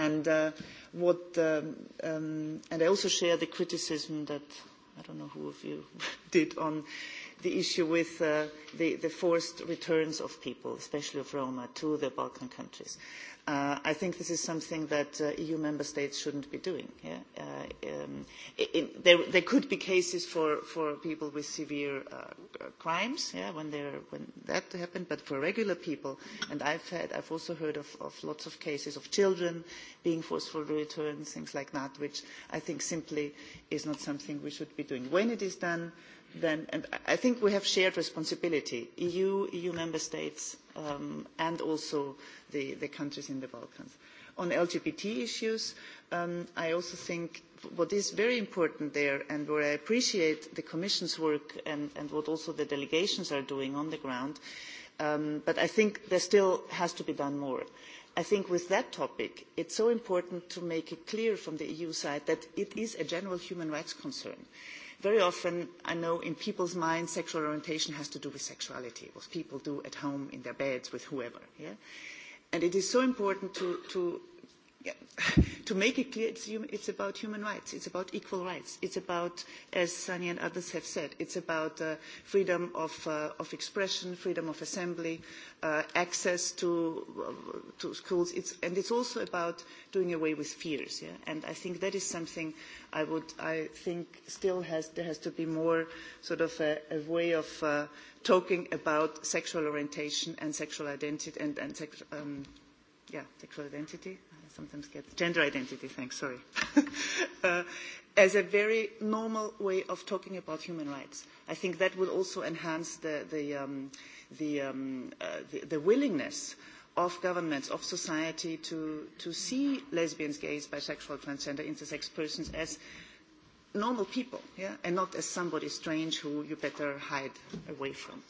N: And, uh, what, um, um, and I also share the criticism that I don't know who of you did on the issue with uh, the, the forced returns of people, especially of Roma, to the Balkan countries. Uh, I think this is something that uh, EU member states shouldn't be doing. Yeah? Uh, um, it, it, there, there could be cases for, for people with severe uh, crimes yeah, when, when that happened, but for regular people, and I've, had, I've also heard of, of lots of cases of children being forced to return, things like that, which I think simply is not something we should be doing. When it is done, then and I think we have shared responsibility, EU, EU member states, um, and also the, the countries in the Balkans. On LGBT issues, um, I also think what is very important there and where I appreciate the Commission's work and, and what also the delegations are doing on the ground, um, but I think there still has to be done more. I think with that topic, it's so important to make it clear from the EU side that it is a general human rights concern very often, I know in people's minds, sexual orientation has to do with sexuality, what people do at home, in their beds, with whoever. Yeah? And it is so important to, to to make it clear, it's, hum it's about human rights, it's about equal rights, it's about, as Sani and others have said, it's about uh, freedom of, uh, of expression, freedom of assembly, uh, access to, uh, to schools, it's, and it's also about doing away with fears. Yeah? And I think that is something I would, I think, still has, there has to be more sort of a, a way of uh, talking about sexual orientation and sexual identity, and, and sex, um, yeah, sexual identity sometimes get gender identity, thanks, sorry, uh, as a very normal way of talking about human rights. I think that would also enhance the, the, um, the, um, uh, the, the willingness of governments, of society, to, to see lesbians, gays, bisexual, transgender, intersex persons as normal people, yeah? and not as somebody strange who you better hide away from.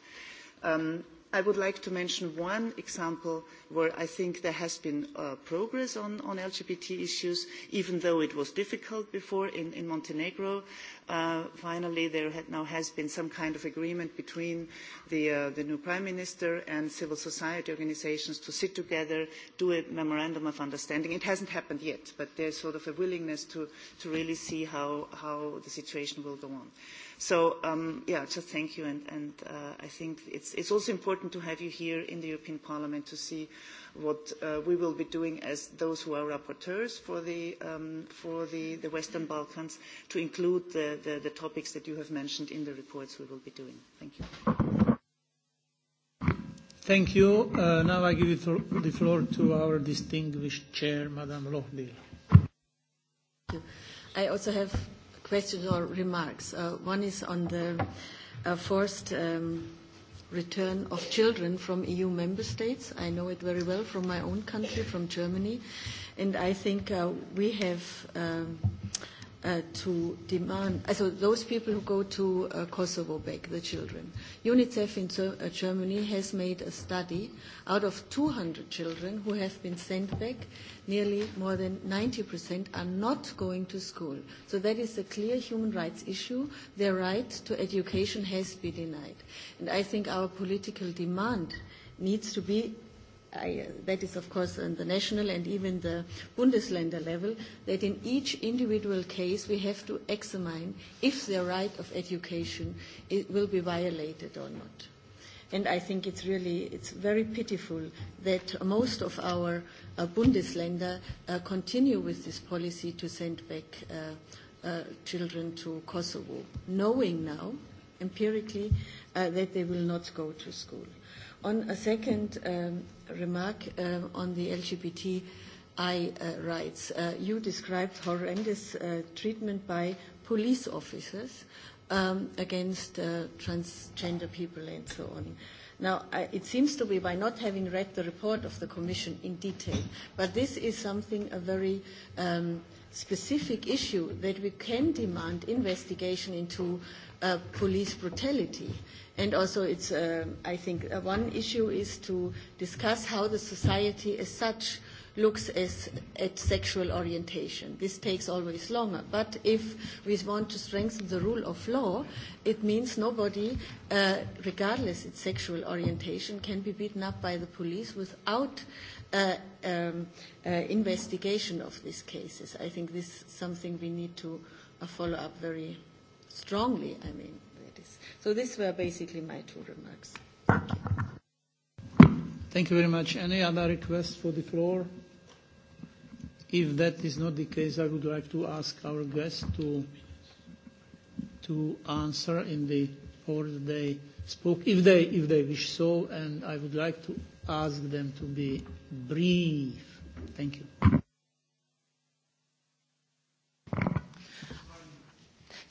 N: Um, I would like to mention one example where I think there has been uh, progress on, on LGBT issues, even though it was difficult before in, in Montenegro uh, finally there had, now has been some kind of agreement between the, uh, the new prime minister and civil society organizations to sit together, do a memorandum of understanding. it hasn't happened yet, but there's sort of a willingness to, to really see how, how the situation will go on. So, um, yeah, just thank you. And, and uh, I think it's, it's also important to have you here in the European Parliament to see what uh, we will be doing as those who are rapporteurs for the, um, for the, the Western Balkans to include the, the, the topics that you have mentioned in the reports we will be doing. Thank you.
E: Thank you. Uh, now I give the floor to our distinguished chair, Madame Lochbill. Thank
A: you. I also have questions or remarks. Uh, one is on the uh, forced um, return of children from EU member states. I know it very well from my own country, from Germany. And I think uh, we have. Um, uh, to demand, so those people who go to uh, Kosovo back, the children. UNICEF in uh, Germany has made a study out of 200 children who have been sent back, nearly more than 90% are not going to school. So that is a clear human rights issue. Their right to education has been denied. And I think our political demand needs to be I, uh, that is, of course, on the national and even the Bundesländer level, that in each individual case we have to examine if their right of education it will be violated or not. And I think it's really, it's very pitiful that most of our uh, Bundesländer uh, continue with this policy to send back uh, uh, children to Kosovo, knowing now, empirically, uh, that they will not go to school. On a second um, remark um, on the LGBTI uh, rights, uh, you described horrendous uh, treatment by police officers um, against uh, transgender people and so on. Now, I, it seems to be by not having read the report of the Commission in detail, but this is something, a very um, specific issue that we can demand investigation into uh, police brutality. And also, it's uh, I think uh, one issue is to discuss how the society as such looks as, at sexual orientation. This takes always longer. But if we want to strengthen the rule of law, it means nobody, uh, regardless its sexual orientation, can be beaten up by the police without uh, um, uh, investigation of these cases. I think this is something we need to uh, follow up very strongly, I mean, that is. So these were basically my two remarks.
E: Thank you. Thank you very much. Any other requests for the floor? If that is not the case, I would like to ask our guests to, to answer in the order they spoke, if they, if they wish so, and I would like to ask them to be brief. Thank you.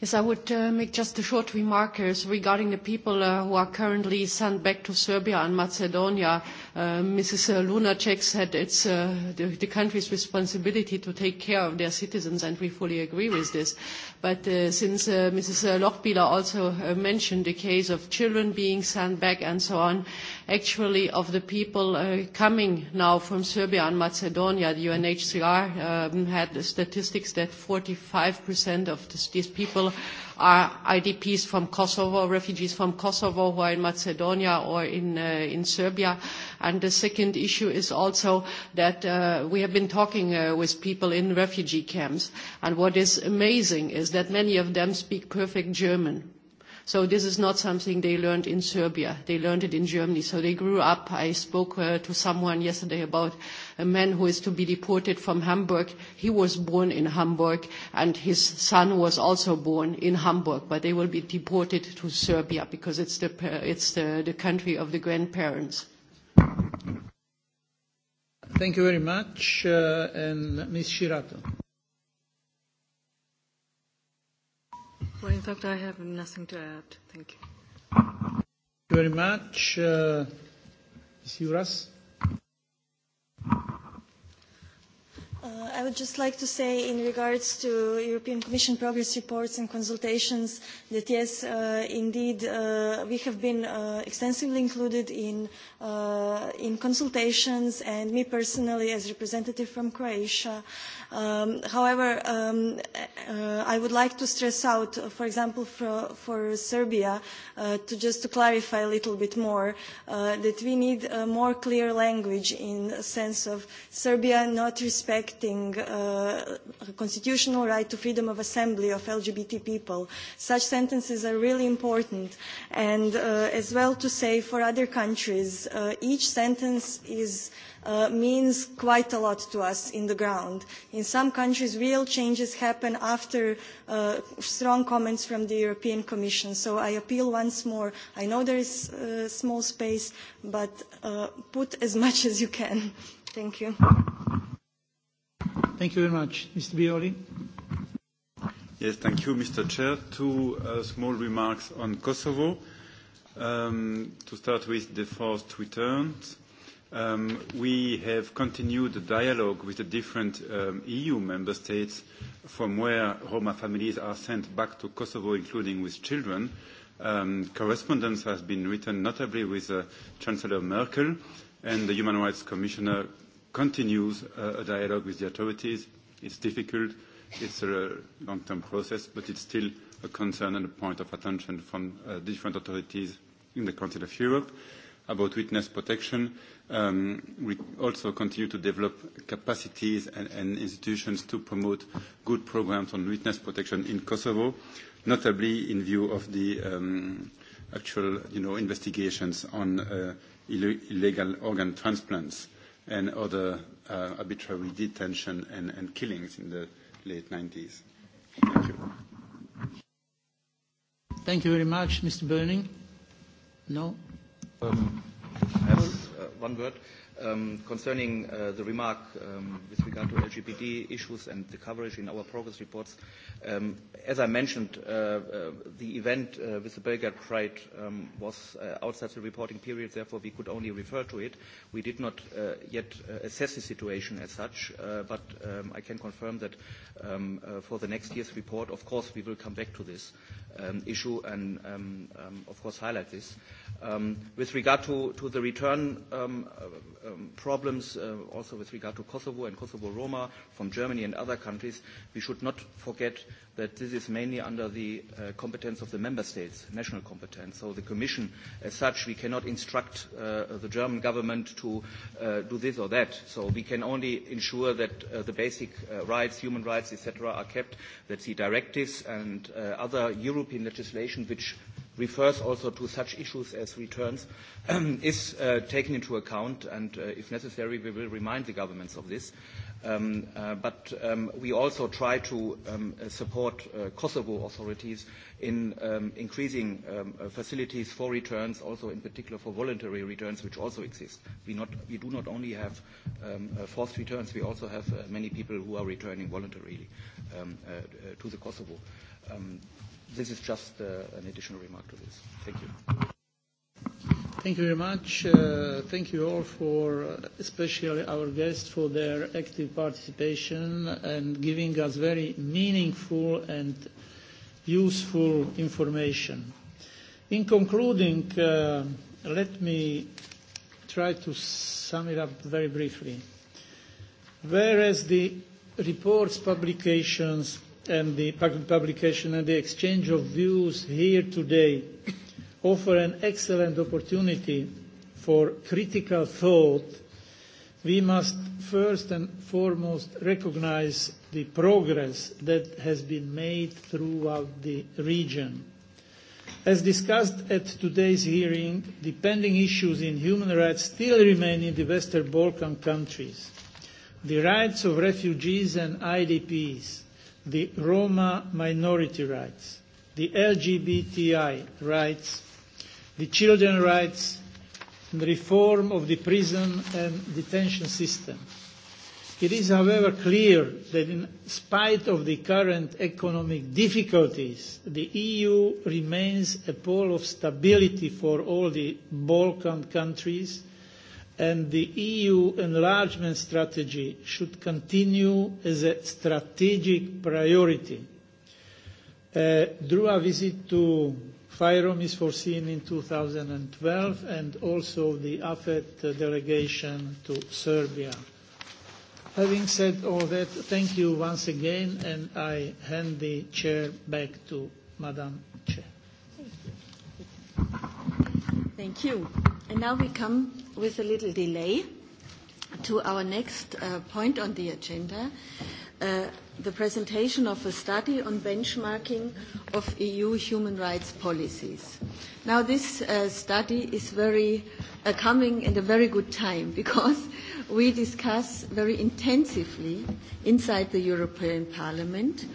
E: Yes, I would
J: uh, make just a short remark uh, regarding the people uh, who are currently sent back to Serbia and Macedonia. Uh, Mrs. Uh, Lunacek said it's uh, the, the country's responsibility to take care of their citizens, and we fully agree with this. But uh, since uh, Mrs. Uh, Lochbieler also uh, mentioned the case of children being sent back and so on, actually of the people uh, coming now from Serbia and Macedonia, the UNHCR um, had the statistics that 45% of this, these people are IDPs from Kosovo, refugees from Kosovo who are in Macedonia or in, uh, in Serbia. And the second issue is also that uh, we have been talking uh, with people in refugee camps. And what is amazing is that many of them speak perfect German. So this is not something they learned in Serbia. They learned it in Germany. So they grew up. I spoke uh, to someone yesterday about a man who is to be deported from Hamburg. He was born in Hamburg and his son was also born in Hamburg, but they will be deported to Serbia because it's the, uh, it's the, the country of the grandparents.
E: Thank you very much. Uh, and Ms. Shirato. Well, in fact,
O: I have nothing to add. Thank you.
E: Thank you very much. Uh, Ms. Juras?
L: Uh, I would just like to say in regards to European Commission progress reports and consultations that yes, uh, indeed, uh, we have been uh, extensively included in, uh, in consultations and me personally as representative from Croatia uh, Um, however, um, uh, I would like to stress out, uh, for example, for, for Serbia, uh, to just to clarify a little bit more, uh, that we need a more clear language in the sense of Serbia not respecting uh, a constitutional right to freedom of assembly of LGBT people. Such sentences are really important. And uh, as well to say for other countries, uh, each sentence is uh, Uh, means quite a lot to us in the ground. In some countries, real changes happen after uh, strong comments from the European Commission. So I appeal once more. I know there is a uh, small space, but uh, put as much as you can. Thank you.
E: Thank you very much. Mr. Bioli.
I: Yes, thank you, Mr. Chair. Two uh, small remarks on Kosovo. Um, to start with the forced returns, uh, um, we have continued the dialogue with the different um, EU member states from where Roma families are sent back to Kosovo, including with children. Um, correspondence has been written notably with uh, Chancellor Merkel, and the Human Rights Commissioner continues uh, a dialogue with the authorities. It's difficult, it's a long-term process, but it's still a concern and a point of attention from uh, different authorities in the Council of Europe about witness protection Um, we also continue to develop capacities and, and institutions to promote good programs on witness protection in Kosovo, notably in view of the um, actual you know, investigations on uh, Ill- illegal organ transplants and other uh, arbitrary detention and, and killings in the late 90s. Thank you.
E: Thank you very much, Mr. Burning. No?
I: Um,
M: yes. well, uh, one word um, concerning uh, the remark um, with regard to LGBT issues and the coverage in our progress reports. Um, as I mentioned, uh, uh, the event uh, with the Belgrade Pride um, was uh, outside the reporting period, therefore, we could only refer to it. We did not uh, yet uh, assess the situation as such, uh, but um, I can confirm that um, uh, for the next year's report, of course, we will come back to this um, issue and, um, um, of course, highlight this. Um, with regard to the return um, um, problems, uh, also with regard to Kosovo and Kosovo Roma from Germany and other countries, we should not forget that this is mainly under the uh, competence of the member states, national competence. The commission, as such, we cannot instruct uh, the German government to do this or that. We can only ensure that the basic rights, human rights, et cetera, are kept, that the directives and other European legislation which refers also to such issues as returns, is uh, taken into account, and uh, if necessary, we will remind the governments of this. Um, uh, but um, we also try to um, uh, support uh, Kosovo authorities in um, increasing um, uh, facilities for returns, also in particular for voluntary returns, which also exist. We, not, we do not only have um, uh, forced returns, we also have uh, many people who are returning voluntarily um, uh, uh, to the Kosovo. Um, This is just uh, an additional remark to this. Thank you.
E: Thank you very much. Uh, thank you all for, uh, especially our guests, for their active participation and giving us very meaningful and useful information. In concluding, let me try to sum it up very briefly. Whereas the reports, publications, and the publication and the exchange of views here today offer an excellent opportunity for critical thought, we must first and foremost recognize the progress that has been made throughout the region. As discussed at today's hearing, the pending issues in human rights still remain in the Western Balkan countries. The rights of refugees and IDPs, the Roma minority rights, the LGBTI rights, the children rights, and the reform of the prison and detention system. It is, however, clear that in spite of the current economic difficulties, the EU remains a pole of stability for all the Balkan countries and the EU enlargement strategy should continue as a strategic priority. A uh, Drua visit to Fyrom is foreseen in 2012 and also the AFET delegation to Serbia. Having said all that, thank you once again and I hand the chair back to Madam Chair.
A: Thank you. And now we come with a little delay to our next uh, point on the agenda, uh, the presentation of a study on benchmarking of EU human rights policies. Now, this uh, study is very coming at a very good time because we discuss very intensively inside the European Parliament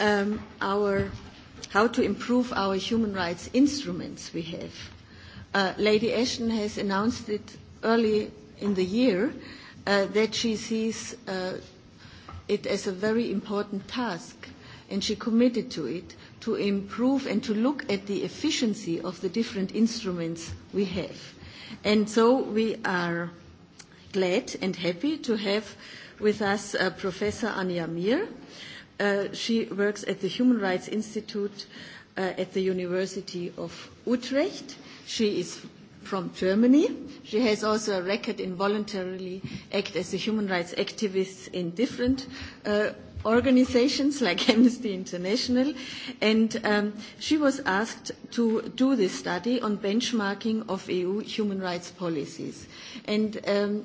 A: um, our how to improve our human rights instruments we have. Uh, Lady Ashton has announced it early in the year uh, that she sees uh, it as a very important task and she committed to it to improve and to look at the efficiency of the different instruments we have. And so we are glad and happy to have with us uh, Professor Anya Mir. Uh, she works at the Human Rights Institute uh, at the University of Utrecht. She is from Germany. She has also a record in voluntarily act as a human rights activist in different uh, organizations like Amnesty International. And um, she was asked to do this study on benchmarking of EU human rights policies. And um,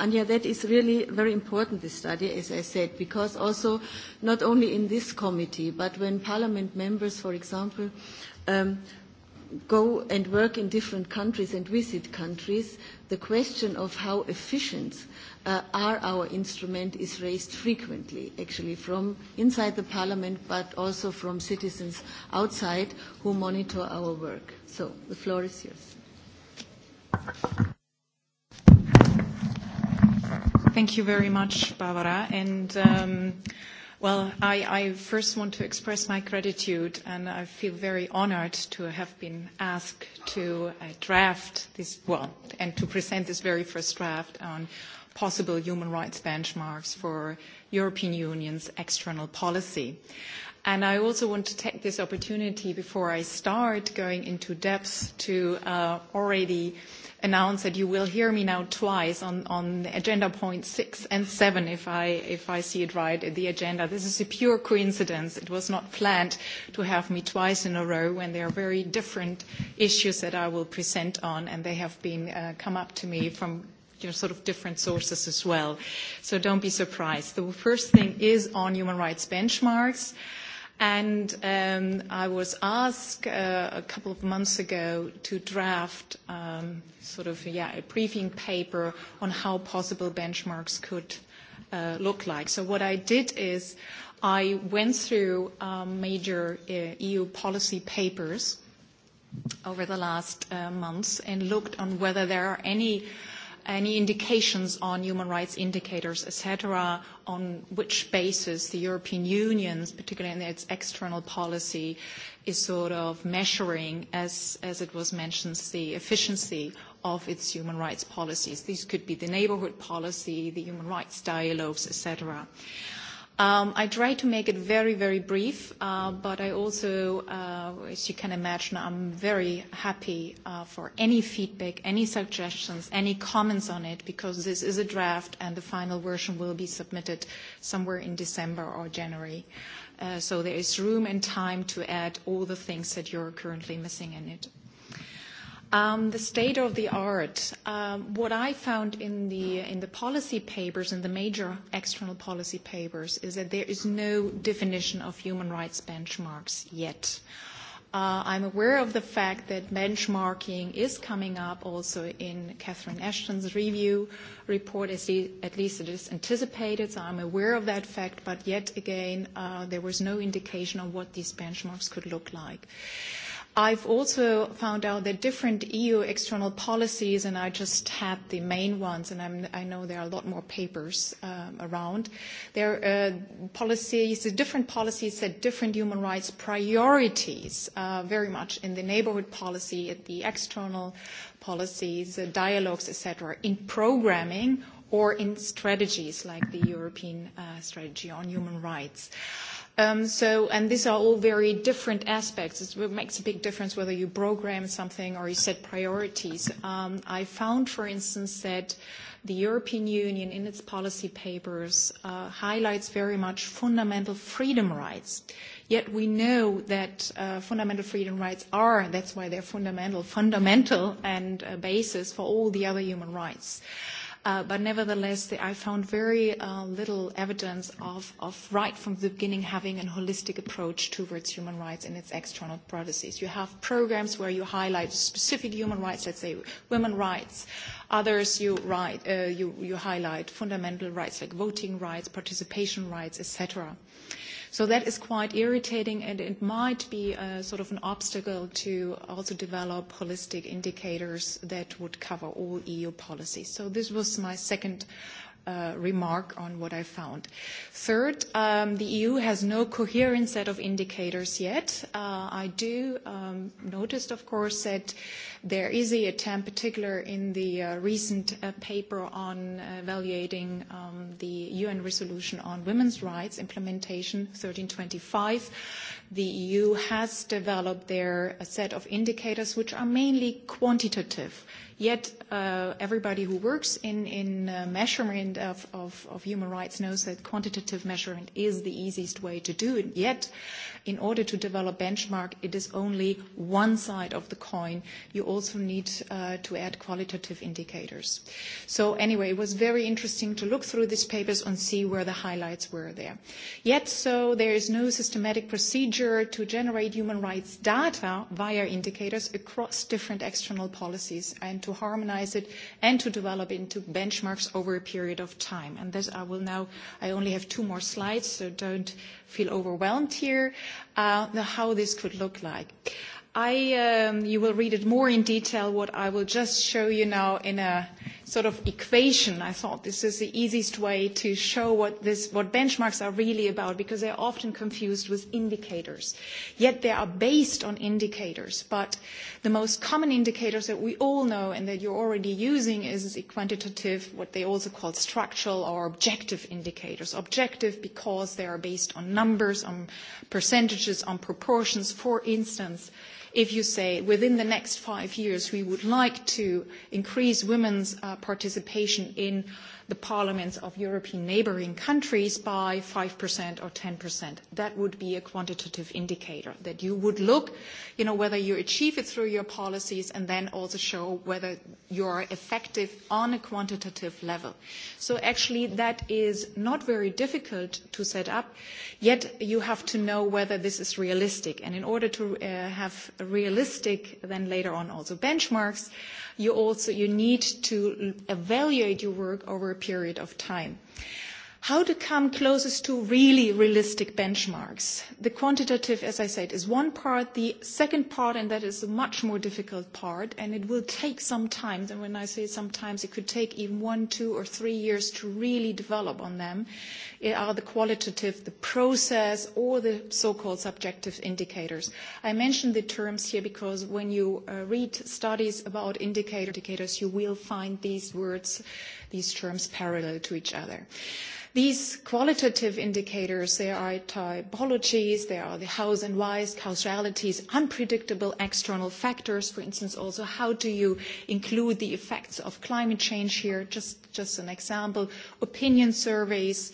A: and yeah, that is really very important, this study, as I said, because also not only in this committee, but when parliament members, for example, um, go and work in different countries and visit countries, the question of how efficient uh, are our instrument is raised frequently, actually from inside the parliament, but also from citizens outside
P: who monitor our work. So the floor is yours. Thank you very much, Barbara. And, um, Well, I, I first want to express my gratitude, and I feel very honored to have been asked to uh, draft this, well, and to present this very first draft on possible human rights benchmarks for European Union's external policy. And I also want to take this opportunity before I start going into depth to uh, already uh, announce that you will hear me now twice on, on agenda point six and seven, if I, if I see it right, the agenda. This is a pure coincidence. It was not planned to have me twice in a row when there are very different issues that I will present on, and they have been uh, come up to me from you know, sort of different sources as well. So don't be surprised. The first thing is on human rights benchmarks. Uh, And um, I was asked uh, a couple of months ago to draft um, sort of yeah, a briefing paper on how possible benchmarks could uh, look like. So what I did is I went through um, major uh, EU policy papers over the last uh, months and looked on whether there are any uh, any indications on human rights indicators, etc., on which basis the European Union's, particularly in its external policy, is sort of measuring, as, as it was mentioned, the efficiency of its human rights policies. These could be the neighborhood policy, the human rights dialogues, etc. cetera. Um, I tried to make it very, very brief, uh, but I also, uh, as you can imagine, I'm very happy uh, for any feedback, any suggestions, any comments on it, because this is a draft, and the final version will be submitted somewhere in December or January. So there is room and time to add all the things that you're currently missing in it. Um, the state of the art, um, what I found in the policy papers, in the major external policy papers, is that there is no definition of human rights benchmarks yet. Uh, I'm aware of the fact that benchmarking is coming up also in Catherine Ashton's review report, at least it is anticipated, so I'm aware of that fact, but yet again, uh, there was no indication of what these benchmarks could look like. I've also found out that different EU external policies, and I just have the main ones, and I'm, I know there are a lot more papers um, around. There are uh, policies, different policies set different human rights priorities uh, very much in the neighborhood policy, at the external policies, uh, dialogues, etc., in programming or in strategies like the European uh, strategy on human rights. Uh, Um, so, and these are all very different aspects. It's, it makes a big difference whether you program something or you set priorities. Um, I found, for instance, that the European Union, in its policy papers, uh, highlights very much fundamental freedom rights. Yet we know that uh, fundamental freedom rights are, that's why they're fundamental, fundamental and a basis for all the other human rights. Uh, Uh, but nevertheless, the, I found very uh, little evidence of, of right from the beginning having an holistic approach towards human rights and its external policies. You have programs where you highlight specific human rights, let's say women rights. Others you, write, uh, you, you highlight fundamental rights like voting rights, participation rights, etc. So that is quite irritating, and it might be a sort of an obstacle to also develop holistic indicators that would cover all EU policies. So this was my second Uh, remark on what I found. Third, um, the EU has no coherent set of indicators yet. Uh, I do um, notice, of course, that there is a attempt, particularly in the uh, recent uh, paper on evaluating um, the UN resolution on women's rights implementation 1325. The EU has developed their a uh, set of indicators which are mainly quantitative. Yet, uh, everybody who works in, in uh, measurement of, of, of human rights knows that quantitative measurement is the easiest way to do it. Yet, in order to develop benchmark, it is only one side of the coin. You also need uh, to add qualitative indicators. So anyway, it was very interesting to look through these papers and see where the highlights were there. Yet, so there is no systematic procedure to generate human rights data via indicators across different external policies and to to harmonize it and to develop into benchmarks over a period of time. And this I will now, I only have two more slides, so don't feel overwhelmed here, uh, how this could look like. I, um, you will read it more in detail, what I will just show you now in a sort of equation. I thought this is the easiest way to show what, this, what benchmarks are really about because they're often confused with indicators. Yet they are based on indicators, but the most common indicators that we all know and that you're already using is the quantitative, what they also call structural or objective indicators. Objective because they are based on numbers, on percentages, on proportions. For instance, if you say within the next five years we would like to increase women's uh, participation in uh, the parliaments of European neighboring countries by 5% or 10%. That would be a quantitative indicator that you would look, you know, whether you achieve it through your policies and then also show whether you are effective on a quantitative level. So actually that is not very difficult to set up, yet you have to know whether this is realistic. And in order to uh, have realistic, then later on also benchmarks, uh, you also you need to evaluate your work over a period of time how to come closest to really realistic benchmarks. The quantitative, as I said, is one part. The second part, and that is a much more difficult part, and it will take some time. And when I say sometimes, it could take even one, two, or three years to really develop on them, it are the qualitative, the process, or the so-called subjective indicators. I mention the terms here because when you uh, read studies about indicator, indicators, you will find these words uh, these terms parallel to each other. These qualitative indicators, they are typologies, they are the hows and whys, causalities, unpredictable external factors, for instance, also how do you include the effects of climate change here, just, just an example, opinion surveys,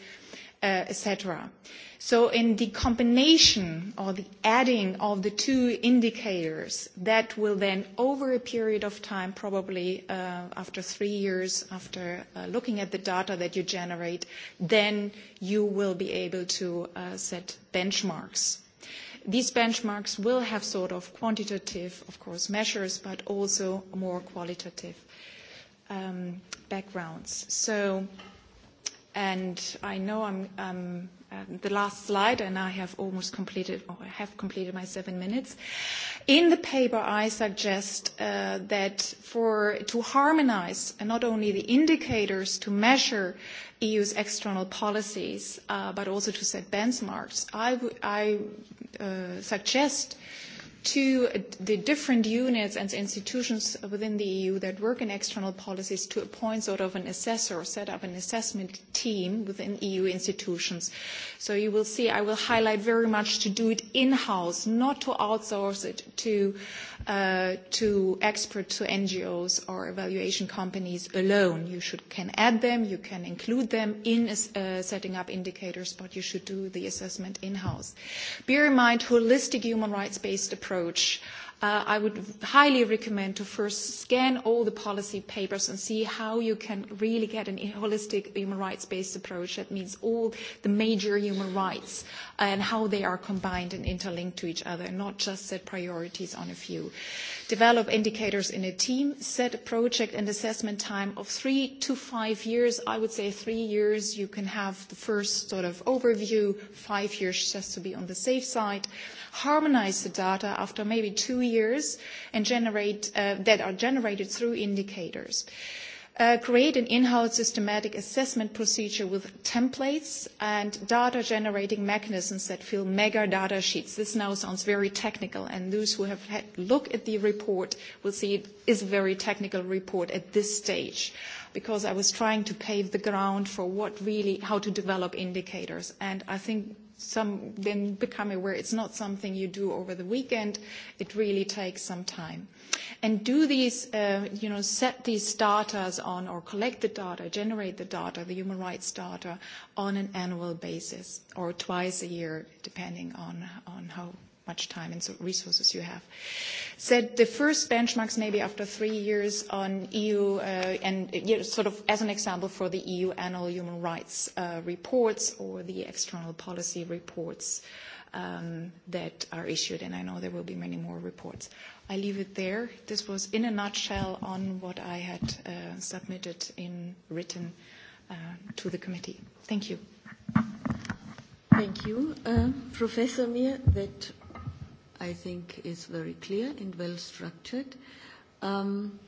P: uh, etc. cetera. So in the combination or the adding of the two indicators, that will then over a period of time, probably uh, after three years after uh, looking at the data that you generate, then you will be able to uh, set benchmarks. These benchmarks will have sort of quantitative, of course, measures, but also more qualitative um, backgrounds. So And I know I'm um, uh, the last slide, and I have almost completed, or I have completed my seven minutes. In the paper, I suggest uh, that for to harmonise not only the indicators to measure EU's external policies, uh, but also to set benchmarks. I w- I uh, suggest to uh, the different units and institutions within the EU that work in external policies to appoint sort of an assessor or set up an assessment team within EU institutions. So you will see, I will highlight very much to do it in-house, not to outsource it to uh, uh, to experts, to NGOs or evaluation companies alone. You should, can add them, you can include them in uh, setting up indicators, but you should do the assessment in-house. Bear in mind holistic human rights-based approach. Uh, uh, I would highly recommend to first scan all the policy papers and see how you can really get a holistic human rights based approach that means all the major human rights and how they are combined and interlinked to each other, not just set priorities on a few. Develop indicators in a team, set a project and assessment time of three to five years. I would say three years you can have the first sort of overview, five years just to be on the safe side. Uh, harmonize the data after maybe two years and generate uh, that are generated through indicators. Uh, create an in-house systematic assessment procedure with templates and data generating mechanisms that fill mega data sheets. This now sounds very technical and those who have had look at the report will see it is a very technical report at this stage because I was trying to pave the ground for what really, how to develop indicators. And I think some then become aware it's not something you do over the weekend it really takes some time and do these uh, you know set these data on or collect the data generate the data the human rights data on an annual basis or twice a year depending on on how much time and resources you have. Said the first benchmarks, maybe after three years on EU, uh, and uh, you know, sort of as an example for the EU annual human rights uh, reports or the external policy reports um, that are issued, and I know there will be many more reports. I leave it there. This was in a nutshell on what I had uh, submitted in written uh, to the committee. Thank you. Thank you, uh, Professor Mir. That I think is very
A: clear and well structured. Um,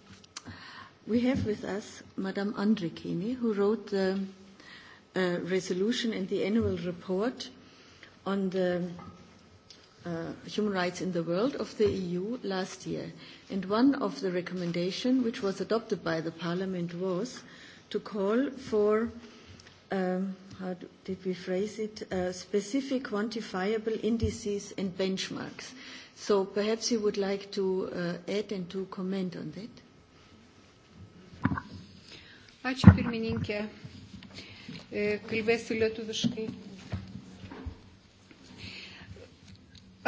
A: we have with us Madame Andrikini, who wrote the uh, resolution and the annual report on the uh, human rights in the world of the EU last year. And one of the recommendations which was adopted by the Parliament was to call for um, how do, did we phrase it, uh, specific quantifiable indices and benchmarks. So perhaps you would like to uh, add and to comment on that.
H: Ačiū pirmininkė. E, kalbėsiu lietuviškai.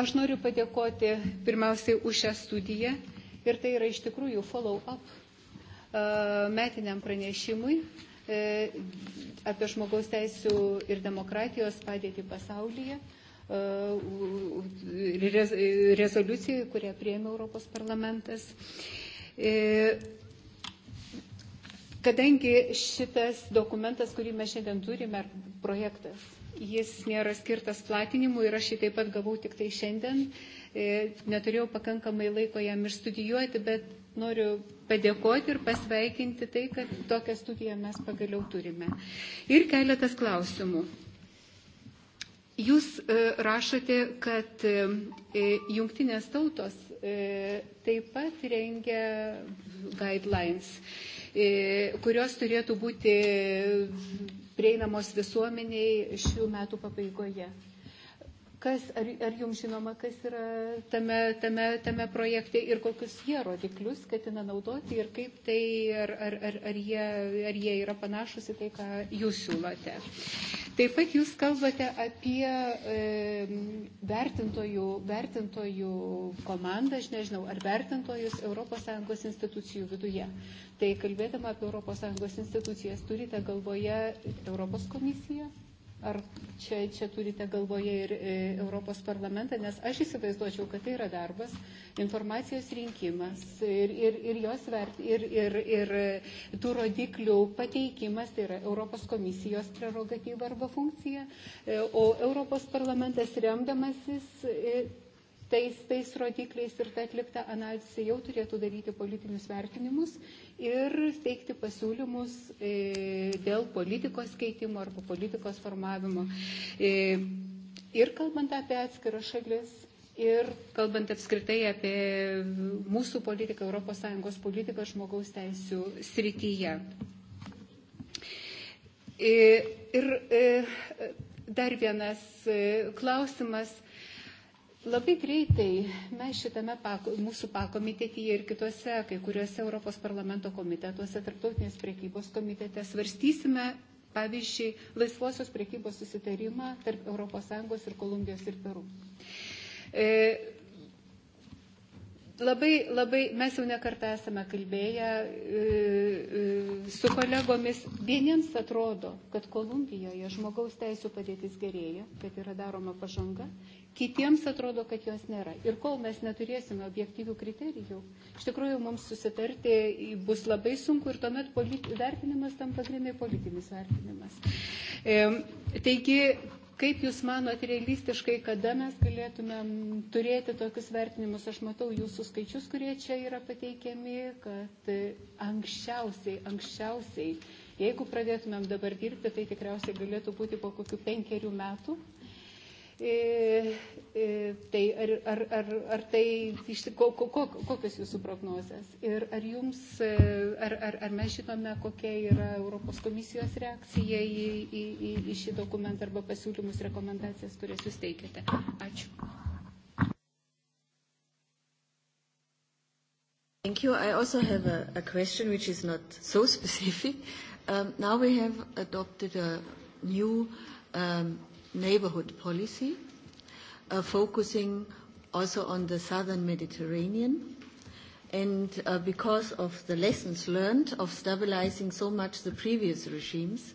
H: Aš noriu padėkoti pirmiausiai už šią studiją ir tai yra iš tikrųjų follow-up e, metiniam pranešimui, E, apie žmogaus teisų ir demokratijos padėti pasaulyje e, rezoliucijoje, kurią priėmė Europos parlamentas. E, kadangi šitas dokumentas, kurį mes šiandien turime, projektas, jis nėra skirtas platinimui ir aš jį taip pat gavau tik tai šiandien, neturėjau pakankamai laiko jam išstudijuoti, bet noriu padėkoti ir pasveikinti tai, kad tokią studiją mes pagaliau turime. Ir keletas klausimų. Jūs e, rašote, kad e, e, jungtinės tautos taip pat rengia guidelines, kurios turėtų būti prieinamos visuomeniai šių metų pabaigoje. Kas, ar, ar jums žinoma, kas yra tame, tame, tame projekte ir kokius jie rodiklius ketina naudoti ir kaip tai, ar, ar, ar, ar, jie, ar jie yra panašus į tai, ką jūs siūlote. Taip pat jūs kalbate apie e, vertintojų, vertintojų komandą, aš nežinau, ar vertintojus ES institucijų viduje. Tai kalbėdama apie ES institucijas, turite galvoje Europos komisiją? Ar čia, čia turite galvoje ir e, Europos parlamentą, nes aš įsivaizduočiau, kad tai yra darbas, informacijos rinkimas ir, ir, ir jos vert, ir, ir, ir tų rodiklių pateikimas, tai yra Europos komisijos prerogatyva arba funkcija, e, o Europos parlamentas remdamasis. E, tais, tais rodikliais ir ta atlikta analizė jau turėtų daryti politinius vertinimus ir teikti pasiūlymus e, dėl politikos keitimo arba politikos formavimo. E, ir kalbant apie atskirą šalis. Ir kalbant apskritai apie mūsų politiką, ES politiką žmogaus teisų srityje. E, ir, ir e, dar vienas e, klausimas. Labai greitai mes šitame pako, mūsų pakomitetyje ir kitose, kai kuriuose Europos parlamento komitetuose, tarptautinės priekybos komitete svarstysime, pavyzdžiui, laisvosios priekybos susitarimą tarp ES ir Kolumbijos ir Peru. E, labai, labai, mes jau nekartą esame kalbėję e, e, su kolegomis. Vieniems atrodo, kad Kolumbijoje žmogaus teisų padėtis gerėja, kad yra daroma pažanga, kitiems atrodo, kad jos nėra. Ir kol mes neturėsime objektyvių kriterijų, iš tikrųjų mums susitarti bus labai sunku ir tuomet politi, vertinimas tam pagrindai politinis vertinimas. E, taigi, Kaip Jūs manote realistiškai, kada mes galėtumėm turėti tokius vertinimus? Aš matau Jūsų skaičius, kurie čia yra pateikiami, kad anksčiausiai, anksčiausiai, jeigu pradėtumėm dabar dirbti, tai tikriausiai galėtų būti po kokiu penkeriu metu tai eh, ar, ar, ar, eh, ar tai iš tikrųjų, kokios jūsų prognozijas ir ar jums, ar, ar, ar mes žinome, kokia yra Europos komisijos reakcija į, į, į, į šį dokumentą arba pasiūlymus rekomendacijas, kurias jūs teikėte. Ačiū.
A: Thank you. I also have a, a question which is not so specific. Um, now we have adopted a new um, neighborhood policy, uh, focusing also on the southern Mediterranean. And uh, because of the lessons learned of stabilizing so much the previous regimes,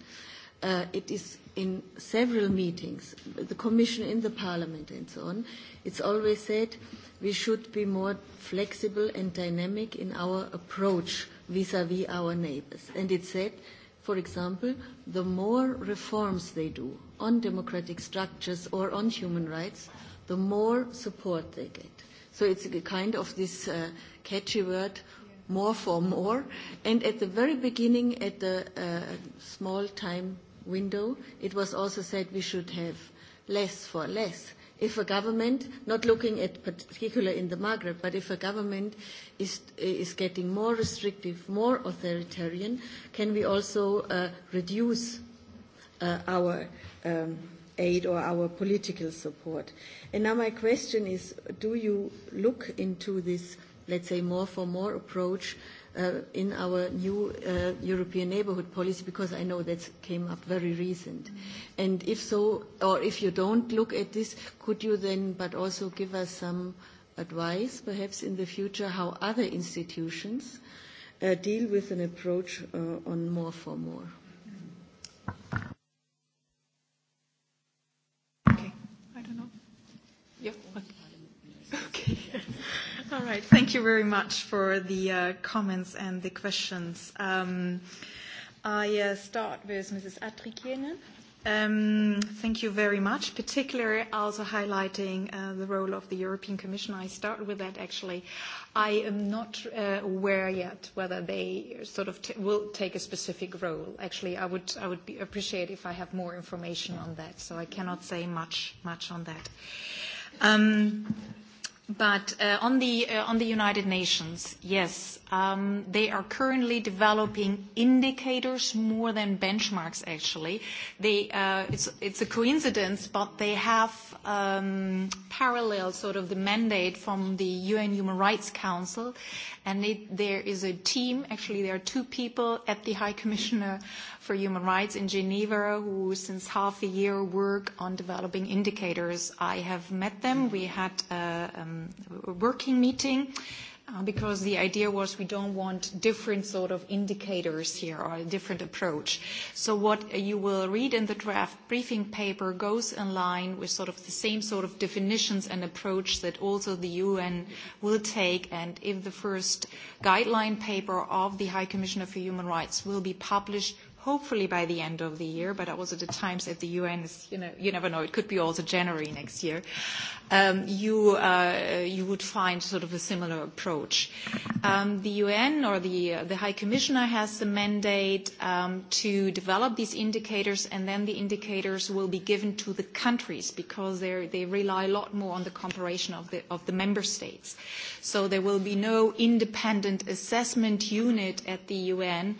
A: uh, it is in several meetings, the Commission in the Parliament and so on, it's always said we should be more flexible and dynamic in our approach vis-à-vis our neighbors. And it's said For example, the more reforms they do on democratic structures or on human rights, the more support they get. So it's a kind of this uh, catchy word, more for more. And at the very beginning, at the uh, small time window, it was also said we should have less for less if a government, not looking at particular in the Maghreb, but if a government is, is getting more restrictive, more authoritarian, can we also uh, reduce uh, our um, aid or our political support? And now my question is, do you look into this, let's say, more for more approach uh, uh, in our new uh, European neighborhood policy because I know that came up very recent. Mm-hmm. And if so, or if you don't look at this, could you then but also give us some advice perhaps in the future how other institutions uh, deal with an approach uh, on more for more?
P: Okay, I don't know. Yeah. Okay. All right. Thank you very much for the uh, comments and the questions. Um, I uh, start with Mrs. Atrikinen. Um, thank you very much, particularly also highlighting uh, the role of the European Commission. I start with that actually. I am not uh, aware yet whether they sort of t- will take a specific role. Actually, I would, I would be appreciate if I have more information on that, so I cannot say much, much on that. Um, But uh, on, the, uh, on the United Nations, yes, um, they are currently developing indicators more than benchmarks, actually. They, uh, it's, it's a coincidence, but they have um, parallel sort of the mandate from the UN Human Rights Council. And it, there is a team, actually, there are two people at the High Commissioner. Mm-hmm for Human Rights in Geneva, who since half a year work on developing indicators. I have met them. We had a, um, a working meeting uh, because the idea was we don't want different sort of indicators here or a different approach. So what you will read in the draft briefing paper goes in line with sort of the same sort of definitions and approach that also the UN will take. And if the first guideline paper of the High Commissioner for Human Rights will be published, hopefully by the end of the year, but also the times at the UN is, you know, you never know, it could be also January next year, um, you, uh, you would find sort of a similar approach. Um, the UN or the, uh, the High Commissioner has the mandate um, to develop these indicators, and then the indicators will be given to the countries because they rely a lot more on the cooperation of the, of the member states. So there will be no independent assessment unit at the UN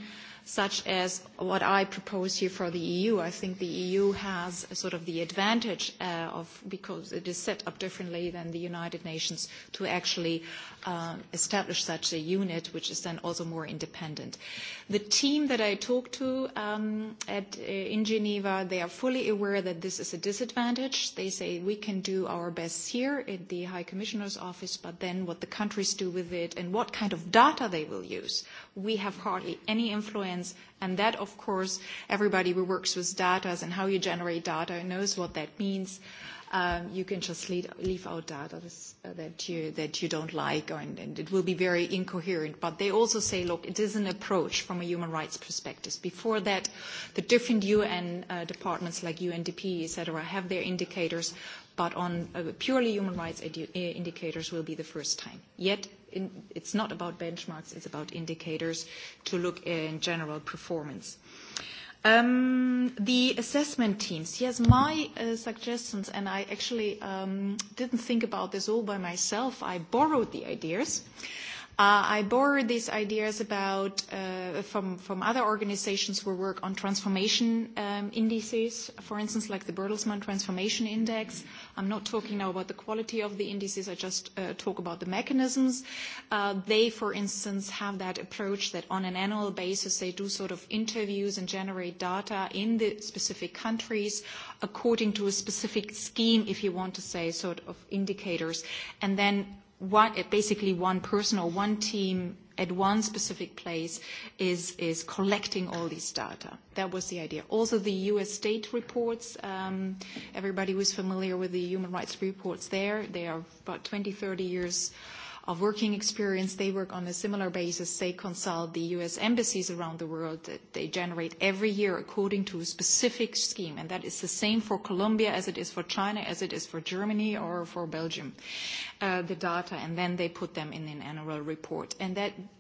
P: such as what I propose here for the EU. I think the EU has a sort of the advantage uh, of because it is set up differently than the United Nations to actually uh, establish such a unit, which is then also more independent. The team that I talked to um, at, uh, in Geneva, they are fully aware that this is a disadvantage. They say we can do our best here in the High Commissioner's office, but then what the countries do with it and what kind of data they will use, we have hardly any influence And that, of course, everybody who works with data and how you generate data knows what that means. Um, you can just lead, leave out data this, uh, that you that you don't like, or, and, and it will be very incoherent. But they also say, look, it is an approach from a human rights perspective. Before that, the different UN uh, departments like UNDP, et cetera, have their indicators, but on uh, purely human rights edu- eh, indicators will be the first time. Yet, it's not about benchmarks, it's about indicators to look in general performance. Um, the assessment teams, yes, my uh, suggestions, and I actually um, didn't think about this all by myself, I borrowed the ideas. Uh, Uh, I borrowed these ideas about uh, from from other organizations who work on transformation um, indices, for instance, like the Bertelsmann Transformation Index. I'm not talking now about the quality of the indices. I just uh, talk about the mechanisms. Uh, they, for instance, have that approach that on an annual basis they do sort of interviews and generate data in the specific countries according to a specific scheme, if you want to say, sort of indicators, and then one, eh, basically one person or one team at one specific place is, is collecting all these data. That was the idea. Also, the US state reports, um, everybody was familiar with the human rights reports there. They are about 20, 30 years old of working experience. They work on a similar basis. They consult the U.S. embassies around the world. They generate every year according to a specific scheme, and that is the same for Colombia as it is for China, as it is for Germany or for Belgium, uh, the data, and then they put them in an annual report.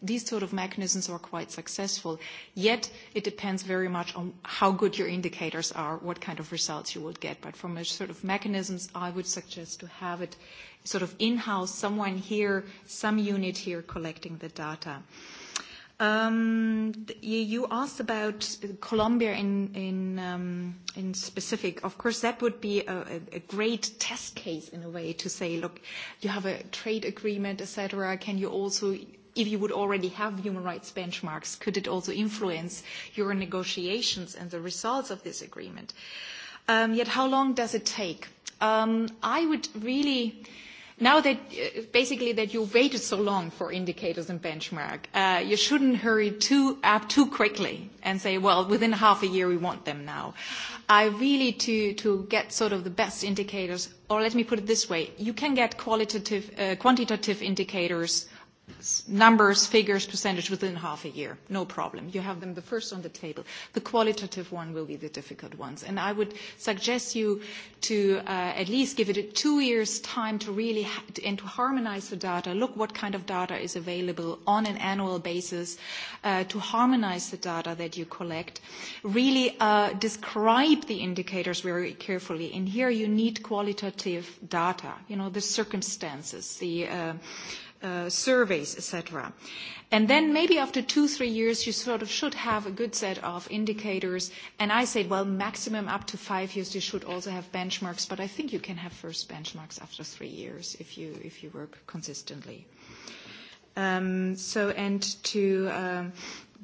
P: These sort of mechanisms are quite successful. Yet it depends very much on how good your indicators are, what kind of results you will get. From a sort of mechanisms, I would suggest to have it sort of in-house, someone here, some unit here collecting the data. Um, you, you asked about Colombia in, in, um, in specific. Of course, that would be a, a, a great test case in a way to say, look, you have a trade agreement, etc. Can you also, if you would already have human rights benchmarks, could it also influence your negotiations and the results of this agreement? Um, yet, how long does it take? Um, I would really. Uh, now that uh, basically that you waited so long for indicators and benchmark, uh, you shouldn't hurry too up too quickly and say, well, within half a year we want them now. I really to to get sort of the best indicators. Or let me put it this way: you can get qualitative uh, quantitative indicators numbers, figures, percentage within half a year. No problem. You have them the first on the table. The qualitative one will be the difficult ones. And I would suggest you to uh, at least give it two years' time to really and to harmonize the data, look what kind of data is available on an annual basis uh, to harmonize the data that you collect, really uh, describe the indicators very carefully. And here you need qualitative data, the circumstances, the uh, surveys, etc. And then maybe after two, three years, you sort of should have a good set of indicators. And I said, well, maximum up to five years, you should also have benchmarks. But I think you can have first benchmarks after three years if you if you work consistently. Um, so and to. Uh,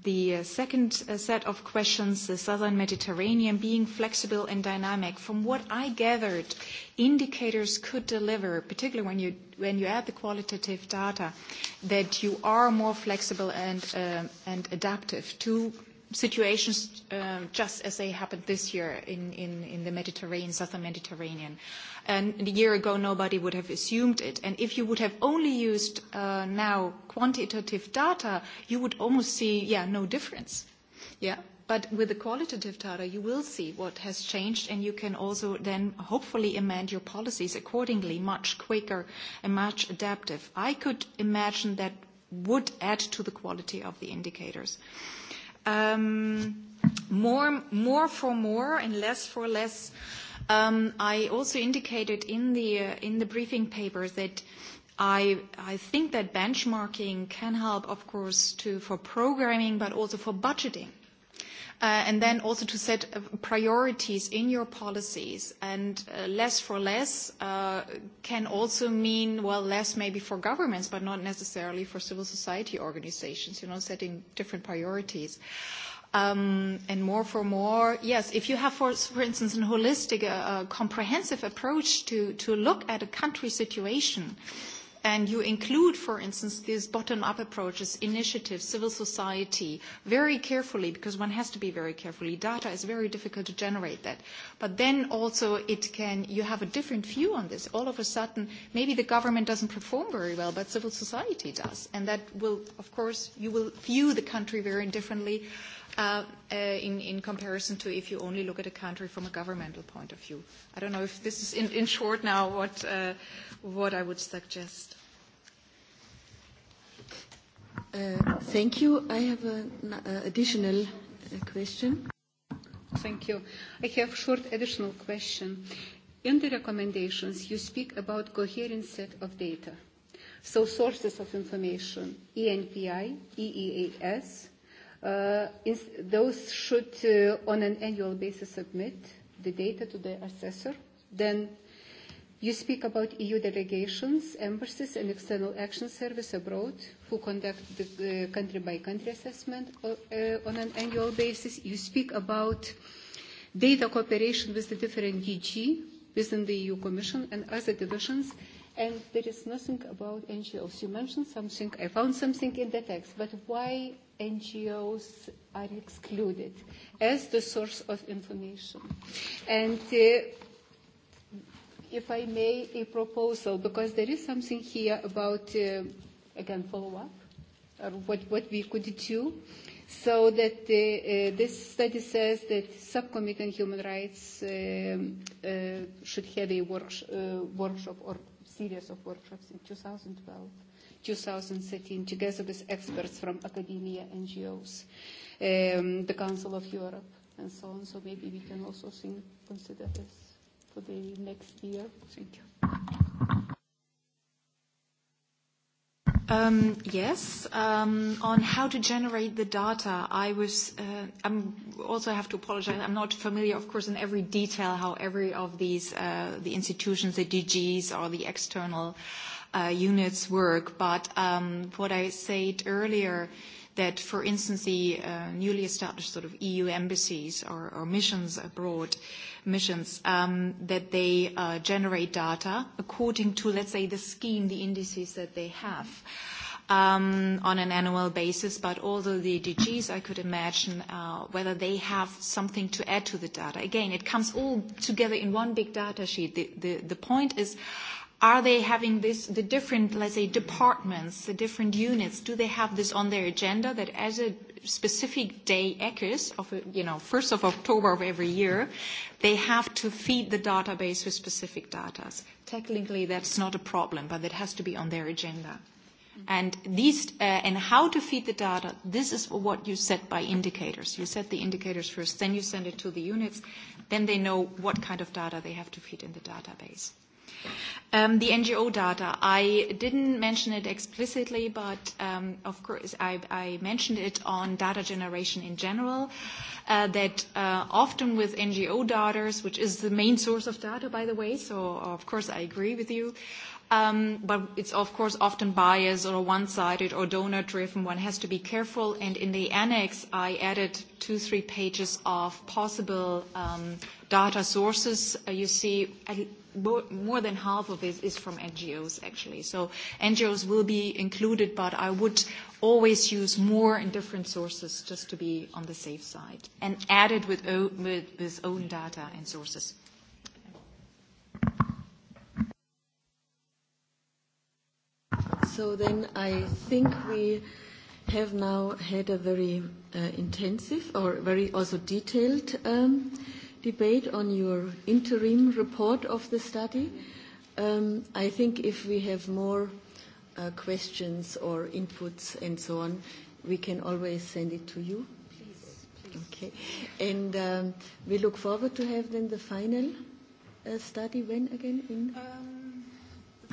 P: The uh, second uh, set of questions, the Southern Mediterranean being flexible and dynamic. From what I gathered, indicators could deliver, particularly when you add the qualitative data, that you are more flexible and um, adaptive to situations um, just as they happened this year in, in, in the Mediterranean, southern Mediterranean. And a year ago, nobody would have assumed it. And if you would have only used uh, now quantitative data, you would almost see, yeah, no difference. Yeah. But with the qualitative data, you will see what has changed, and you can also then hopefully amend your policies accordingly much quicker and much adaptive. I could imagine that would add to the quality of the indicators. Uh, um, more more for more and less for less. Um, I also indicated in the uh, in the briefing paper that I I think that benchmarking can help, of course, to for programming, but also for budgeting uh, and then also to set uh, priorities in your policies. And uh, less for less uh, can also mean, well, less maybe for governments, but not necessarily for civil society organizations, you know, setting different priorities. Um, and more for more, yes, if you have, for, for instance, a holistic, uh, uh comprehensive approach to, to look at a country situation, uh, and you include, for instance, these bottom-up approaches, initiatives, civil society, very carefully, because one has to be very carefully. Data is very difficult to generate that. But then also it can, you have a different view on this. All of a sudden, maybe the government doesn't perform very well, but civil society does. And that will, of course, you will view the country very differently. Uh, Uh, uh, in, in comparison to if you only look at a country from a governmental point of view. I don't know if this is, in, in short, now what, uh, what I would suggest.
H: Uh, thank you. I have an uh, additional uh, question. Thank you. I have a short additional question. In the recommendations, you speak about coherent set of data. So sources of information, ENPI, EEAS, uh, is those should, uh, on an annual basis, submit the data to the assessor. Then you speak about EU delegations, embassies, and external action service abroad who conduct the country-by-country uh, -country assessment uh, uh, on an annual basis. You speak about data cooperation with the different DG within the EU Commission and other divisions. Uh, And there is nothing about NGOs. You mentioned something, I found something in the text, but why NGOs are excluded as the source of information? And uh, if I may, a proposal, because there is something here about, uh, again, follow up, or what, what we could do. So that uh, uh, this study says that subcommittee on human rights uh, uh, should have a work, uh, workshop or series of workshops in 2012. 2013, together with experts from academia, NGOs, um, the Council of Europe, and so on. So maybe we can also think, consider this for the next
P: year. Thank you. Um, yes. Um, on how to generate the data, I was. Uh, I'm also have to apologize. I'm not familiar, of course, in every detail how every of these uh, the institutions, the DGs, or the external uh, units work. But um, what I said earlier. That, for instance, the uh, newly established sort of EU embassies or, or missions abroad, uh, missions um, that they uh, generate data according to, let's say, the scheme, the indices that they have. Um, on an annual basis, but also the DGs, I could imagine uh, whether they have something to add to the data. Again, it comes all together in one big data sheet. The, the, the point is are they having this the different let's say departments the different units do they have this on their agenda that as a specific day echoes of you know first of october of every year they have to feed the database with specific data technically that's not a problem but it has to be on their agenda and these uh, and how to feed the data this is what you set by indicators you set the indicators first then you send it to the units then they know what kind of data they have to feed in the database Um, the NGO data. I didn't mention it explicitly, but um, of course I, I mentioned it on data generation in general. Uh, that uh, often with NGO data, which is the main source of data, by the way, so of course I agree with you. Um, but it's of course often biased or one sided or donor driven. One has to be careful. And in the annex, I added two, three pages of possible um, data sources. Uh, you see, more than half of it is from NGOs, actually. So NGOs will be included, but I would always use more in different sources just to be on the safe side and add it with, o- with, with own data and sources. So then I
A: think we have now had a very uh, intensive or very also detailed. Um, debate on your interim report of the study. Um, I think if we have more uh, questions or inputs and so on, we can always send it to you. Okay, and um, we look forward to have then the final uh, study when again in. Um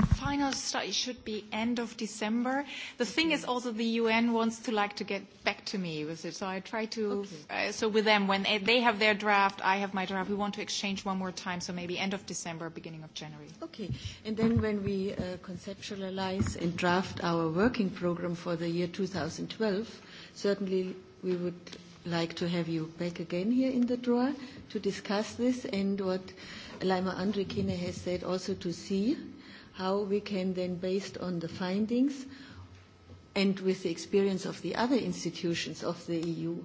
P: final study should be end of December. The thing is also the UN wants to like to get back to me with it. So I try to, okay. uh, so with them, when they have their draft, I have my draft. We want to exchange one more time. So maybe end of December, beginning of January.
A: Okay. And then when we uh, conceptualize and draft our working program for the year 2012, certainly we would like to have you back again here in the drawer to discuss this and what Laima Andre Kine has said also to see how we can then, based on the findings and with the experience of the other institutions of the EU,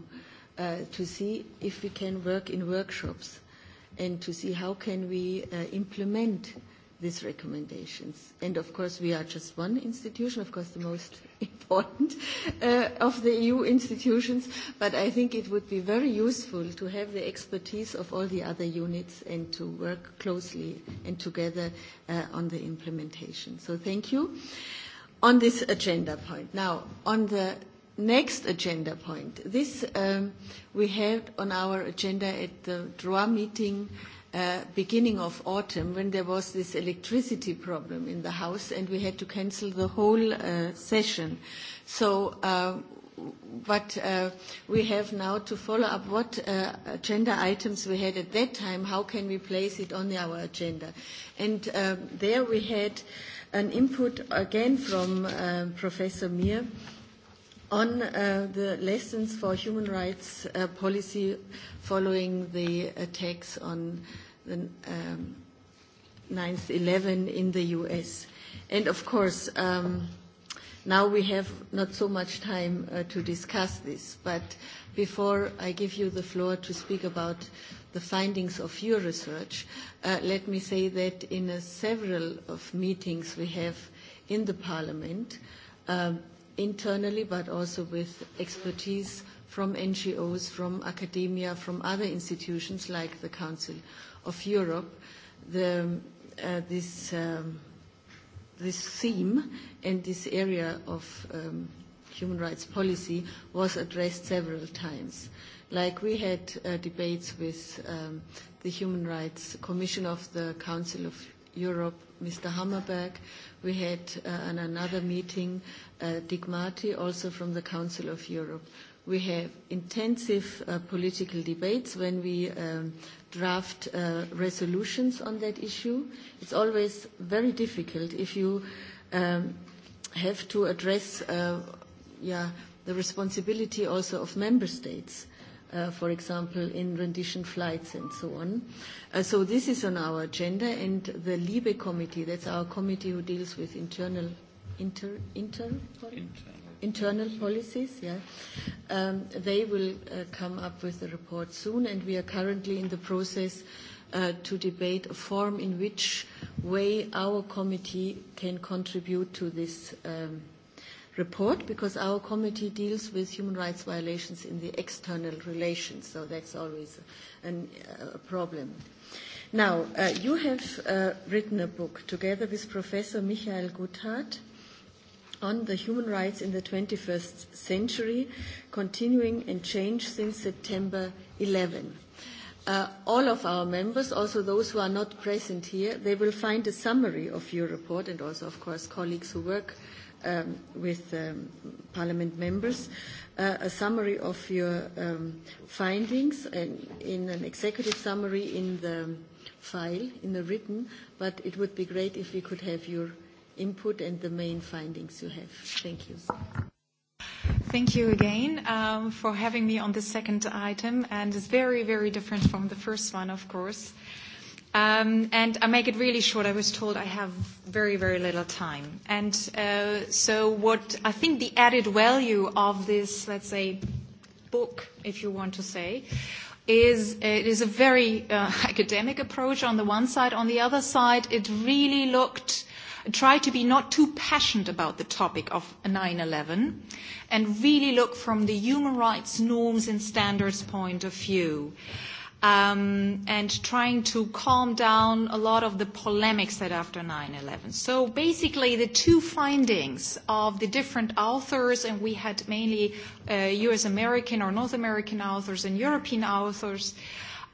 A: uh, to see if we can work in workshops and to see how can we uh, implement uh, these recommendations. And of course, we are just one institution, of course, the most important uh, of the EU institutions, but I think it would be very useful to have the expertise of all the other units and to work closely and together uh, on the implementation. So thank you. On this agenda point, now, on the next agenda point, this um, we had on our agenda at the DROA meeting. Uh, beginning of autumn when there was this electricity problem in the house and we had to cancel the whole uh, session. So, uh, but uh, we have now to follow up what uh, agenda items we had at that time, how can we place it on our agenda. And um, there we had an input again from uh, Professor Mir on uh, the lessons for human rights uh, policy following the attacks on the um, 9-11 in the U.S. And of course, um, now we have not so much time uh, to discuss this, but before I give you the floor to speak about the findings of your research, uh, let me say that in a several of meetings we have in the Parliament, uh, internally but also with expertise from NGOs, from academia, from other institutions like the Council of Europe, the, uh, this, um, this theme and this area of um, human rights policy was addressed several times. Like we had uh, debates with um, the Human Rights Commission of the Council of Europe, Mr. Hammerberg. We had uh, another meeting Uh, Digmati, also from the Council of Europe. We have intensive uh, political debates when we um, draft uh, resolutions on that issue. It's always very difficult if you um, have to address uh, yeah, the responsibility also of member states, uh, for example, in rendition flights and so on. Uh, so this is on our agenda, and the LIBE committee, that's our committee who deals with internal inter, inter, internal. internal policies, yeah. Um, they will uh, come up with a report soon, and we are currently in the process uh, to debate a form in which way our committee can contribute to this um, report, because our committee deals with human rights violations in the external relations, so that's always an, a problem. Now, uh, you have uh, written a book together with Professor Michael Guthardt, on the human rights in the 21st century, continuing and change since September 11. Uh, all of our members, also those who are not present here, they will find a summary of your report and also, of course, colleagues who work um, with um, Parliament members, uh, a summary of your um, findings and in an executive summary in the file, in the written, but it would be great if we could have your input and the main findings you have. Thank you.
P: Thank you again um, for having me on the second item, and it's very, very different from the first one, of course. Um, and I make it really short. I was told I have very, very little time. And uh, so what I think the added value of this, let's say, book, if you want to say, is it is a very uh, academic approach on the one side. On the other side, it really looked try to be not too passionate about the topic of 9-11 and really look from the human rights norms and standards point of view um, and trying to calm down a lot of the polemics that after 9-11. So basically the two findings of the different authors, and we had mainly uh, US-American or North American authors and European authors, uh,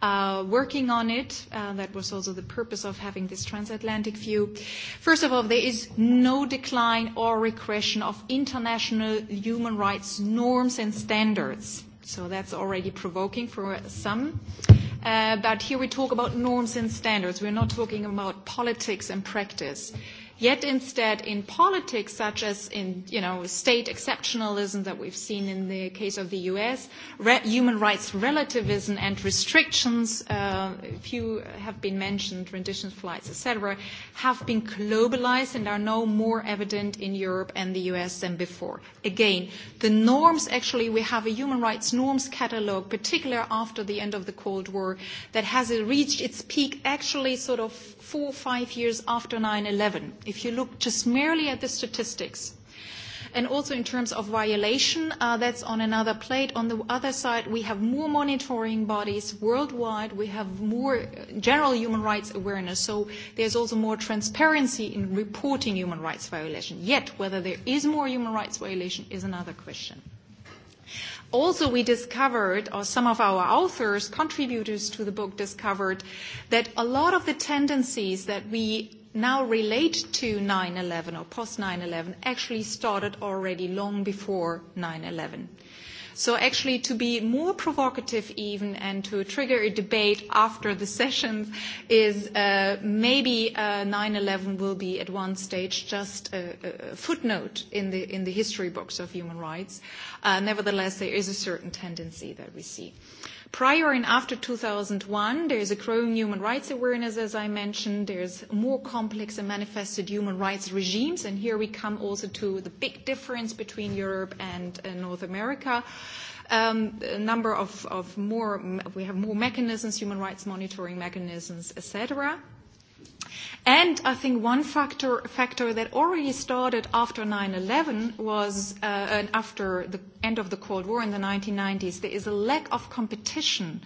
P: Uh, working on it. Uh, that was also the purpose of having this transatlantic view. First of all, there is no decline or regression of international human rights norms and standards. So that's already provoking for some. Uh, but here we talk about norms and standards. We're not talking about politics and practice. Uh, yet instead in politics such as in you know state exceptionalism that we've seen in the case of the US re- human rights relativism and restrictions uh, few have been mentioned rendition flights etc have been globalized and are no more evident in Europe and the US than before again the norms actually we have a human rights norms catalog particularly after the end of the cold war that has reached its peak actually sort of 4 5 years after 9/11 if you look just merely at the statistics. And also in terms of violation, uh, that's on another plate. On the other side, we have more monitoring bodies worldwide. We have more uh, general human rights awareness. So there's also more transparency in reporting human rights violation. Yet, whether there is more human rights violation is another question. Also, we discovered, or some of our authors, contributors to the book discovered, that a lot of the tendencies that we now relate to 9 11 or post 9 11 actually started already long before 9 11. So, actually, to be more provocative even and to trigger a debate after the sessions is uh, maybe 9 uh, 11 will be at one stage just a, a footnote in the, in the history books of human rights. Uh, nevertheless, there is a certain tendency that we see. Uh, Prior and after 2001, there is a growing human rights awareness, as I mentioned. There's more complex and manifested human rights regimes. And here we come also to the big difference between Europe and uh, North America. Um, a number of, of more, we have more mechanisms, human rights monitoring mechanisms, etc. And I think one factor, factor that already started after 9-11 was, uh, and after the end of the Cold War in the 1990s, there is a lack of competition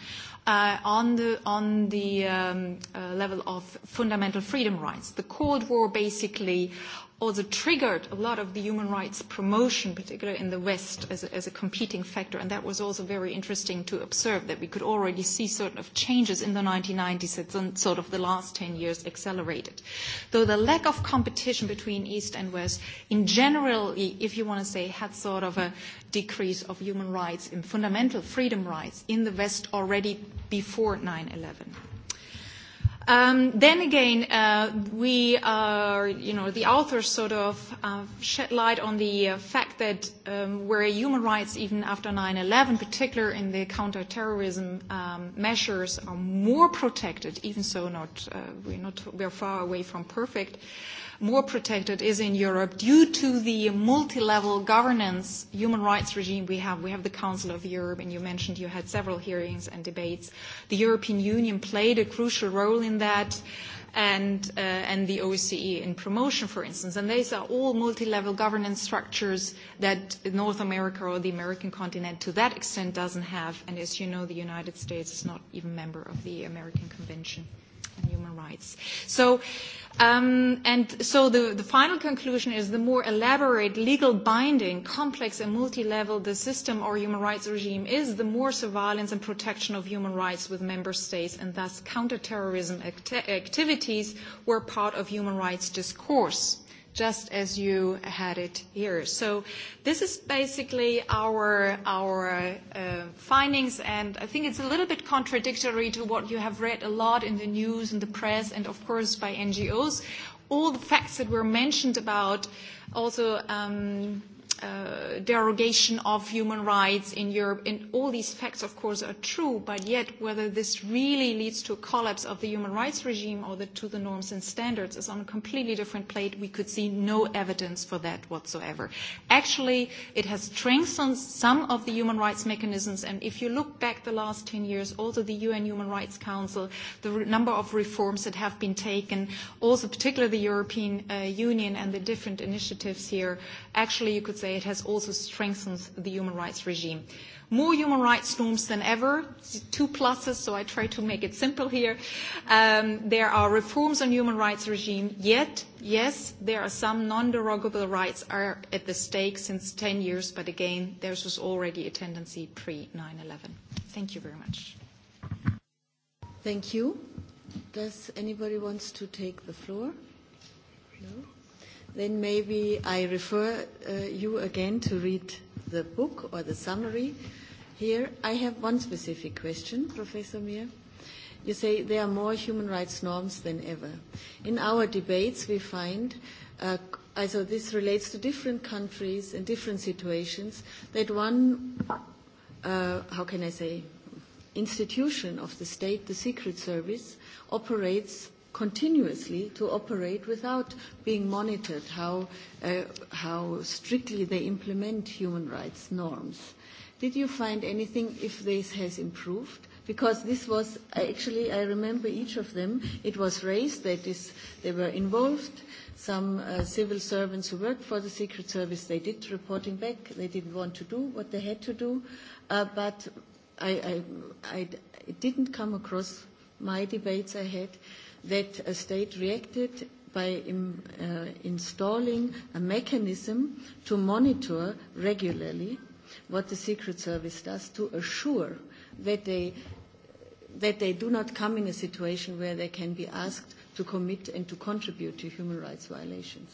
P: uh, on the, on the um, uh, level of fundamental freedom rights. The Cold War basically also triggered a lot of the human rights promotion, particularly in the West, as a, as a competing factor. And that was also very interesting to observe that we could already see certain of changes in the 1990s and sort of the last 10 years accelerated. Though the lack of competition between East and West, in general, if you want to say, had sort of a decrease of human rights and fundamental freedom rights in the West already before 9 11. Um, then again, uh, we are, you know, the authors sort of uh, shed light on the uh, fact that um, where human rights, even after 9-11, particularly in the counterterrorism um, measures, are more protected, even so not, uh, we're not, we're far away from perfect. Uh, more protected is in Europe due to the multi-level governance human rights regime we have. We have the Council of Europe, and you mentioned you had several hearings and debates. The European Union played a crucial role in that, and, uh, and the OECE e in promotion, for instance. And these are all multi-level governance structures that North America or the American continent to that extent doesn't have. And as you know, the United States is not even a member of the American Convention and human rights. So, um, and so the, the final conclusion is the more elaborate, legal binding, complex, and multi level the system or human rights regime is, the more surveillance and protection of human rights with member states and thus counterterrorism acti- activities were part of human rights discourse just as you had it here. So this is basically our, our uh, findings, and I think it's a little bit contradictory to what you have read a lot in the news and the press and, of course, by NGOs. All the facts that were mentioned about also um, – uh, derogation of human rights in Europe. And all these facts, of course, are true, but yet whether this really leads to a collapse of the human rights regime or the, to the norms and standards is on a completely different plate. We could see no evidence for that whatsoever. Actually, it has strengthened some of the human rights mechanisms. And if you look back the last 10 years, also the UN Human Rights Council, the re- number of reforms that have been taken, also particularly the European uh, Union and the different initiatives here, actually, you could say, it has also strengthened the human rights regime. More human rights norms than ever, two pluses, so I try to make it simple here. Um, there are reforms on human rights regime, yet, yes, there are some non-derogable rights are at the stake since 10 years, but again, there was already a tendency pre-9-11. Thank you very much. Thank you. Does anybody wants to take the floor?
A: No? then maybe I refer uh, you again to read the book or the summary. Here, I have one specific question, Professor Mir. You say there are more human rights norms than ever. In our debates, we find, uh, also this relates to different countries and different situations, that one, uh, how can I say, institution of the state, the Secret Service, operates continuously to operate without being monitored how, uh, how strictly they implement human rights norms. Did you find anything if this has improved? Because this was actually, I remember each of them, it was raised, that is, they were involved. Some uh, civil servants who worked for the Secret Service, they did reporting back. They didn't want to do what they had to do. Uh, but I, I, I, it didn't come across my debates I had. Uh, that a state reacted by in, uh, installing a mechanism to monitor regularly what the Secret Service does to assure that they, that they do not come in a situation where they can be asked to commit and to contribute to human rights violations.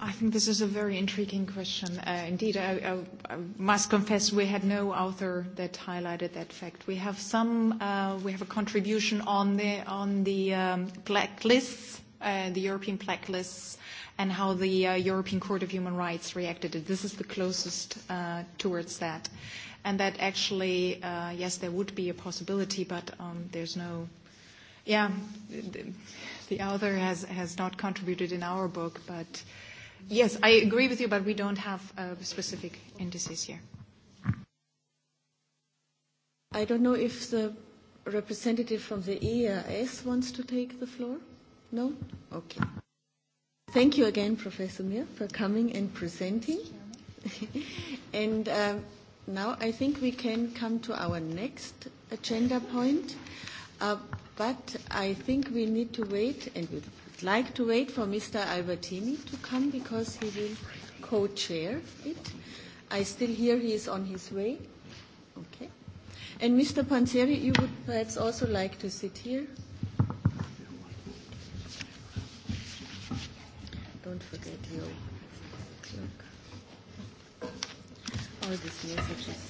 P: I think this is a very intriguing question. Uh, indeed, I, I, I must confess we had no author that highlighted that fact. We have some, uh, we have a contribution on the, on the um, blacklists, uh, the European blacklists, and how the uh, European Court of Human Rights reacted. This is the closest uh, towards that. And that actually, uh, yes, there would be a possibility, but um, there's no, yeah, the, the author has, has not contributed in our book, but. Yes, I agree with you, but we don't have uh, specific indices here. I don't know
A: if the representative from the EAS wants to take the floor. No? Okay. Thank you again, Professor Mir, for coming and presenting. Thank you. And uh, now I think we can come to our next agenda point. Uh, but I think we need to wait, and we've like to wait for Mr. Albertini to come because he will co-chair it. I still hear he is on his way. Okay. And Mr. Panzeri, you would perhaps also like to sit here. Don't forget your clock. All these messages.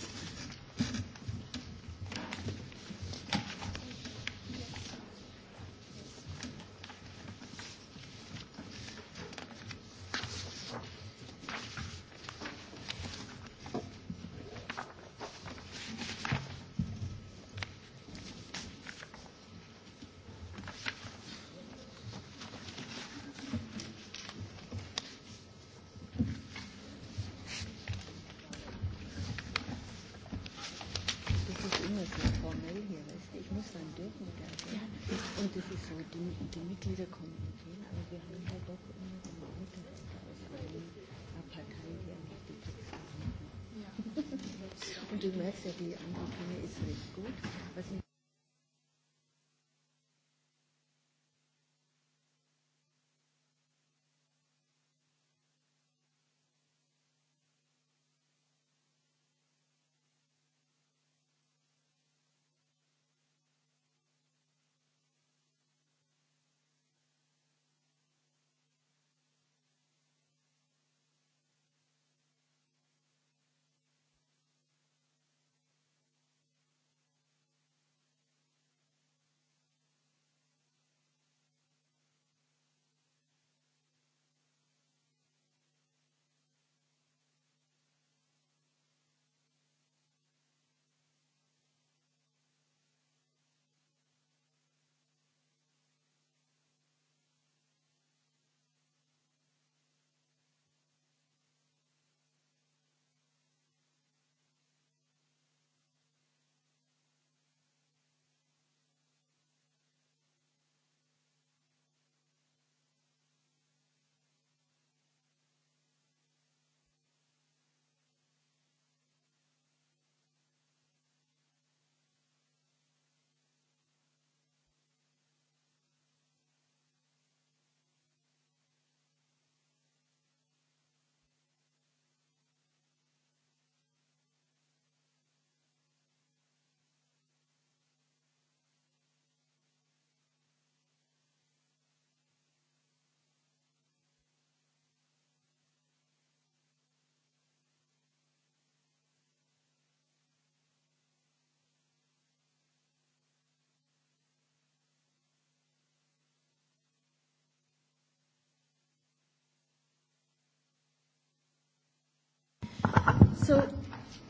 A: So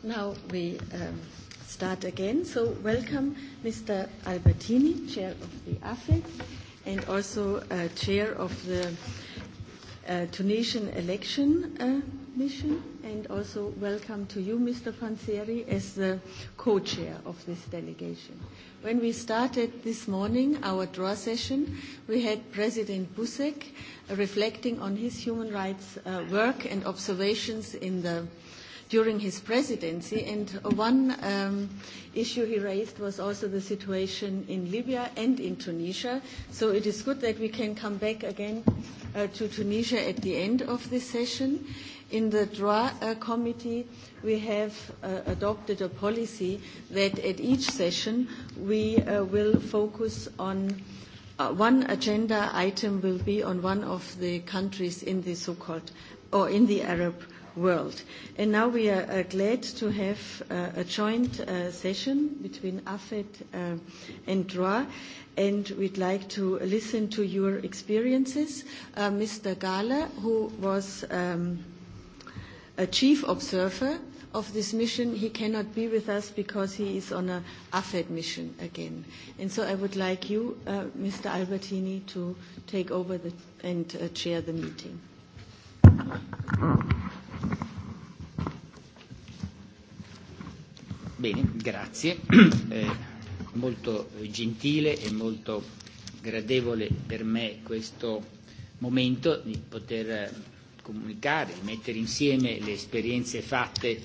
A: now we um, start again. So welcome Mr. Albertini, Chair of the AFIC, and also uh, Chair of the uh, Tunisian Election uh, Mission, and also welcome to you, Mr. Panseri, as the co-chair of this delegation. When we started this morning our draw session, we had President Busek reflecting on his human rights uh, work and observations in the uh, during his presidency. And one um, issue he raised was also the situation in Libya and in Tunisia. So it is good that we can come back again uh, to Tunisia at the end of this session. In the DRA uh, committee, we have uh, adopted a policy that at each session we uh, will focus on uh, one agenda item will be on one of the countries in the so-called or in the Arab world world. And now we are uh, glad to have uh, a joint uh, session between AFED uh, and DROA, and we'd like to listen to your experiences. Uh, Mr. Gala, who was um, a chief observer of this mission, he cannot be with us because he is on an AFED mission again. And so I would like you, uh, Mr. Albertini, to take over the, and uh, chair the meeting.
G: Mm-hmm.
Q: Bene, grazie. Eh, molto gentile e molto gradevole per me questo momento di poter eh, comunicare, mettere insieme le esperienze fatte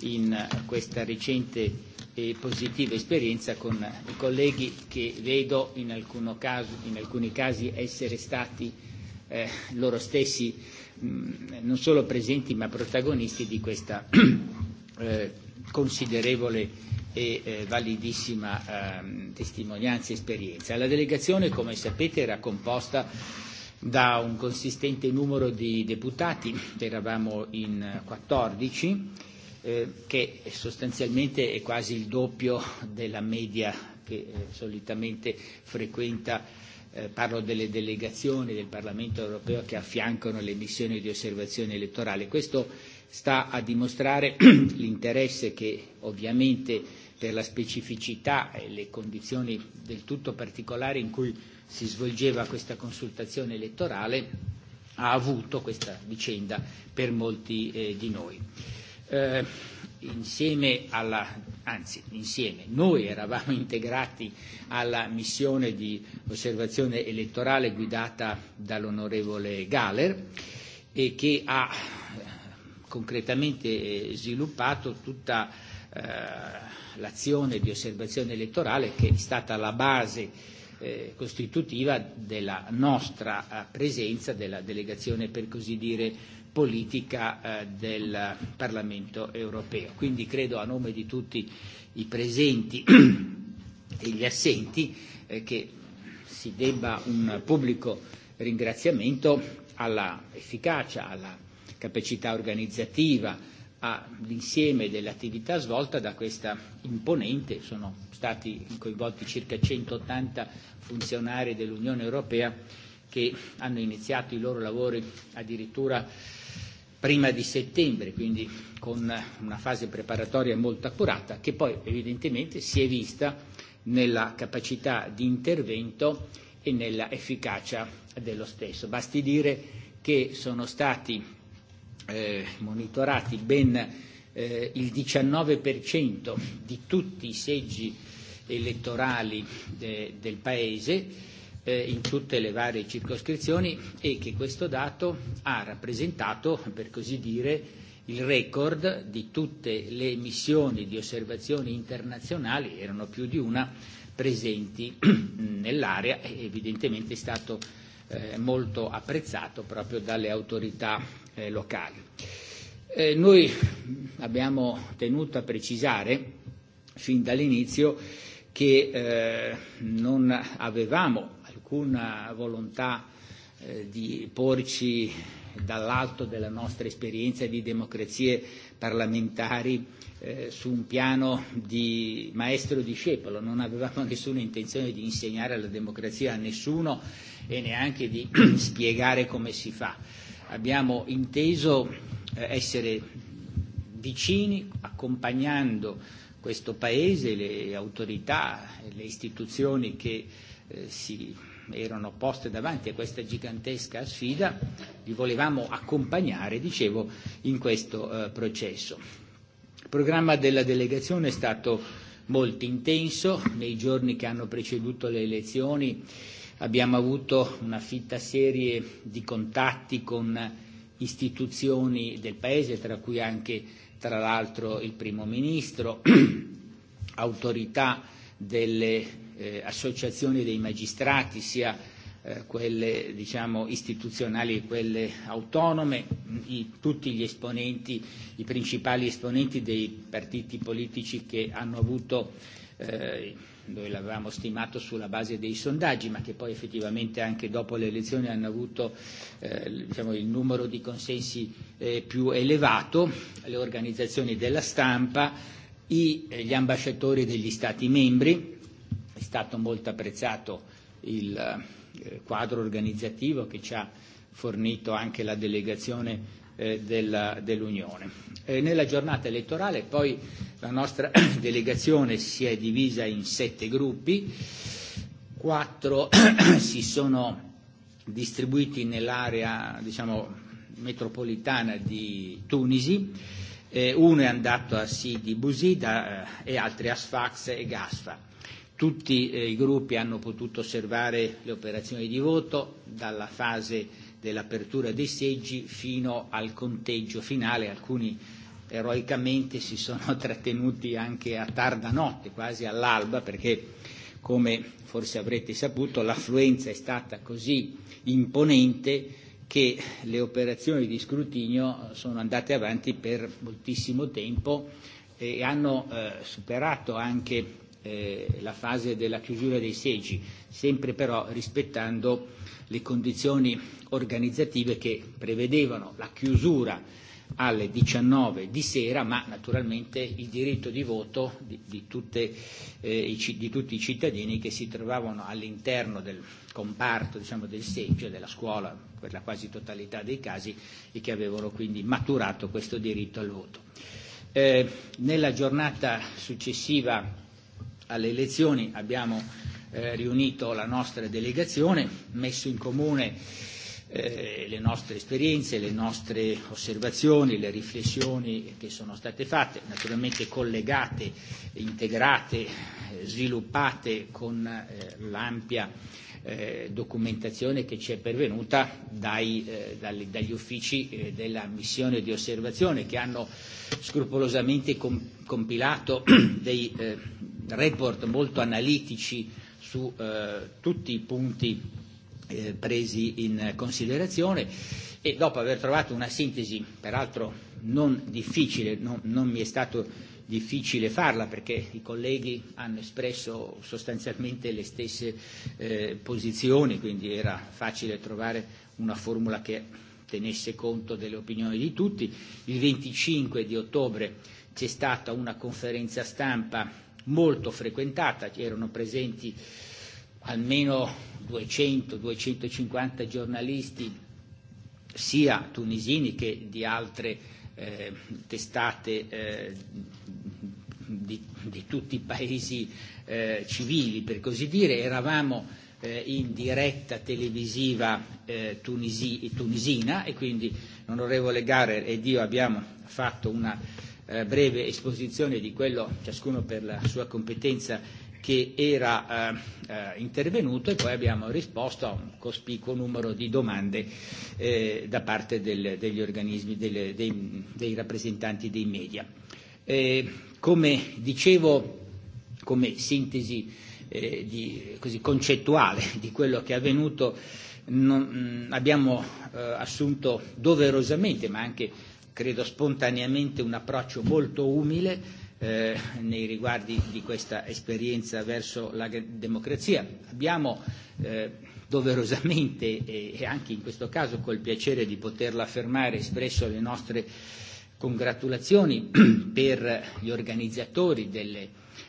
Q: in questa recente e positiva esperienza con i colleghi che vedo in, caso, in alcuni casi essere stati eh, loro stessi mh, mm, non solo presenti ma protagonisti di questa eh, considerevole e eh, validissima ehm, testimonianza e esperienza. La delegazione, come sapete, era composta da un consistente numero di deputati, eravamo in 14, eh, che sostanzialmente è quasi il doppio della media che eh, solitamente frequenta, eh, parlo delle delegazioni del Parlamento europeo che affiancano le missioni di osservazione elettorale. Questo sta a dimostrare l'interesse che ovviamente per la specificità e le condizioni del tutto particolari in cui si svolgeva questa consultazione elettorale ha avuto questa vicenda per molti eh, di noi. Eh, insieme alla, anzi, insieme, noi eravamo integrati alla missione di osservazione elettorale guidata dall'onorevole Galer e che ha eh, concretamente eh, sviluppato tutta eh, l'azione di osservazione elettorale che è stata la base eh, costitutiva della nostra presenza, della delegazione per così dire politica del Parlamento europeo. Quindi credo a nome di tutti i presenti e gli assenti che si debba un pubblico ringraziamento alla efficacia, alla capacità organizzativa all'insieme dell'attività svolta da questa imponente, sono stati coinvolti circa 180 funzionari dell'Unione Europea che hanno iniziato i loro lavori addirittura prima di settembre, quindi con una fase preparatoria molto accurata, che poi evidentemente si è vista nella capacità di intervento e nella efficacia dello stesso. Basti dire che sono stati eh, monitorati ben eh, il 19% di tutti i seggi elettorali de, eh, del Paese eh, in tutte le varie circoscrizioni e che questo dato ha rappresentato, per così dire, il record di tutte le missioni di osservazione internazionali, erano più di una, presenti nell'area e evidentemente è stato eh, molto apprezzato proprio dalle autorità eh, locali. Eh, noi abbiamo tenuto a precisare fin dall'inizio che eh, non avevamo alcuna volontà eh, di porci dall'alto della nostra esperienza di democrazie parlamentari eh, su un piano di maestro discepolo, non avevamo nessuna intenzione di insegnare la democrazia a nessuno e neanche di spiegare come si fa. Eh, abbiamo inteso eh, essere vicini, accompagnando questo Paese, le autorità, le istituzioni che eh, si erano poste davanti a questa gigantesca sfida, li volevamo accompagnare, dicevo, in questo eh, processo. Il programma della delegazione è stato molto intenso nei giorni che hanno preceduto le elezioni abbiamo avuto una fitta serie di contatti con istituzioni del Paese, tra cui anche tra l'altro il Primo Ministro, autorità delle eh, associazioni dei magistrati, sia eh, quelle diciamo, istituzionali e quelle autonome, i, tutti gli esponenti, i principali esponenti dei partiti politici che hanno avuto eh, noi l'avevamo stimato sulla base dei sondaggi, ma che poi effettivamente anche dopo le elezioni hanno avuto eh, diciamo, il numero di consensi eh, più elevato, le organizzazioni della stampa, i, eh, gli ambasciatori degli Stati membri, è stato molto apprezzato il eh, quadro organizzativo che ci ha fornito anche la delegazione eh, dell'Unione. Dell eh, nella giornata elettorale poi la nostra delegazione si è divisa in sette gruppi, quattro si sono distribuiti nell'area diciamo, metropolitana di Tunisi, eh, uno è andato a Sidi Busida eh, e altri a Sfax e Gasfa. Tutti eh, i gruppi hanno potuto osservare le operazioni di voto dalla fase eh, dell'apertura dei seggi fino al conteggio finale. Alcuni eroicamente si sono trattenuti anche a tarda notte, quasi all'alba, perché come forse avrete saputo l'affluenza è stata così imponente che le operazioni di scrutinio sono andate avanti per moltissimo tempo e hanno eh, superato anche Eh, la fase della chiusura dei seggi, sempre però rispettando le condizioni organizzative che prevedevano la chiusura alle 19 di sera, ma naturalmente il diritto di voto di, di, tutte, eh, i, di tutti i cittadini che si trovavano all'interno del comparto diciamo, del seggio, della scuola, per la quasi totalità dei casi, e che avevano quindi maturato questo diritto al voto. Eh, nella giornata successiva alle elezioni abbiamo eh, riunito la nostra delegazione, messo in comune eh, le nostre esperienze, le nostre osservazioni, le riflessioni che sono state fatte, naturalmente collegate, integrate, sviluppate con eh, l'ampia Eh, documentazione che ci è pervenuta dai, eh, dagli, dagli uffici eh, della missione di osservazione che hanno scrupolosamente com- compilato dei eh, report molto analitici su eh, tutti i punti eh, presi in considerazione e dopo aver trovato una sintesi peraltro non difficile, no, non mi è stato difficile farla perché i colleghi hanno espresso sostanzialmente le stesse eh, posizioni, quindi era facile trovare una formula che tenesse conto delle opinioni di tutti. Il 25 di ottobre c'è stata una conferenza stampa molto frequentata, erano presenti almeno 200-250 giornalisti sia tunisini che di altre eh, eh, testate eh, di, di tutti i paesi eh, civili, per così dire, eravamo eh, in diretta televisiva eh, tunisi, tunisina e quindi l'onorevole Garer ed io abbiamo fatto una eh, breve esposizione di quello, ciascuno per la sua competenza, che era eh, eh, intervenuto e poi abbiamo risposto a un cospicuo numero di domande eh, da parte del, degli organismi, delle, dei, dei rappresentanti dei media. Eh, come dicevo, come sintesi eh, di, così concettuale di quello che è avvenuto, non, mh, mm, abbiamo eh, assunto doverosamente, ma anche credo spontaneamente, un approccio molto umile eh, nei riguardi di questa esperienza verso la democrazia. Abbiamo eh, doverosamente e, e anche in questo caso col piacere di poterla affermare espresso le nostre congratulazioni per gli organizzatori delle,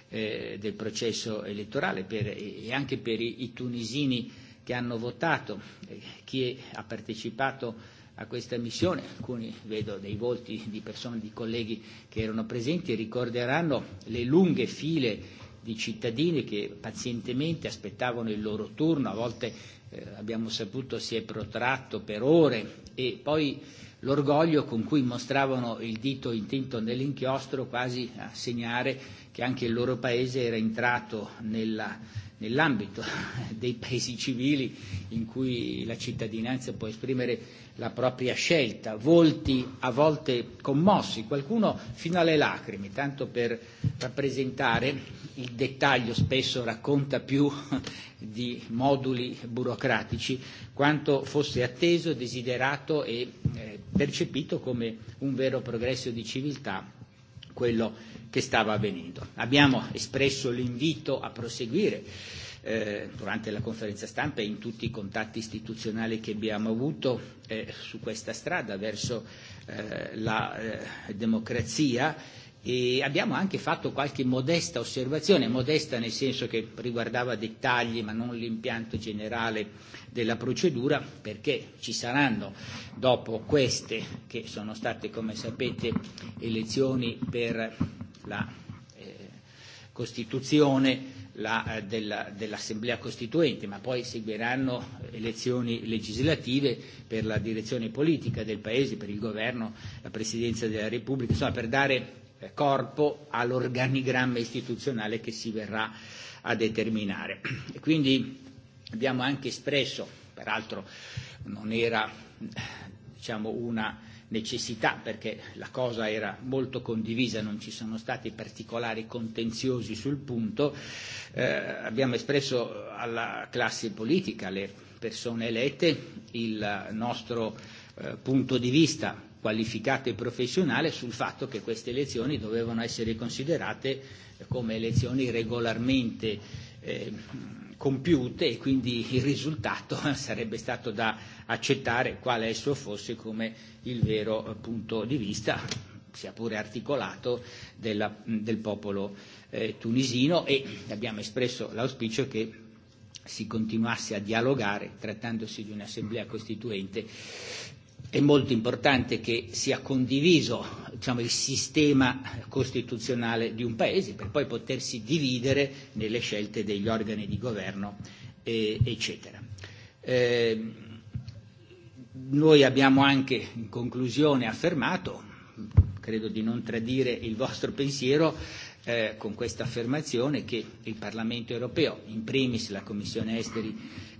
Q: eh, del processo elettorale per, e, e anche per i, i tunisini che hanno votato, eh, chi è, ha partecipato a questa missione, alcuni vedo dei volti di persone, di colleghi che erano presenti, e ricorderanno le lunghe file di cittadini che pazientemente aspettavano il loro turno, a volte eh, abbiamo saputo si è protratto per ore e poi l'orgoglio con cui mostravano il dito intinto nell'inchiostro quasi a segnare che anche il loro paese era entrato nella, nell'ambito dei paesi civili in cui la cittadinanza può esprimere la propria scelta, volti a volte commossi, qualcuno fino alle lacrime, tanto per rappresentare il dettaglio spesso racconta più di moduli burocratici, quanto fosse atteso, desiderato e eh, percepito come un vero progresso di civiltà quello che stava avvenendo. Abbiamo espresso l'invito a proseguire eh, durante la conferenza stampa e in tutti i contatti istituzionali che abbiamo avuto eh, su questa strada verso eh, la eh, democrazia e abbiamo anche fatto qualche modesta osservazione, modesta nel senso che riguardava dettagli ma non l'impianto generale della procedura, perché ci saranno dopo queste, che sono state come sapete elezioni per la eh, Costituzione la, eh, della, dell'Assemblea Costituente, ma poi seguiranno elezioni legislative per la direzione politica del Paese, per il governo, la Presidenza della Repubblica, insomma per dare eh, corpo all'organigramma istituzionale che si verrà a determinare. E quindi abbiamo anche espresso, peraltro non era diciamo, una necessità perché la cosa era molto condivisa, non ci sono stati particolari contenziosi sul punto, eh, abbiamo espresso alla classe politica, alle persone elette, il nostro eh, punto di vista qualificato e professionale sul fatto che queste elezioni dovevano essere considerate eh, come elezioni regolarmente eh, compiute e quindi il risultato sarebbe stato da accettare quale esso fosse come il vero eh, punto di vista, sia pure articolato, della, del popolo eh, tunisino e abbiamo espresso l'auspicio che si continuasse a dialogare trattandosi di un'assemblea costituente. È molto importante che sia condiviso diciamo, il sistema costituzionale di un paese per poi potersi dividere nelle scelte degli organi di governo, eh, eccetera. Eh, Noi abbiamo anche in conclusione affermato, credo di non tradire il vostro pensiero, eh, con questa affermazione che il Parlamento europeo, in primis la Commissione esteri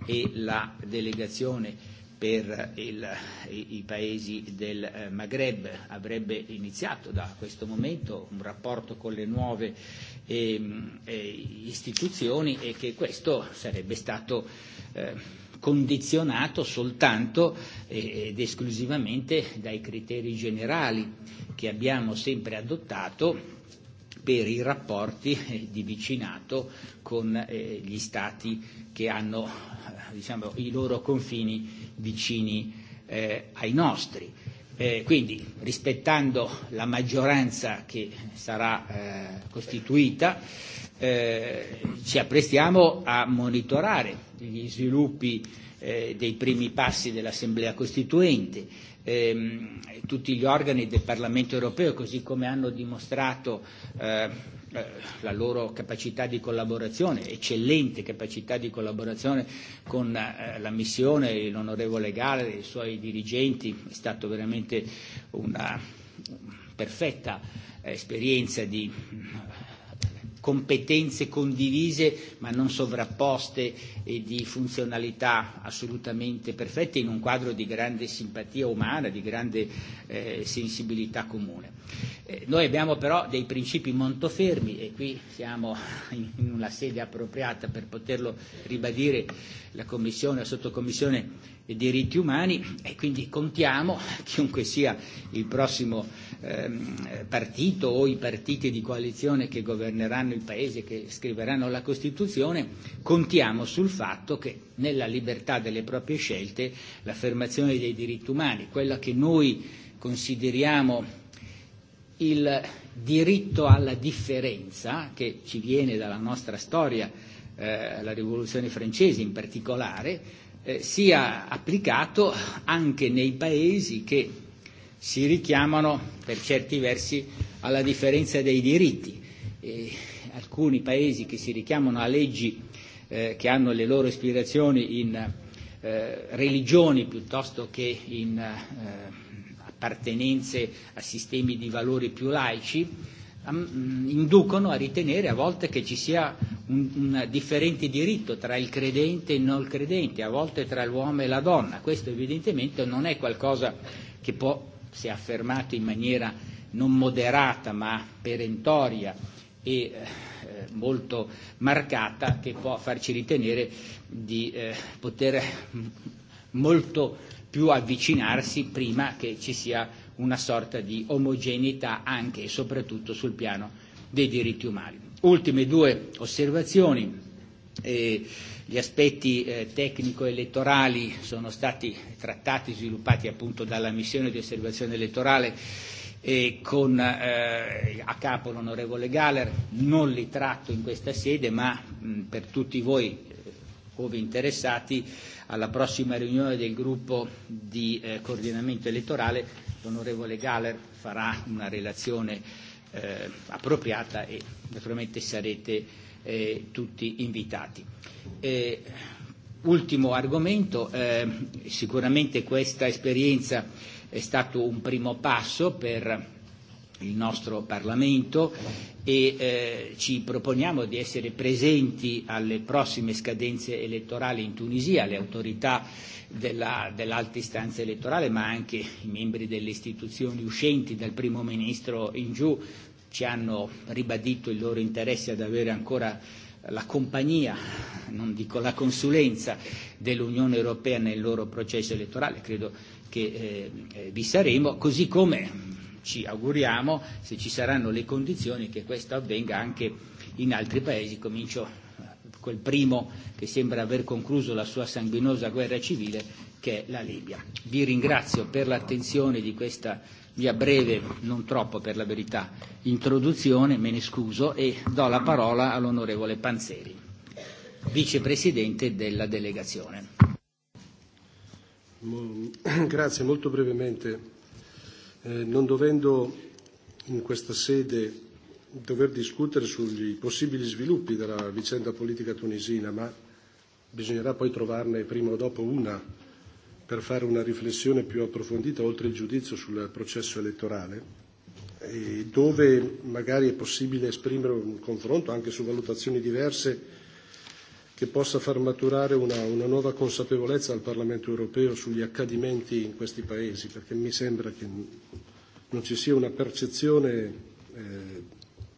Q: e la delegazione per il, i, i paesi del eh, Maghreb, avrebbe iniziato da questo momento un rapporto con le nuove ehm, eh, istituzioni e che questo sarebbe stato. Eh, condizionato soltanto eh, ed esclusivamente dai criteri generali che abbiamo sempre adottato per i rapporti eh, di vicinato con eh, gli stati che hanno diciamo, i loro confini vicini ai nostri. Eh, quindi rispettando la maggioranza che sarà eh, costituita eh, ci apprestiamo a monitorare gli sviluppi eh, dei primi passi dell'Assemblea Costituente. Eh, tutti gli organi del Parlamento europeo, così come hanno dimostrato eh, Eh, la loro capacità di collaborazione, eccellente capacità di collaborazione con eh, la missione, l'onorevole Gale e i suoi dirigenti, è stata veramente una perfetta eh, esperienza di competenze condivise ma non sovrapposte e di funzionalità assolutamente perfette in un quadro di grande simpatia umana, di grande eh, sensibilità comune. Eh, noi abbiamo però dei principi molto fermi e qui siamo in una sede appropriata per poterlo ribadire la Commissione, la Sottocommissione e diritti umani e quindi contiamo, chiunque sia il prossimo ehm, partito o i partiti di coalizione che governeranno il Paese, che scriveranno la Costituzione, contiamo sul fatto che nella libertà delle proprie scelte l'affermazione dei diritti umani, quella che noi consideriamo il diritto alla differenza che ci viene dalla nostra storia, eh, la rivoluzione francese in particolare, eh, sia applicato anche nei paesi che si richiamano per certi versi alla differenza dei diritti. E alcuni paesi che si richiamano a leggi eh, che hanno le loro ispirazioni in eh, religioni piuttosto che in eh, appartenenze a sistemi di valori più laici, eh, Mm, inducono a ritenere a volte che ci sia un, un differente diritto tra il credente e il non credente, a volte tra l'uomo e la donna. Questo evidentemente non è qualcosa che può, se affermato in maniera non moderata ma perentoria e eh, molto marcata che può farci ritenere di eh, poter molto più avvicinarsi prima che ci sia una sorta di omogeneità anche e soprattutto sul piano dei diritti umani. Ultime due osservazioni. Eh, gli aspetti eh, tecnico-elettorali sono stati trattati, sviluppati appunto dalla missione di osservazione elettorale e con eh, a capo l'onorevole Galler. Non li tratto in questa sede, ma mh, per tutti voi, eh, ove interessati, alla prossima riunione del gruppo di eh, coordinamento elettorale l'onorevole Galler farà una relazione eh, appropriata e naturalmente sarete eh, tutti invitati. Eh, ultimo argomento, eh, sicuramente questa esperienza è stato un primo passo per il nostro Parlamento e eh, ci proponiamo di essere presenti alle prossime scadenze elettorali in Tunisia, le autorità della, dell'alta istanza elettorale, ma anche i membri delle istituzioni uscenti, dal primo ministro in giù, ci hanno ribadito il loro interesse ad avere ancora la compagnia, non dico la consulenza dell'Unione Europea nel loro processo elettorale, credo che eh, eh vi saremo, così come ci auguriamo, se ci saranno le condizioni, che questo avvenga anche in altri paesi. Comincio eh, quel primo che sembra aver concluso la sua sanguinosa guerra civile, che è la Libia. Vi ringrazio per l'attenzione di questa via breve, non troppo per la verità, introduzione, me ne scuso, e do la parola all'onorevole Panzeri, vicepresidente della delegazione.
R: Grazie, molto brevemente. Eh, non dovendo in questa sede dover discutere sugli possibili sviluppi della vicenda politica tunisina, ma bisognerà poi trovarne prima o dopo una per fare una riflessione più approfondita oltre il giudizio sul processo elettorale, e dove magari è possibile esprimere un confronto anche su valutazioni diverse eh, che possa far maturare una, una nuova consapevolezza al Parlamento europeo sugli accadimenti in questi paesi, perché mi sembra che non ci sia una percezione eh,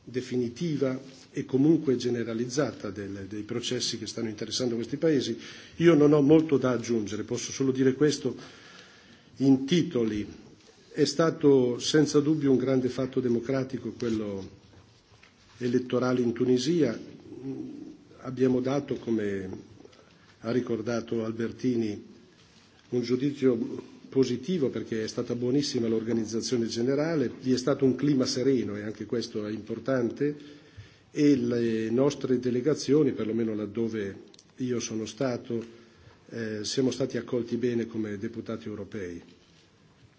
R: definitiva e comunque generalizzata del, dei processi che stanno interessando questi paesi. Io non ho molto da aggiungere, posso solo dire questo in titoli. È stato senza dubbio un grande fatto democratico quello elettorale in Tunisia abbiamo dato, come ha ricordato Albertini, un giudizio positivo perché è stata buonissima l'organizzazione generale, vi è stato un clima sereno e anche questo è importante e le nostre delegazioni, perlomeno laddove io sono stato, eh, siamo stati accolti bene come deputati europei.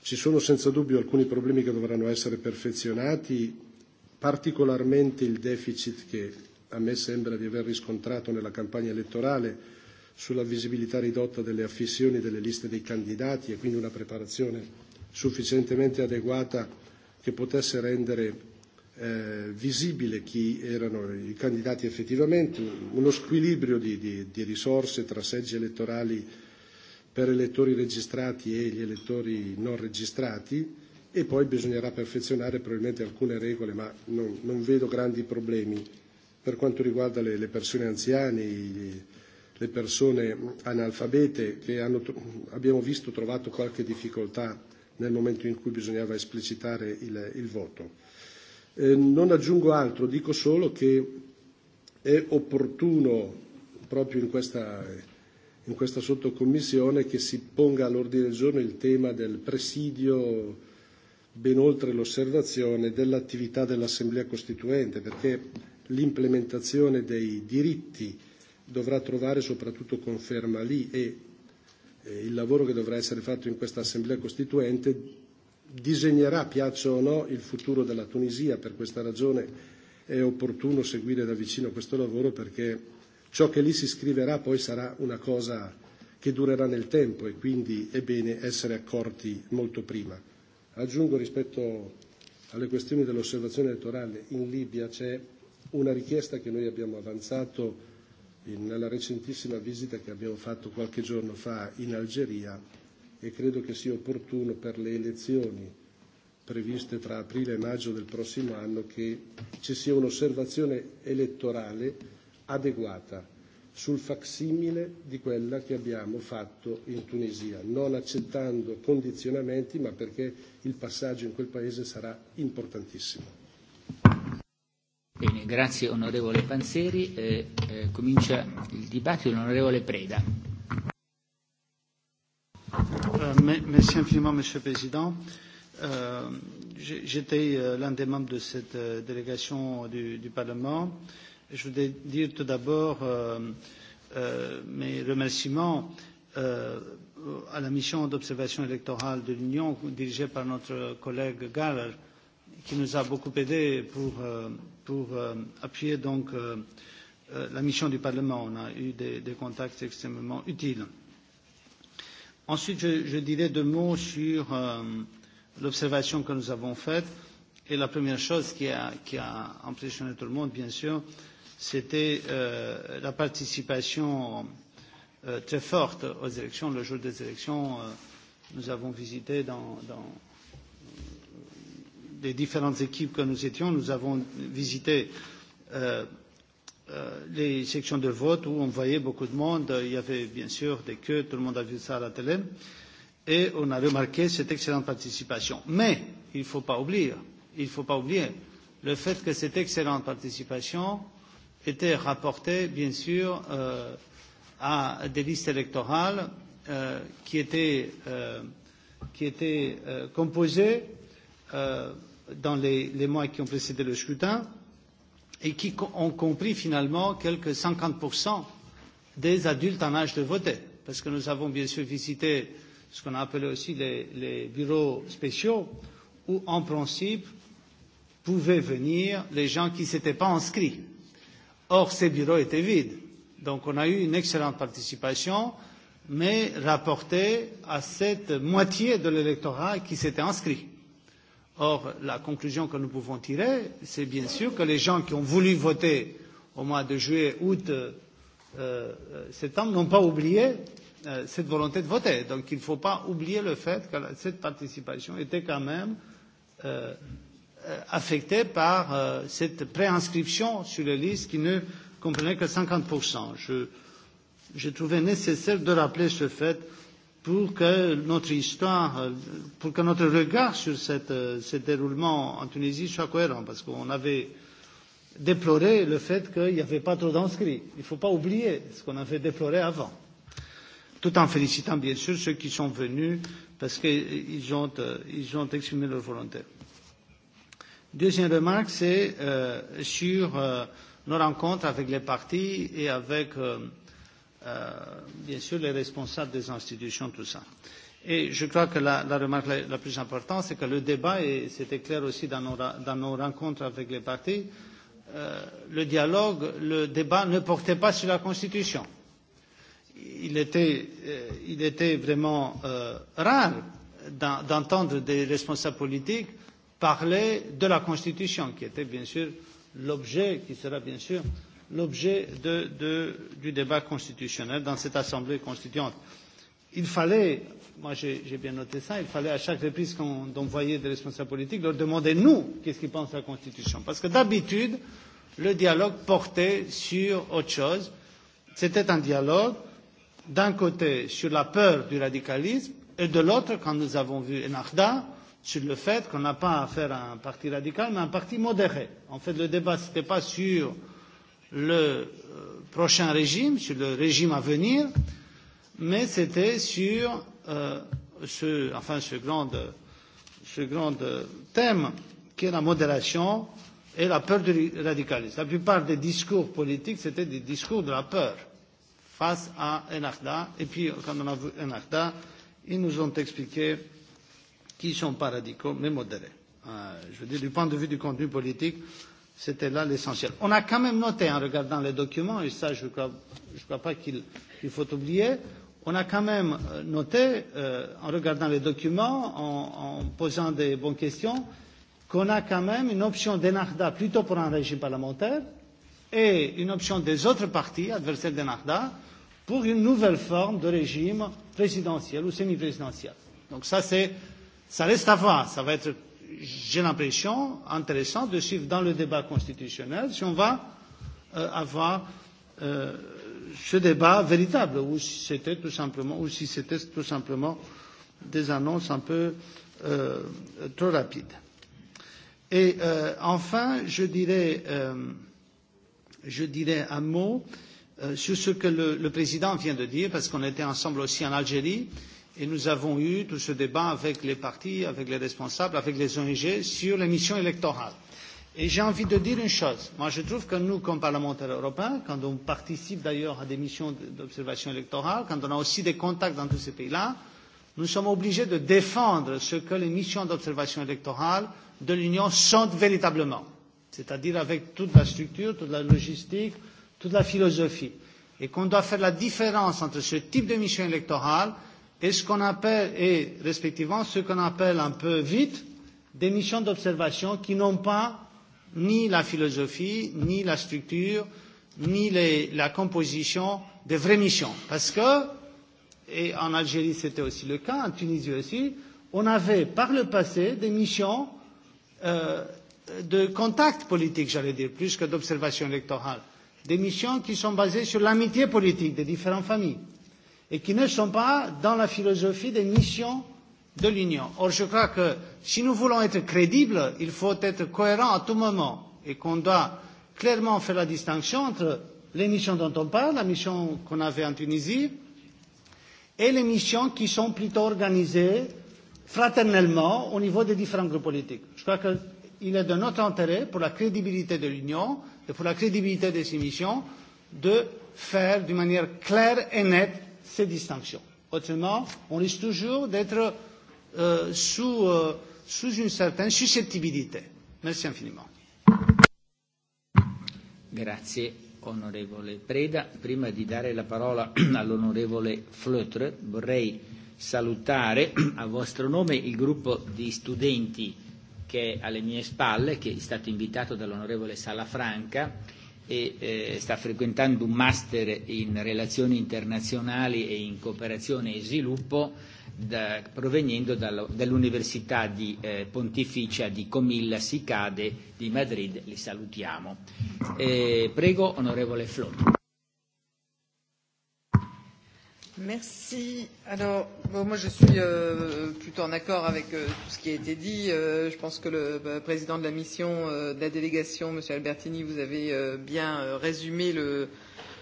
R: Ci sono senza dubbio alcuni problemi che dovranno essere perfezionati, particolarmente il deficit che a me sembra di aver riscontrato nella campagna elettorale sulla visibilità ridotta delle affissioni delle liste dei candidati e quindi una preparazione sufficientemente adeguata che potesse rendere eh, visibile chi erano i candidati effettivamente, uno squilibrio di, di, di risorse tra seggi elettorali per elettori registrati e gli elettori non registrati e poi bisognerà perfezionare probabilmente alcune regole, ma non, non vedo grandi problemi per quanto riguarda le, le persone anziane, le persone analfabete, che hanno, abbiamo visto trovato qualche difficoltà nel momento in cui bisognava esplicitare il, il voto. Eh, non aggiungo altro, dico solo che è opportuno proprio in questa, in questa sottocommissione che si ponga all'ordine del giorno il tema del presidio ben oltre l'osservazione dell'attività dell'Assemblea Costituente, perché eh, l'implementazione dei diritti dovrà trovare soprattutto conferma lì e, e il lavoro che dovrà essere fatto in questa assemblea costituente disegnerà, piaccia o no, il futuro della Tunisia. Per questa ragione è opportuno seguire da vicino questo lavoro perché ciò che lì si scriverà poi sarà una cosa che durerà nel tempo e quindi è bene essere accorti molto prima. Aggiungo rispetto alle questioni dell'osservazione elettorale, in Libia c'è una richiesta che noi abbiamo avanzato in, nella recentissima visita che abbiamo fatto qualche giorno fa in Algeria e credo che sia opportuno per le elezioni previste tra aprile e maggio del prossimo anno che ci sia un'osservazione elettorale adeguata sul facsimile di quella che abbiamo fatto in Tunisia, non accettando condizionamenti ma perché il passaggio in quel paese sarà importantissimo.
Q: Grazie onorevole Panzeri. Eh, eh, comincia il dibattito l'onorevole Preda.
S: Euh, merci infiniment, Monsieur le Président. Euh, j'étais euh, l'un des membres de cette euh, délégation du, du Parlement. Je voudrais dire tout d'abord euh, euh, mes remerciements euh, à la mission d'observation électorale de l'Union dirigée par notre collègue Galler, qui nous a beaucoup aidés pour euh, pour euh, appuyer donc euh, euh, la mission du Parlement. On a eu des, des contacts extrêmement utiles. Ensuite, je, je dirais deux mots sur euh, l'observation que nous avons faite. Et la première chose qui a, qui a impressionné tout le monde, bien sûr, c'était euh, la participation euh, très forte aux élections. Le jour des élections, euh, nous avons visité dans, dans, les différentes équipes que nous étions, nous avons visité euh, euh, les sections de vote où on voyait beaucoup de monde. Il y avait bien sûr des queues, tout le monde a vu ça à la télé. Et on a remarqué cette excellente participation. Mais il ne faut pas oublier, il ne faut pas oublier le fait que cette excellente participation était rapportée, bien sûr, euh, à des listes électorales euh, qui étaient, euh, qui étaient euh, composées euh, dans les, les mois qui ont précédé le scrutin et qui ont compris finalement quelques 50% des adultes en âge de voter. Parce que nous avons bien sûr visité ce qu'on a appelé aussi les, les bureaux spéciaux où en principe pouvaient venir les gens qui ne s'étaient pas inscrits. Or, ces bureaux étaient vides. Donc, on a eu une excellente participation, mais rapportée à cette moitié de l'électorat qui s'était inscrit. Or, la conclusion que nous pouvons tirer, c'est bien sûr que les gens qui ont voulu voter au mois de juillet, août, euh, euh septembre, n'ont pas oublié euh, cette volonté de voter. Donc, il ne faut pas oublier le fait que cette participation était quand même euh, euh, affectée par euh, cette préinscription sur les listes qui ne comprenait que 50%. J'ai trouvé nécessaire de rappeler ce fait pour que notre histoire, pour que notre regard sur cette, ce déroulement en Tunisie soit cohérent, parce qu'on avait déploré le fait qu'il n'y avait pas trop d'inscrits. Il ne faut pas oublier ce qu'on avait déploré avant, tout en félicitant bien sûr ceux qui sont venus parce qu'ils ont, ils ont exprimé leur volonté. Deuxième remarque, c'est euh, sur euh, nos rencontres avec les partis et avec euh, Euh, bien sûr, les responsables des institutions, tout ça. Et je crois que la, la remarque la, la plus importante, c'est que le débat, et c'était clair aussi dans nos, dans nos rencontres avec les partis, euh, le dialogue, le débat ne portait pas sur la Constitution. Il était, euh, il était vraiment euh, rare d'entendre des responsables politiques parler de la Constitution, qui était bien sûr l'objet qui sera bien sûr euh, l'objet de, de, du débat constitutionnel dans cette assemblée constituante. Il fallait, moi j'ai bien noté ça, il fallait à chaque reprise qu'on envoyait des responsables politiques leur demander nous qu'est-ce qu'ils pensent de la constitution. Parce que d'habitude, le dialogue portait sur autre chose. C'était un dialogue d'un côté sur la peur du radicalisme et de l'autre, quand nous avons vu Enarda, sur le fait qu'on n'a pas affaire à un parti radical mais à un parti modéré. En fait, le débat, ce n'était pas sur euh, le euh, prochain régime, sur le régime à venir, mais c'était sur euh, ce, enfin, ce, grand, ce grand thème qui est la modération et la peur du radicalisme. La plupart des discours politiques, c'était des discours de la peur face à Enakda. Et puis, quand on a vu Enakda, ils nous ont expliqué qu'ils ne sont pas radicaux, mais modérés. Euh, je veux dire, du point de vue du contenu politique, euh, C'était là l'essentiel. On a quand même noté, en regardant les documents, et ça, je ne crois, crois pas qu'il qu faut oublier, on a quand même euh, noté, euh, en regardant les documents, en, en posant des bonnes questions, qu'on a quand même une option d'Enarda plutôt pour un régime parlementaire et une option des autres partis adversaires d'Enarda pour une nouvelle forme de régime présidentiel ou semi-présidentiel. Donc ça, ça reste à voir. Ça va être j'ai l'impression intéressant de suivre dans le débat constitutionnel si on va euh, avoir euh, ce débat véritable, ou si c'était tout simplement, ou si c'était tout simplement des annonces un peu euh, trop rapides. Et euh, enfin, je dirais, euh, je dirais un mot euh, sur ce que le, le président vient de dire, parce qu'on était ensemble aussi en Algérie. Et nous avons eu tout ce débat avec les partis, avec les responsables, avec les ONG sur les missions électorales. Et j'ai envie de dire une chose. Moi, je trouve que nous, comme parlementaires européens, quand on participe d'ailleurs à des missions d'observation électorale, quand on a aussi des contacts dans tous ces pays-là, nous sommes obligés de défendre ce que les missions d'observation électorale de l'Union sont véritablement. C'est-à-dire avec toute la structure, toute la logistique, toute la philosophie. Et qu'on doit faire la différence entre ce type de mission électorale et ce qu'on appelle, et respectivement ce qu'on appelle un peu vite, des missions d'observation qui n'ont pas ni la philosophie, ni la structure, ni les, la composition des vraies missions. Parce que, et en Algérie c'était aussi le cas, en Tunisie aussi, on avait par le passé des missions euh, de contact politique, j'allais dire, plus que d'observation électorale. Des missions qui sont basées sur l'amitié politique des différentes familles et qui ne sont pas dans la philosophie des missions de l'Union. Or, je crois que si nous voulons être crédibles, il faut être cohérent à tout moment et qu'on doit clairement faire la distinction entre les missions dont on parle, la mission qu'on avait en Tunisie, et les missions qui sont plutôt organisées fraternellement au niveau des différents groupes politiques. Je crois qu'il est de notre intérêt pour la crédibilité de l'Union et pour la crédibilité de ces missions de faire d'une manière claire et nette ces distinctions. Autrement, on risque toujours d'être euh, sous, euh, sous une certaine susceptibilité. Merci infiniment.
Q: Merci. Onorevole Preda, prima di dare la parola all'onorevole Flutter vorrei salutare a vostro nome il gruppo di studenti che è alle mie spalle, che è stato invitato dall'onorevole Sala Franca e eh, sta frequentando un master in relazioni internazionali e in cooperazione e sviluppo da, provenendo dal, dall'Università di eh, Pontificia di Comilla Sicade di Madrid. Li salutiamo. Eh, prego, onorevole Flotto.
T: Merci. Alors, bon, moi, je suis euh, plutôt en accord avec euh, tout ce qui a été dit. Euh, je pense que le bah, président de la mission euh, de la délégation, M. Albertini, vous avez euh, bien euh, résumé le,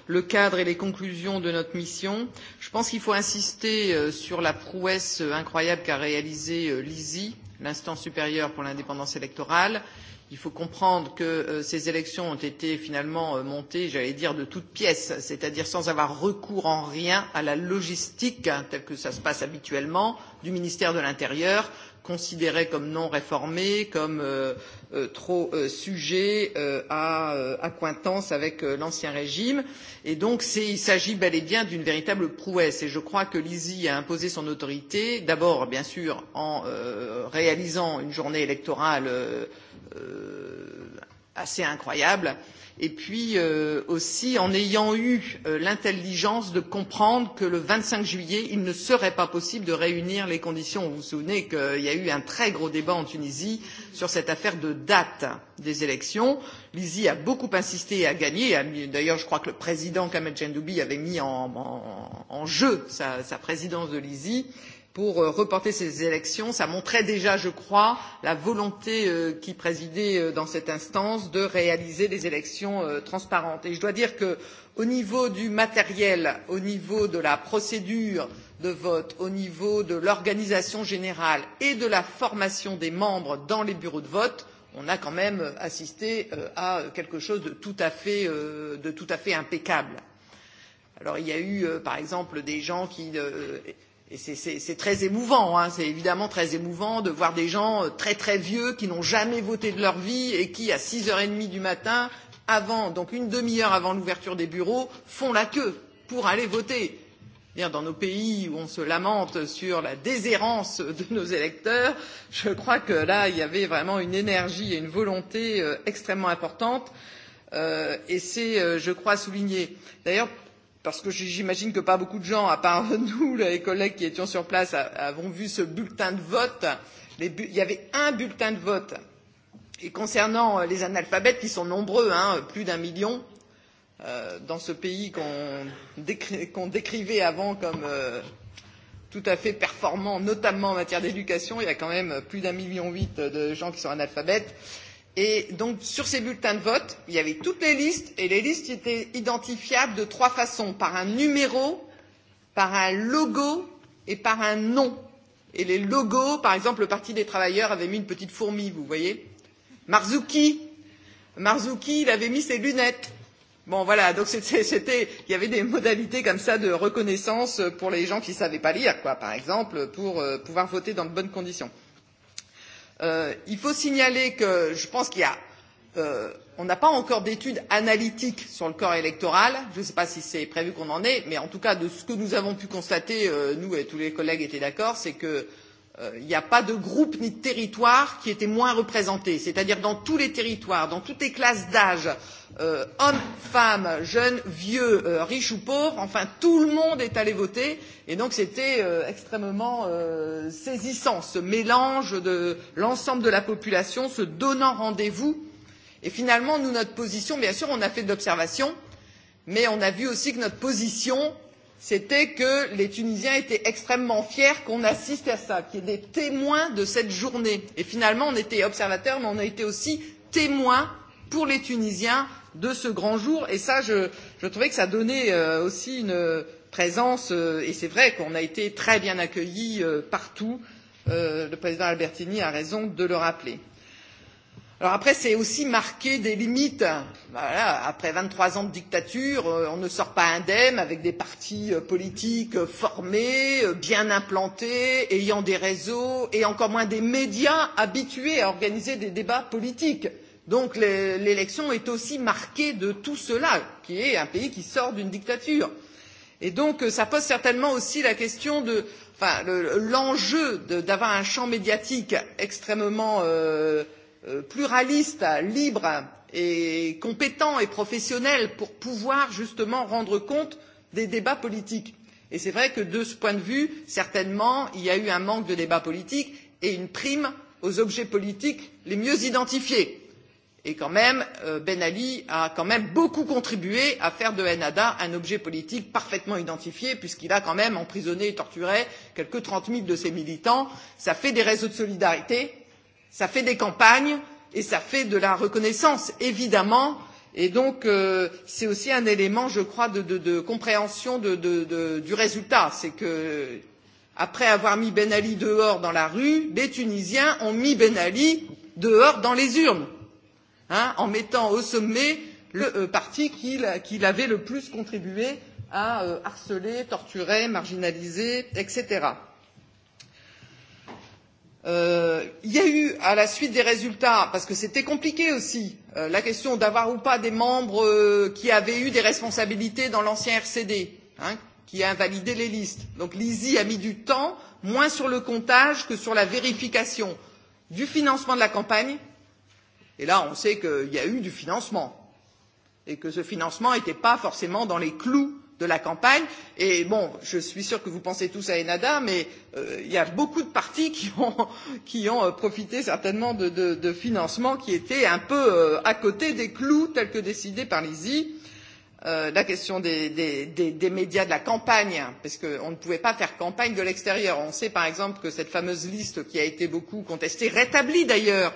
T: le cadre et les conclusions de notre mission. Je pense qu'il faut insister euh, sur la prouesse euh, incroyable qu'a réalisée euh, l'ISI, l'instance supérieure pour l'indépendance électorale. Il faut comprendre que euh, ces élections ont été finalement euh, montées, j'allais dire, de toutes pièces, c'est-à-dire sans avoir recours en rien à la logistique, hein, telle que ça se passe habituellement, du ministère de l'Intérieur, considéré comme non réformé, comme euh, euh, trop euh, sujet euh, à euh, accointance avec euh, l'ancien régime. Et donc, il s'agit bel et bien d'une véritable prouesse. Et je crois que l'ISI a imposé son autorité, d'abord, bien sûr, en euh, réalisant une journée électorale euh, euh assez incroyable, euh, et puis euh, aussi en ayant eu euh, l'intelligence de comprendre que le vingt cinq juillet il ne serait pas possible de réunir les conditions vous vous souvenez qu'il y a eu un très gros débat en tunisie sur cette affaire de date des élections. lizy a beaucoup insisté et a gagné d'ailleurs je crois que le président kamel djendoubi avait mis en, en, en jeu sa, sa présidence de lizy pour euh, reporter ces élections. Cela montrait déjà, je crois, la volonté euh, qui présidait euh, dans cette instance de réaliser des élections transparentes. Et je dois dire que, au niveau du matériel, au niveau de la procédure de vote, au niveau de l'organisation générale et de la formation des membres dans les bureaux de vote, on a quand même assisté à quelque chose de tout à fait, de tout à fait impeccable. Alors il y a eu, par exemple, des gens qui euh, et c'est très émouvant, hein, c'est évidemment très émouvant de voir des gens euh, très très vieux qui n'ont jamais voté de leur vie et qui, à 6h30 du matin, avant, donc une demi-heure avant l'ouverture des bureaux, font la queue pour aller voter. Dans nos pays où on se lamente sur la déshérence de nos électeurs, je crois que là, il y avait vraiment une énergie et une volonté euh, extrêmement importante. Euh, et c'est, euh, je crois, souligné. D'ailleurs, parce que j'imagine que pas beaucoup de gens, à part nous, les collègues qui étions sur place, avons vu ce bulletin de vote. Les bu... Il y avait un bulletin de vote. Et concernant euh, les analphabètes, qui sont nombreux, hein, plus d'un million euh, dans ce pays qu'on décri... qu décrivait avant comme euh, tout à fait performant, notamment en matière d'éducation, il y a quand même euh, plus d'un million huit euh, de gens qui sont analphabètes. Et donc, sur ces bulletins de vote, il y avait toutes les listes, et les listes étaient identifiables de trois façons par un numéro, par un logo et par un nom. Et les logos, par exemple, le Parti des travailleurs avait mis une petite fourmi, vous voyez. Marzuki, Marzuki, il avait mis ses lunettes. Bon, voilà, donc c'était, il y avait des modalités comme ça de reconnaissance pour les gens qui ne savaient pas lire, quoi, par exemple, pour euh, pouvoir voter dans de bonnes conditions. Euh, il faut signaler que je pense qu'il y a. Euh, on n'a pas encore d'études analytiques sur le corps électoral. Je ne sais pas si c'est prévu qu'on en ait, mais en tout cas, de ce que nous avons pu constater, euh, nous et tous les collègues étaient d'accord, c'est que euh, il euh, n'y a pas de groupe ni de territoire qui était moins représenté. C'est-à-dire dans tous les territoires, dans toutes les classes d'âge, euh, hommes, femmes, jeunes, vieux, euh, riches ou pauvres, enfin tout le monde est allé voter. Et donc c'était euh, extrêmement euh, saisissant, ce mélange de l'ensemble de la population se donnant rendez-vous. Et finalement, nous, notre position, bien sûr, on a fait de l'observation, mais on a vu aussi que notre position c'était que les Tunisiens étaient extrêmement fiers qu'on assiste à ça, qu'il y ait des témoins de cette journée. Et finalement, on était observateurs, mais on a été aussi témoins pour les Tunisiens de ce grand jour. Et ça, je, je trouvais que ça donnait euh, aussi une euh, présence. Euh, et c'est vrai qu'on a été très bien accueillis euh, partout. Euh, le président Albertini a raison de le rappeler. Alors après, c'est aussi marquer des limites. Voilà, après 23 ans de dictature, euh, on ne sort pas indemne avec des partis euh, politiques euh, formés, bien implantés, ayant des réseaux et encore moins des médias habitués à organiser des débats politiques. Donc l'élection est aussi marquée de tout cela, qui est un pays qui sort d'une dictature. Et donc ça pose certainement aussi la question de enfin, l'enjeu le, d'avoir un champ médiatique extrêmement euh, Euh, pluraliste, libre et compétent et professionnel pour pouvoir justement rendre compte des débats politiques. Et c'est vrai que de ce point de vue, certainement, il y a eu un manque de débats politiques et une prime aux objets politiques les mieux identifiés. Et quand même, euh, Ben Ali a quand même beaucoup contribué à faire de Enada un objet politique parfaitement identifié, puisqu'il a quand même emprisonné et torturé quelques trente mille de ses militants. Ça fait des réseaux de solidarité, ça fait des campagnes et ça fait de la reconnaissance évidemment et donc euh, c'est aussi un élément je crois de, de, de compréhension de, de, de, du résultat c'est que après avoir mis Ben Ali dehors dans la rue, les Tunisiens ont mis Ben Ali dehors dans les urnes, hein, en mettant au sommet le euh, parti qu'il qu avait le plus contribué à euh, harceler, torturer, marginaliser, etc. Euh, il euh, y a eu, à la suite des résultats, parce que c'était compliqué aussi, euh, la question d'avoir ou pas des membres euh, qui avaient eu des responsabilités dans l'ancien RCD, hein, qui a invalidé les listes. Donc l'ISI a mis du temps, moins sur le comptage que sur la vérification du financement de la campagne. Et là, on sait qu'il y a eu du financement. Et que ce financement n'était pas forcément dans les clous euh, de la campagne et bon je suis sûre que vous pensez tous à ennahdha mais euh, il y a beaucoup de partis qui ont euh, profité certainement de financements qui étaient un peu euh, à côté des clous tels que décidés par l'ISI. Euh, la question des, des, des, des médias de la campagne, parce qu'on ne pouvait pas faire campagne de l'extérieur. On sait par exemple que cette fameuse liste qui a été beaucoup contestée, rétablie d'ailleurs,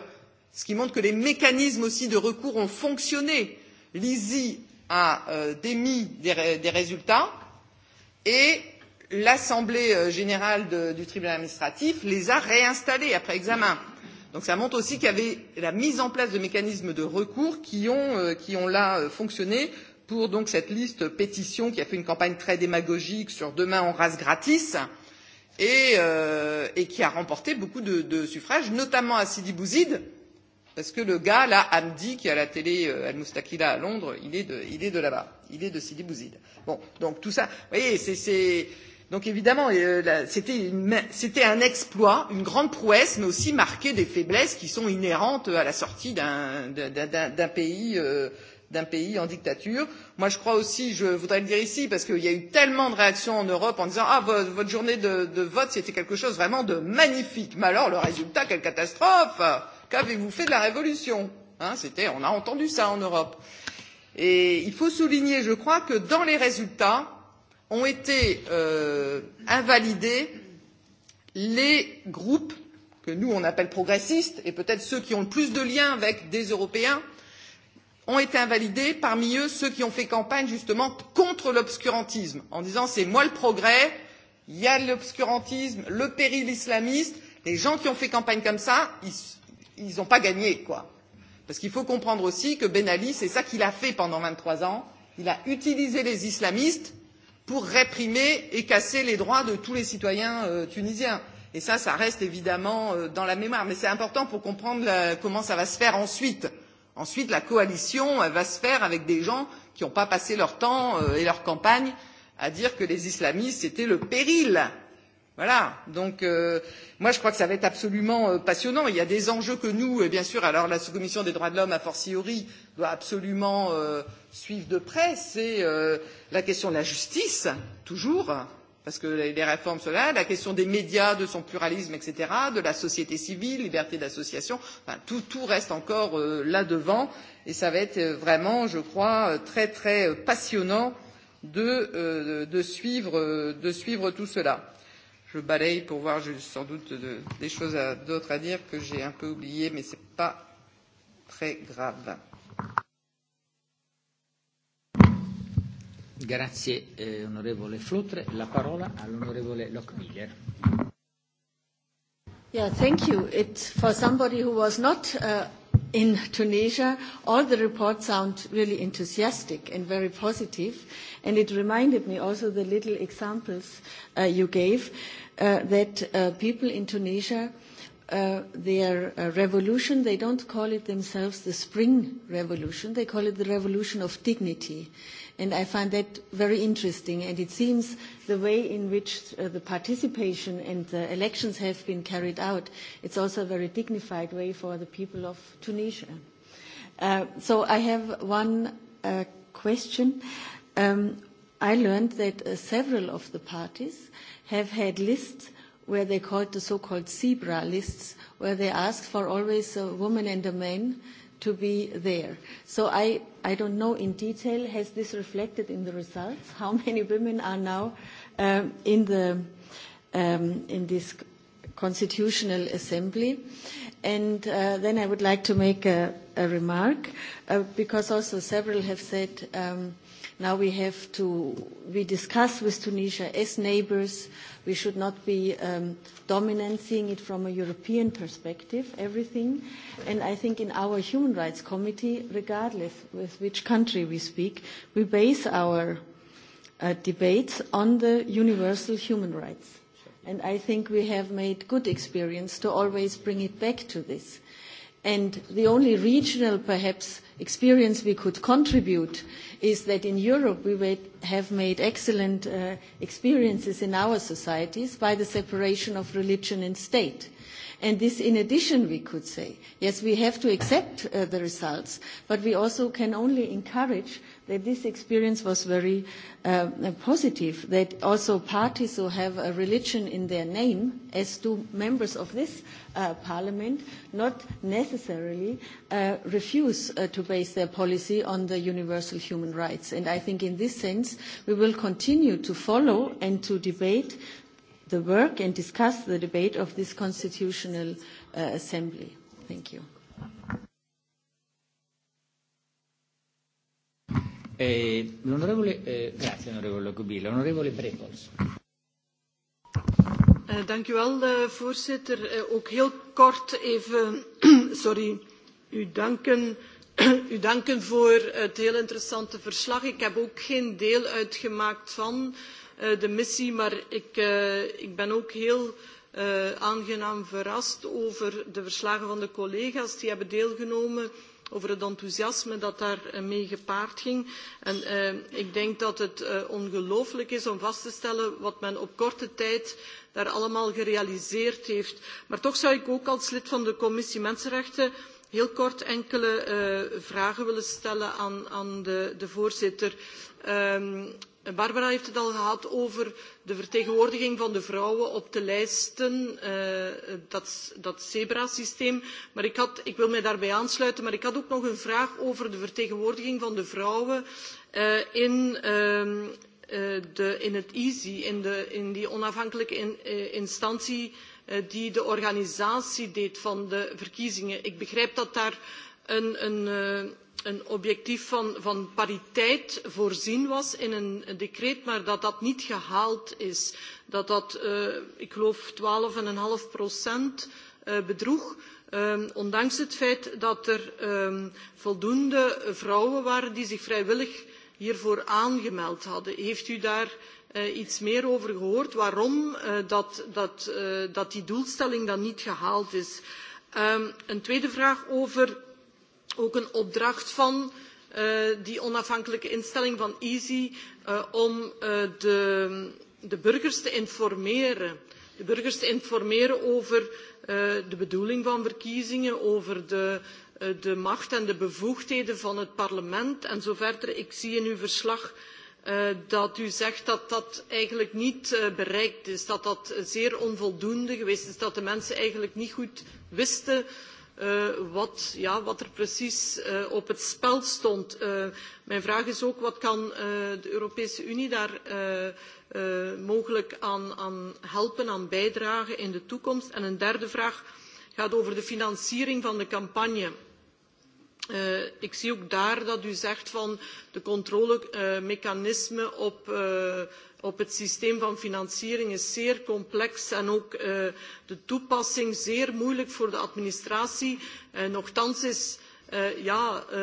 T: ce qui montre que les mécanismes aussi de recours ont fonctionné. L'ISI a euh, démis des, des résultats et l'Assemblée euh, générale de, du tribunal administratif les a réinstallés après examen. Donc ça montre aussi qu'il y avait la mise en place de mécanismes de recours qui ont, euh, qui ont là euh, fonctionné pour donc cette liste pétition qui a fait une campagne très démagogique sur demain en race gratis et, euh, et qui a remporté beaucoup de, de suffrages, notamment à Sidi Bouzid, parce que le gars là, Hamdi, qui a la télé euh, Al Mustaqila à Londres, il est de, il est de là-bas, il est de Sidi Bouzid. Bon, donc tout ça, vous voyez, c'est, c'est... donc évidemment, euh, là, c'était, une, c'était un exploit, une grande prouesse, mais aussi marqué des faiblesses qui sont inhérentes à la sortie d'un, d'un, d'un, d'un pays. Euh, d'un pays en dictature. Moi, je crois aussi, je voudrais le dire ici, parce qu'il y a eu tellement de réactions en Europe en disant, ah, votre, votre journée de, de vote, c'était quelque chose vraiment de magnifique. Mais alors, le résultat, quelle catastrophe! Euh, qu'avez vous fait de la révolution? Hein, c'était, on a entendu ça en Europe. Et il faut souligner, je crois, que dans les résultats ont été euh, invalidés les groupes que nous on appelle progressistes et peut-être ceux qui ont le plus de liens avec des Européens ont été invalidés parmi eux ceux qui ont fait campagne justement contre l'obscurantisme en disant c'est moi le progrès, il y a l'obscurantisme, le péril islamiste, les gens qui ont fait campagne comme ça, ils, ils n'ont pas gagné quoi. Parce qu'il faut comprendre aussi que Ben Ali, c'est ça qu'il a fait pendant 23 ans. Il a utilisé les islamistes pour réprimer et casser les droits de tous les citoyens euh, tunisiens. Et ça, ça reste évidemment euh, dans la mémoire. Mais c'est important pour comprendre la, euh, comment ça va se faire ensuite. Ensuite, la coalition elle va se faire avec des gens qui n'ont pas passé leur temps euh, et leur campagne à dire que les islamistes, c'était le péril. Euh, Voilà. Donc, euh, moi, je crois que ça va être absolument euh, passionnant. Il y a des enjeux que nous, et bien sûr, alors la sous-commission des droits de l'homme, a fortiori, doit absolument euh, suivre de près. C'est euh, la question de la justice, toujours, parce que les réformes sont là, la question des médias, de son pluralisme, etc., de la société civile, liberté d'association. Enfin, tout, tout reste encore euh, là-devant. Et ça va être euh, vraiment, je crois, euh, très, très euh, passionnant de, euh, de, suivre, de suivre tout cela je balaye pour voir sans doute de, des choses d'autres à dire que j'ai un peu oublié, mais ce n'est pas très grave. Merci,
Q: eh, honorable Flotre. La parole à l'honorable Lockmiller.
A: Yeah, thank you. It's for somebody who was not uh, in Tunisia, all the reports sound really enthusiastic and very positive. And it reminded me also the little examples uh, you gave. Uh, Uh, that uh, people in Tunisia, uh, their uh, revolution, they don't call it themselves the spring revolution, they call it the revolution of dignity. And I find that very interesting. And it seems the way in which uh, the participation and the elections have been carried out, it's also a very dignified way for the people of Tunisia. Uh, so I have one uh, question. Um, I learned that uh, several of the parties uh, have had lists where they called the so-called zebra lists, where they asked for always a woman and a man to be there. So I, I don't know in detail, has this reflected in the results? How many women are now um, in, the, um, in this constitutional assembly? And uh, then I would like to make a, a remark, uh, because also several have said um, now we have to we discuss with Tunisia as neighbors. We should not be um, dominant, seeing it from a European perspective, everything. And I think in our Human Rights Committee, regardless with which country we speak, we base our uh, debates on the universal human rights. And I think we have made good experience to always bring it back to this. And the only regional, perhaps, experience we could contribute is that in Europe we wait, have made excellent uh, experiences in our societies by the separation of religion and state. And this, in addition, we could say, yes, we have to accept uh, the results, but we also can only encourage that this experience was very uh, positive, that also parties who have a religion in their name, as do members of this uh, parliament, not necessarily uh, refuse uh, to base their policy on the universal human rights. And I think in this sense, we will continue to follow and to debate the work and discuss the debate of this constitutional uh, assembly. Thank you.
Q: Eh, eh, eh,
O: dank u wel, voorzitter. Ook heel kort even sorry, u, danken, u danken voor het heel interessante verslag. Ik heb ook geen deel uitgemaakt van uh, Eh, de missie. Maar ik, eh, ik ben ook heel eh, aangenaam verrast over de verslagen van de collega's die hebben deelgenomen over het enthousiasme dat daarmee gepaard ging. En eh, ik denk dat het eh, ongelooflijk is om vast te stellen wat men op korte tijd daar allemaal gerealiseerd heeft. Maar toch zou ik ook als lid van de commissie Mensenrechten heel kort enkele eh, vragen willen stellen aan, aan de, de voorzitter. Eh, Barbara heeft het al gehad over de vertegenwoordiging van de vrouwen op de lijsten, uh, dat, dat zebra-systeem. Maar ik, had, ik wil mij daarbij aansluiten, maar ik had ook nog een vraag over de vertegenwoordiging van de vrouwen uh, in, uh, uh, de, in het EASY, in, de, in die onafhankelijke in, uh, instantie uh, die de organisatie deed van de verkiezingen. Ik begrijp dat daar een... een uh, een objectief van, van pariteit voorzien was in een decreet, maar dat dat niet gehaald is. Dat dat, uh, ik geloof, 12,5 procent eh, bedroeg. Um, ondanks het feit dat er um, voldoende vrouwen waren die zich vrijwillig hiervoor aangemeld hadden. Heeft u daar uh, iets meer over gehoord waarom uh, dat, dat, uh, dat die doelstelling dan niet gehaald is? Um, een tweede vraag over ook een opdracht van uh, die onafhankelijke instelling van Easy uh, om uh, de, de burgers te informeren. De burgers te informeren over uh, de bedoeling van verkiezingen, over de, uh, de macht en de bevoegdheden van het parlement en zo verder. Ik zie in uw verslag uh, dat u zegt dat dat eigenlijk niet uh, bereikt is, dat dat zeer onvoldoende geweest is, dat de mensen eigenlijk niet goed wisten uh, wat, ja, wat er precies uh, op het spel stond. Uh, mijn vraag is ook, wat kan uh, de Europese Unie daar uh, uh, mogelijk aan, aan helpen, aan bijdragen in de toekomst? En een derde vraag gaat over de financiering van de campagne. Uh, ik zie ook daar dat u zegt van de controlemechanisme uh, op, uh, op het systeem van financiering is zeer complex en ook uh, de toepassing zeer moeilijk voor de administratie. Uh, nochtans is uh, ja, uh,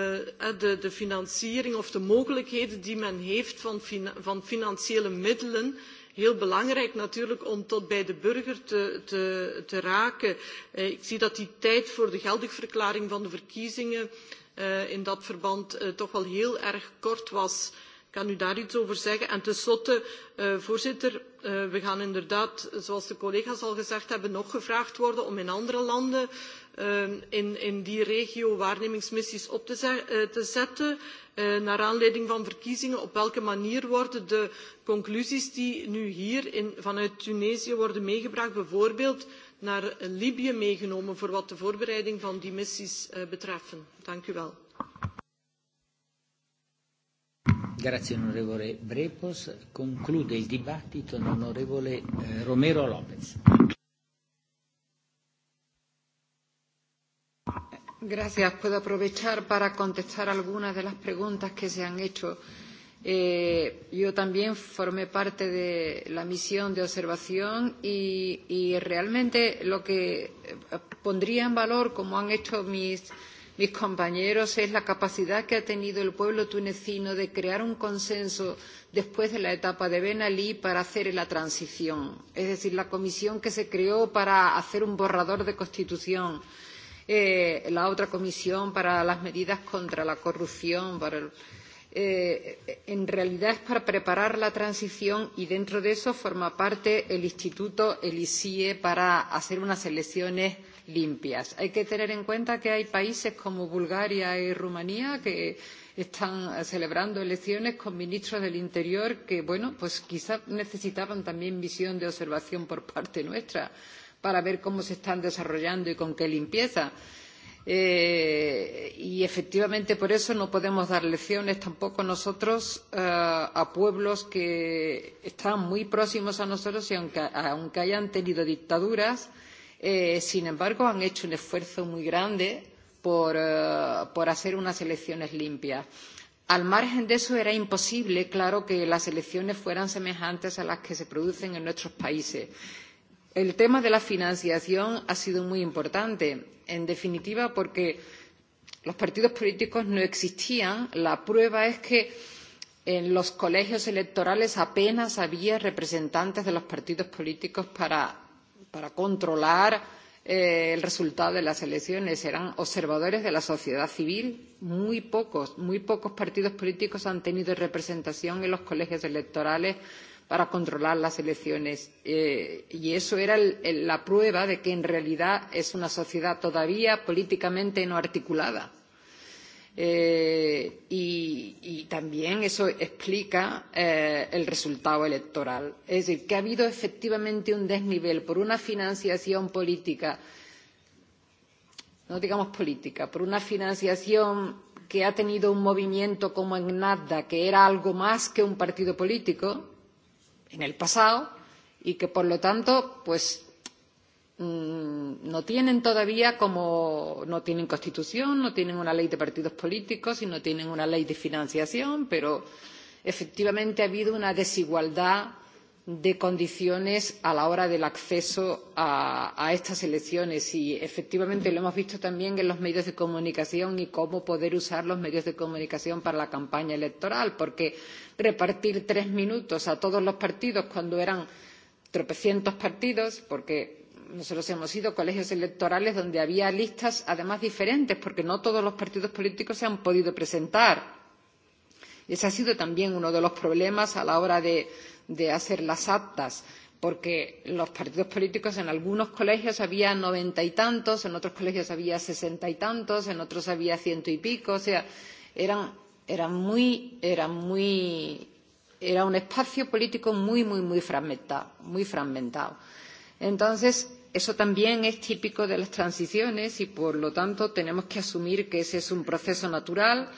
O: de, de financiering of de mogelijkheden die men heeft van, fin van financiële middelen uh, heel belangrijk natuurlijk om tot bij de burger te, te, te raken. Uh, ik zie dat die tijd voor de geldig verklaring van de verkiezingen uh, in dat verband uh, toch wel heel erg kort was. Ik kan u daar iets over zeggen. En tenslotte, uh, voorzitter, uh, we gaan inderdaad, zoals de collega's al gezegd hebben, nog gevraagd worden om in andere landen uh, Ehm, in, in die regio waarnemingsmissies op te, zet, eh, te zetten. Eh, naar aanleiding van verkiezingen, op welke manier worden de conclusies die nu hier in, vanuit Tunesië worden meegebracht, bijvoorbeeld naar Libië meegenomen voor wat de voorbereiding van die missies eh, betreffen. Dank u wel.
Q: Grazie onorevole Brepos. Conclude il dibattito l'onorevole Romero Lopez.
U: gracias puedo aprovechar para contestar algunas de las preguntas que se han hecho eh, yo también formé parte de la misión de observación y, y realmente lo que eh, pondría en valor como han hecho mis mis compañeros, es la capacidad que ha tenido el pueblo tunecino de crear un consenso después de la etapa de Ben Ali para hacer la transición. Es decir, la comisión que se creó para hacer un borrador de constitución, eh, eh, la otra comisión para las medidas contra la corrupción. Para el, eh, en realidad es para preparar la transición y dentro de eso forma parte el Instituto, el ICIE, para hacer unas elecciones limpias. Hay que tener en cuenta que hay países como Bulgaria y Rumanía que están celebrando elecciones con ministros del Interior que, bueno, pues quizás necesitaban también visión de observación por parte nuestra para ver cómo se están desarrollando y con qué limpieza. Eh, y efectivamente por eso no podemos dar lecciones tampoco nosotros eh, a pueblos que están muy próximos a nosotros y aunque, aunque hayan tenido dictaduras, eh, sin embargo han hecho un esfuerzo muy grande por, eh, por hacer unas elecciones limpias. Al margen de eso era imposible, claro, que las elecciones fueran semejantes a las que se producen en nuestros países. El tema de la financiación ha sido muy importante, en definitiva, porque los partidos políticos no existían. La prueba es que en los colegios electorales apenas había representantes de los partidos políticos para, para controlar eh, el resultado de las elecciones. Eran observadores de la sociedad civil. Muy pocos, muy pocos partidos políticos han tenido representación en los colegios electorales eh, para controlar las elecciones. Eh, y eso era el, el, la prueba de que en realidad es una sociedad todavía políticamente no articulada. Eh, y, y también eso explica eh, el resultado electoral. Es decir, que ha habido efectivamente un desnivel por una financiación política, no digamos política, por una financiación que ha tenido un movimiento como en NADDA, que era algo más que un partido político, en el pasado y que, por lo tanto, pues mm, no tienen todavía como no tienen constitución, no tienen una ley de partidos políticos y no tienen una ley de financiación, pero efectivamente ha habido una desigualdad eh, de condiciones a la hora del acceso a estas elecciones y efectivamente lo hemos visto también en los medios de comunicación y cómo poder usar los medios de comunicación para la campaña electoral porque repartir tres minutos a todos los partidos cuando eran tropecientos partidos porque nosotros hemos ido a colegios electorales donde había listas además diferentes porque no todos los partidos políticos se han podido presentar. Ese ha sido también uno de los problemas a la hora de, de hacer las actas, porque los partidos políticos en algunos colegios había noventa y tantos, en otros colegios había sesenta y tantos, en otros había ciento y pico, o sea, eran, eran muy, eran muy, era un espacio político muy, muy, muy fragmentado, muy fragmentado. Entonces, eso también es típico de las transiciones y, por lo tanto, tenemos que asumir que ese es un proceso natural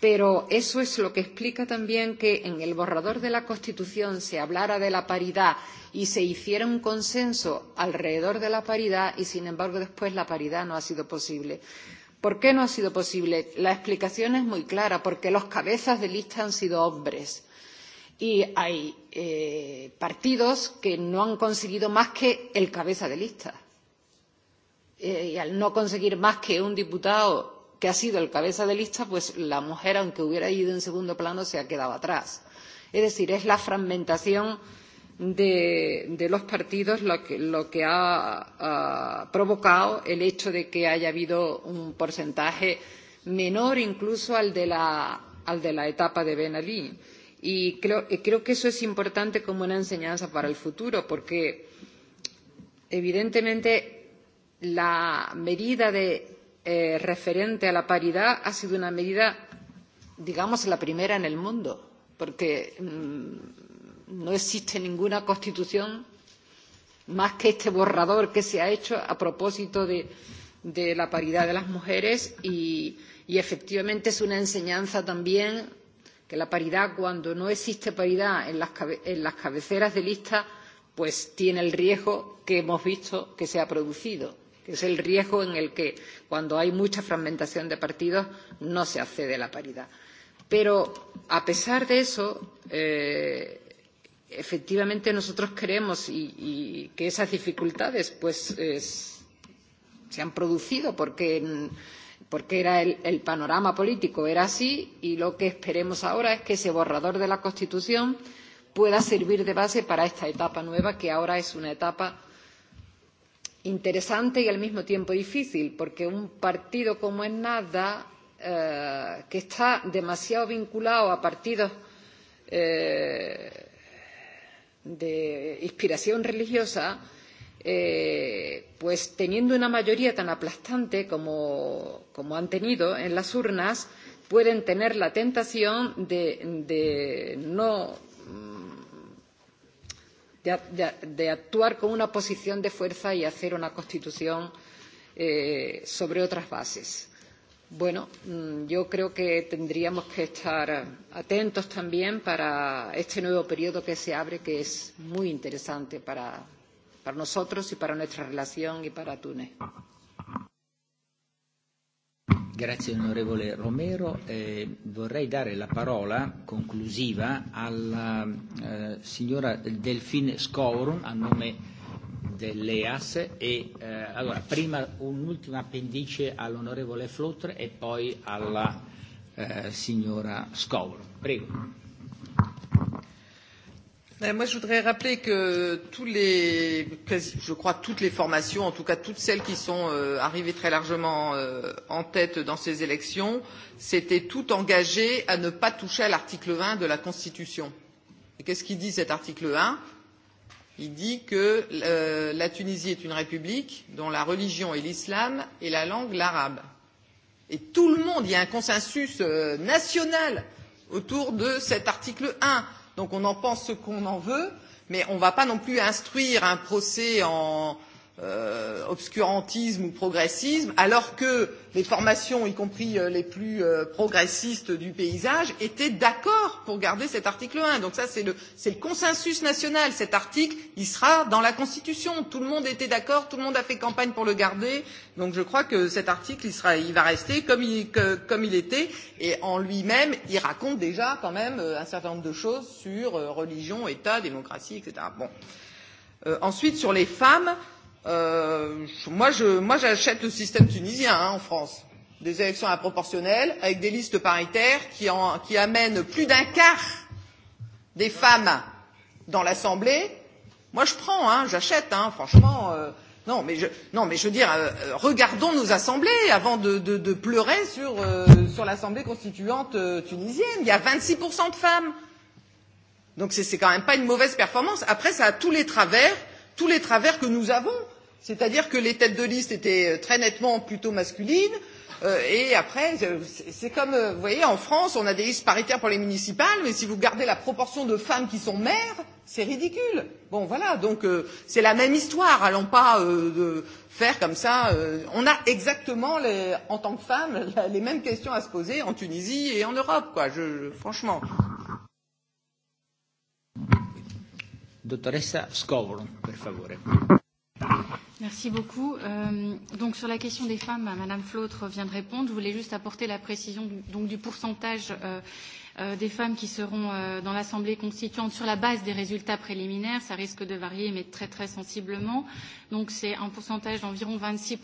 U: pero eso es lo que explica también que en el borrador de la Constitución se hablara de la paridad y se hiciera un consenso alrededor de la paridad y, sin embargo, después la paridad no ha sido posible. ¿Por qué no ha sido posible? La explicación es muy clara, porque los cabezas de lista han sido hombres y hay eh, partidos que no han conseguido más que el cabeza de lista. Eh, y al no conseguir más que un diputado que ha sido el cabeza de lista, pues la mujer, aunque hubiera ido en segundo plano, se ha quedado atrás. Es decir, es la fragmentación de, de los partidos lo que, lo que ha uh, provocado el hecho de que haya habido un porcentaje menor incluso al de la, al de la etapa de Ben Ali. Y creo, y creo que eso es importante como una enseñanza para el futuro, porque evidentemente la medida de Eh, referente a la paridad ha sido una medida digamos la primera en el mundo porque mm, no existe ninguna constitución más que este borrador que se ha hecho a propósito de, de la paridad de las mujeres y, y efectivamente es una enseñanza también que la paridad cuando no existe paridad en las, en las cabeceras de lista pues tiene el riesgo que hemos visto que se ha producido que es el riesgo en el que cuando hay mucha fragmentación de partidos no se accede a la paridad. Pero, a pesar de eso, eh, efectivamente nosotros creemos y, y que esas dificultades pues, es, se han producido porque, porque era el, el panorama político era así y lo que esperemos ahora es que ese borrador de la Constitución pueda servir de base para esta etapa nueva, que ahora es una etapa interesante y al mismo tiempo difícil, porque un partido como es nada, eh, que está demasiado vinculado a partidos eh, de inspiración religiosa, eh, pues teniendo una mayoría tan aplastante como, como han tenido en las urnas, pueden tener la tentación de, de no de actuar con una posición de fuerza y hacer una constitución eh, sobre otras bases. Bueno, mm, yo creo que tendríamos que estar atentos también para este nuevo periodo que se abre, que es muy interesante para, para nosotros y para nuestra relación y para Túnez. Uh -huh.
Q: Grazie onorevole Romero. Eh, vorrei dare la parola conclusiva alla eh, signora Delfine Scourun a nome dell'EAS. E, eh, allora, prima un'ultima appendice all'onorevole Flotter e poi alla eh, signora Scourun. Prego.
T: Euh, moi je voudrais rappeler que je crois toutes les formations en tout cas toutes celles qui sont euh, arrivées très largement euh, en tête dans ces élections s'étaient toutes engagées à ne pas toucher à l'article un de la constitution. et qu'est ce qu'il dit cet article un? il dit que la tunisie est une république dont la religion est l'islam et la langue l'arabe. et tout le monde il y a un consensus national autour de cet article un. Donc on en pense ce qu'on en veut, mais on ne va pas non plus instruire un procès en, euh, obscurantisme ou progressisme, alors que les formations, y compris euh, les plus euh, progressistes du paysage, étaient d'accord pour garder cet article 1. Donc ça, c'est le, le consensus national. Cet article, il sera dans la Constitution. Tout le monde était d'accord, tout le monde a fait campagne pour le garder. Donc je crois que cet article, il, sera, il va rester comme il, que, comme il était. Et en lui-même, il raconte déjà quand même euh, un certain nombre de choses sur religion, État, démocratie, etc. Bon. Euh, ensuite, sur les femmes. Euh, moi, je, moi, j'achète le système tunisien hein, en France, des élections à proportionnelle avec des listes paritaires qui, en, qui amènent plus d'un quart des femmes dans l'Assemblée. Moi, je prends, hein, j'achète, hein, franchement. Euh, non mais, je, non, mais je veux dire, euh, regardons nos assemblées avant de, de, de pleurer sur, euh, sur l'assemblée constituante euh, tunisienne. Il y a 26% de femmes. Donc c'est quand même pas une mauvaise performance. Après, ça a tous les travers, tous les travers que nous avons c'est à dire que les têtes de liste étaient euh, très nettement plutôt masculines euh, et après c'est comme euh, vous voyez en France on a des listes paritaires pour les municipales mais si vous gardez la proportion de femmes qui sont maires c'est ridicule. Bon, voilà, donc euh, c'est la même histoire. Allons pas euh, de faire comme ça. Euh, on a exactement, les, en tant que femme, les mêmes questions à se poser en Tunisie et en Europe, quoi. Je, je, franchement.
Q: Dottoressa Scovolo, per favore.
V: Merci beaucoup. Euh, donc sur la question des femmes, Madame Flautre vient de répondre. Je voulais juste apporter la précision du, donc du pourcentage euh, euh, des femmes qui seront euh, dans l'Assemblée constituante sur la base des résultats préliminaires. Ça risque de varier, mais très très sensiblement. Donc c'est un pourcentage d'environ 26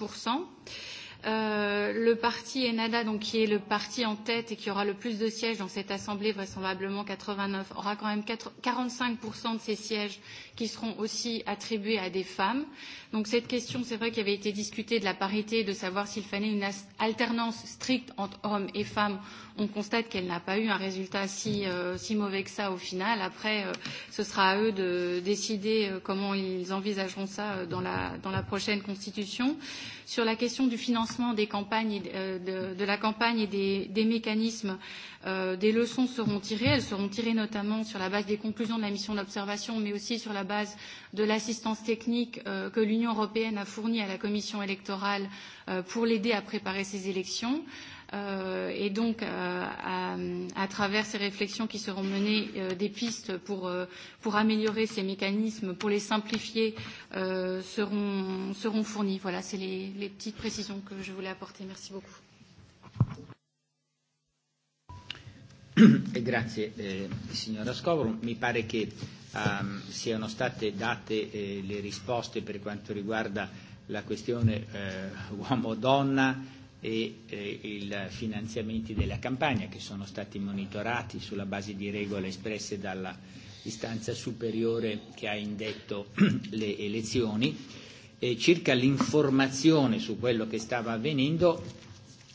V: euh, Le parti Enada, donc qui est le parti en tête et qui aura le plus de sièges dans cette Assemblée, vraisemblablement 89, aura quand même 4, 45 de ses sièges qui seront aussi attribués à des femmes. Donc cette question, c'est vrai qu'il avait été discutée de la parité, de savoir s'il fallait une alternance stricte entre hommes et femmes. On constate qu'elle n'a pas eu un résultat si, euh, si mauvais que ça au final. Après, euh, ce sera à eux de décider euh, comment ils envisageront ça euh, dans la, dans la prochaine constitution. Sur la question du financement des campagnes, euh, de, de la campagne et des, des mécanismes, euh, des leçons seront tirées. Elles seront tirées notamment sur la base des conclusions de la mission d'observation, mais aussi sur la base base de l'assistance technique euh, que l'Union européenne a fournie à la Commission électorale euh, pour l'aider à préparer ses élections. Euh, et donc, euh, à, à travers ces réflexions qui seront menées, euh, des pistes pour, euh, pour améliorer ces mécanismes, pour les simplifier, euh, seront, seront fournies. Voilà, c'est les, les petites précisions que je voulais apporter. Merci beaucoup.
Q: E grazie, eh, signora Scovolo. Mi pare che um, siano state date eh, le risposte per quanto riguarda la questione eh, uomo-donna e eh, i finanziamenti della campagna che sono stati monitorati sulla base di regole espresse dalla istanza superiore che ha indetto le elezioni. E circa l'informazione su quello che stava avvenendo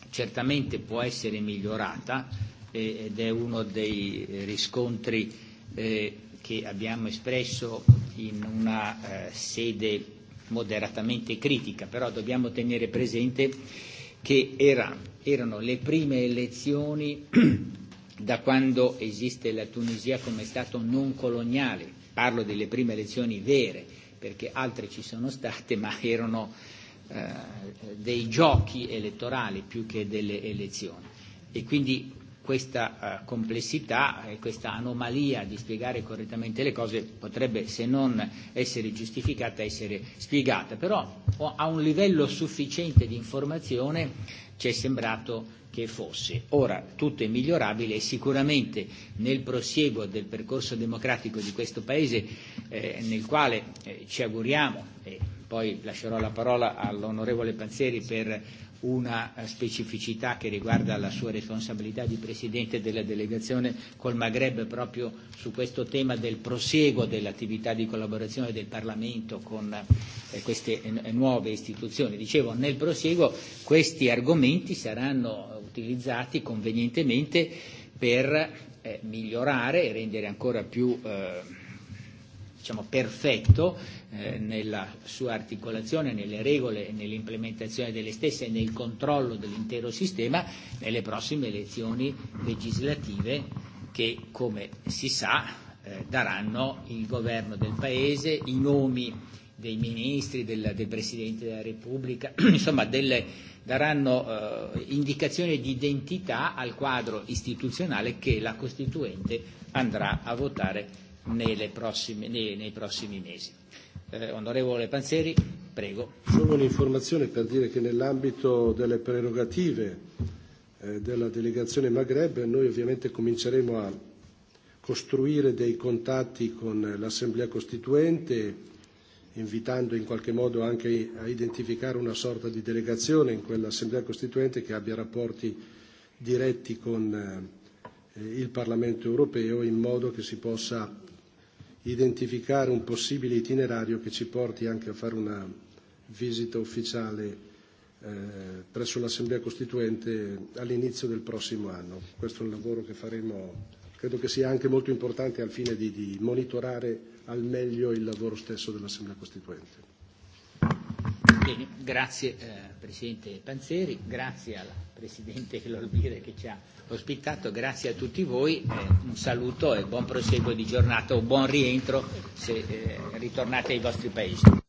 Q: certamente può essere migliorata eh, ed è uno dei riscontri eh, che abbiamo espresso in una eh, sede moderatamente critica, però dobbiamo tenere presente che era, erano le prime elezioni da quando esiste la Tunisia come Stato non coloniale. Parlo delle prime elezioni vere, perché altre ci sono state, ma erano eh, dei giochi elettorali più che delle elezioni. E quindi questa eh, complessità e questa anomalia di spiegare correttamente le cose potrebbe, se non essere giustificata, essere spiegata. Però a un livello sufficiente di informazione ci è sembrato che fosse. Ora tutto è migliorabile e sicuramente nel prosieguo del percorso democratico di questo Paese, eh, nel quale eh, ci auguriamo, e poi lascerò la parola all'onorevole Panzeri per una specificità che riguarda la sua responsabilità di Presidente della delegazione col Maghreb proprio su questo tema del prosieguo dell'attività di collaborazione del Parlamento con eh, queste nuove istituzioni. Dicevo, nel prosieguo questi argomenti saranno utilizzati convenientemente per eh, migliorare e rendere ancora più eh, diciamo, perfetto eh, nella sua articolazione, nelle regole, e nell'implementazione delle stesse e nel controllo dell'intero sistema nelle prossime elezioni legislative che, come si sa, eh, daranno il governo del Paese, i nomi dei ministri, del, del Presidente della Repubblica, insomma delle, daranno eh, indicazioni di identità al quadro istituzionale che la Costituente andrà a votare nelle prossime, nei, nei prossimi mesi. Eh, onorevole Panzeri, prego.
R: Solo un'informazione per dire che nell'ambito delle prerogative eh, della delegazione Maghreb noi ovviamente cominceremo a costruire dei contatti con l'Assemblea Costituente, invitando in qualche modo anche a identificare una sorta di delegazione in quell'Assemblea Costituente che abbia rapporti diretti con eh, il Parlamento europeo in modo che si possa identificare un possibile itinerario che ci porti anche a fare una visita ufficiale eh, presso l'Assemblea Costituente all'inizio del prossimo anno. Questo è un lavoro che faremo, credo che sia anche molto importante al fine di, di monitorare al meglio il lavoro stesso dell'Assemblea Costituente.
Q: Bene, grazie eh, Presidente Panzeri, grazie alla Presidente che lo olvide che ci ha ospitato, grazie a tutti voi, eh, un saluto e buon proseguo di giornata o buon rientro se eh, ritornate ai vostri paesi.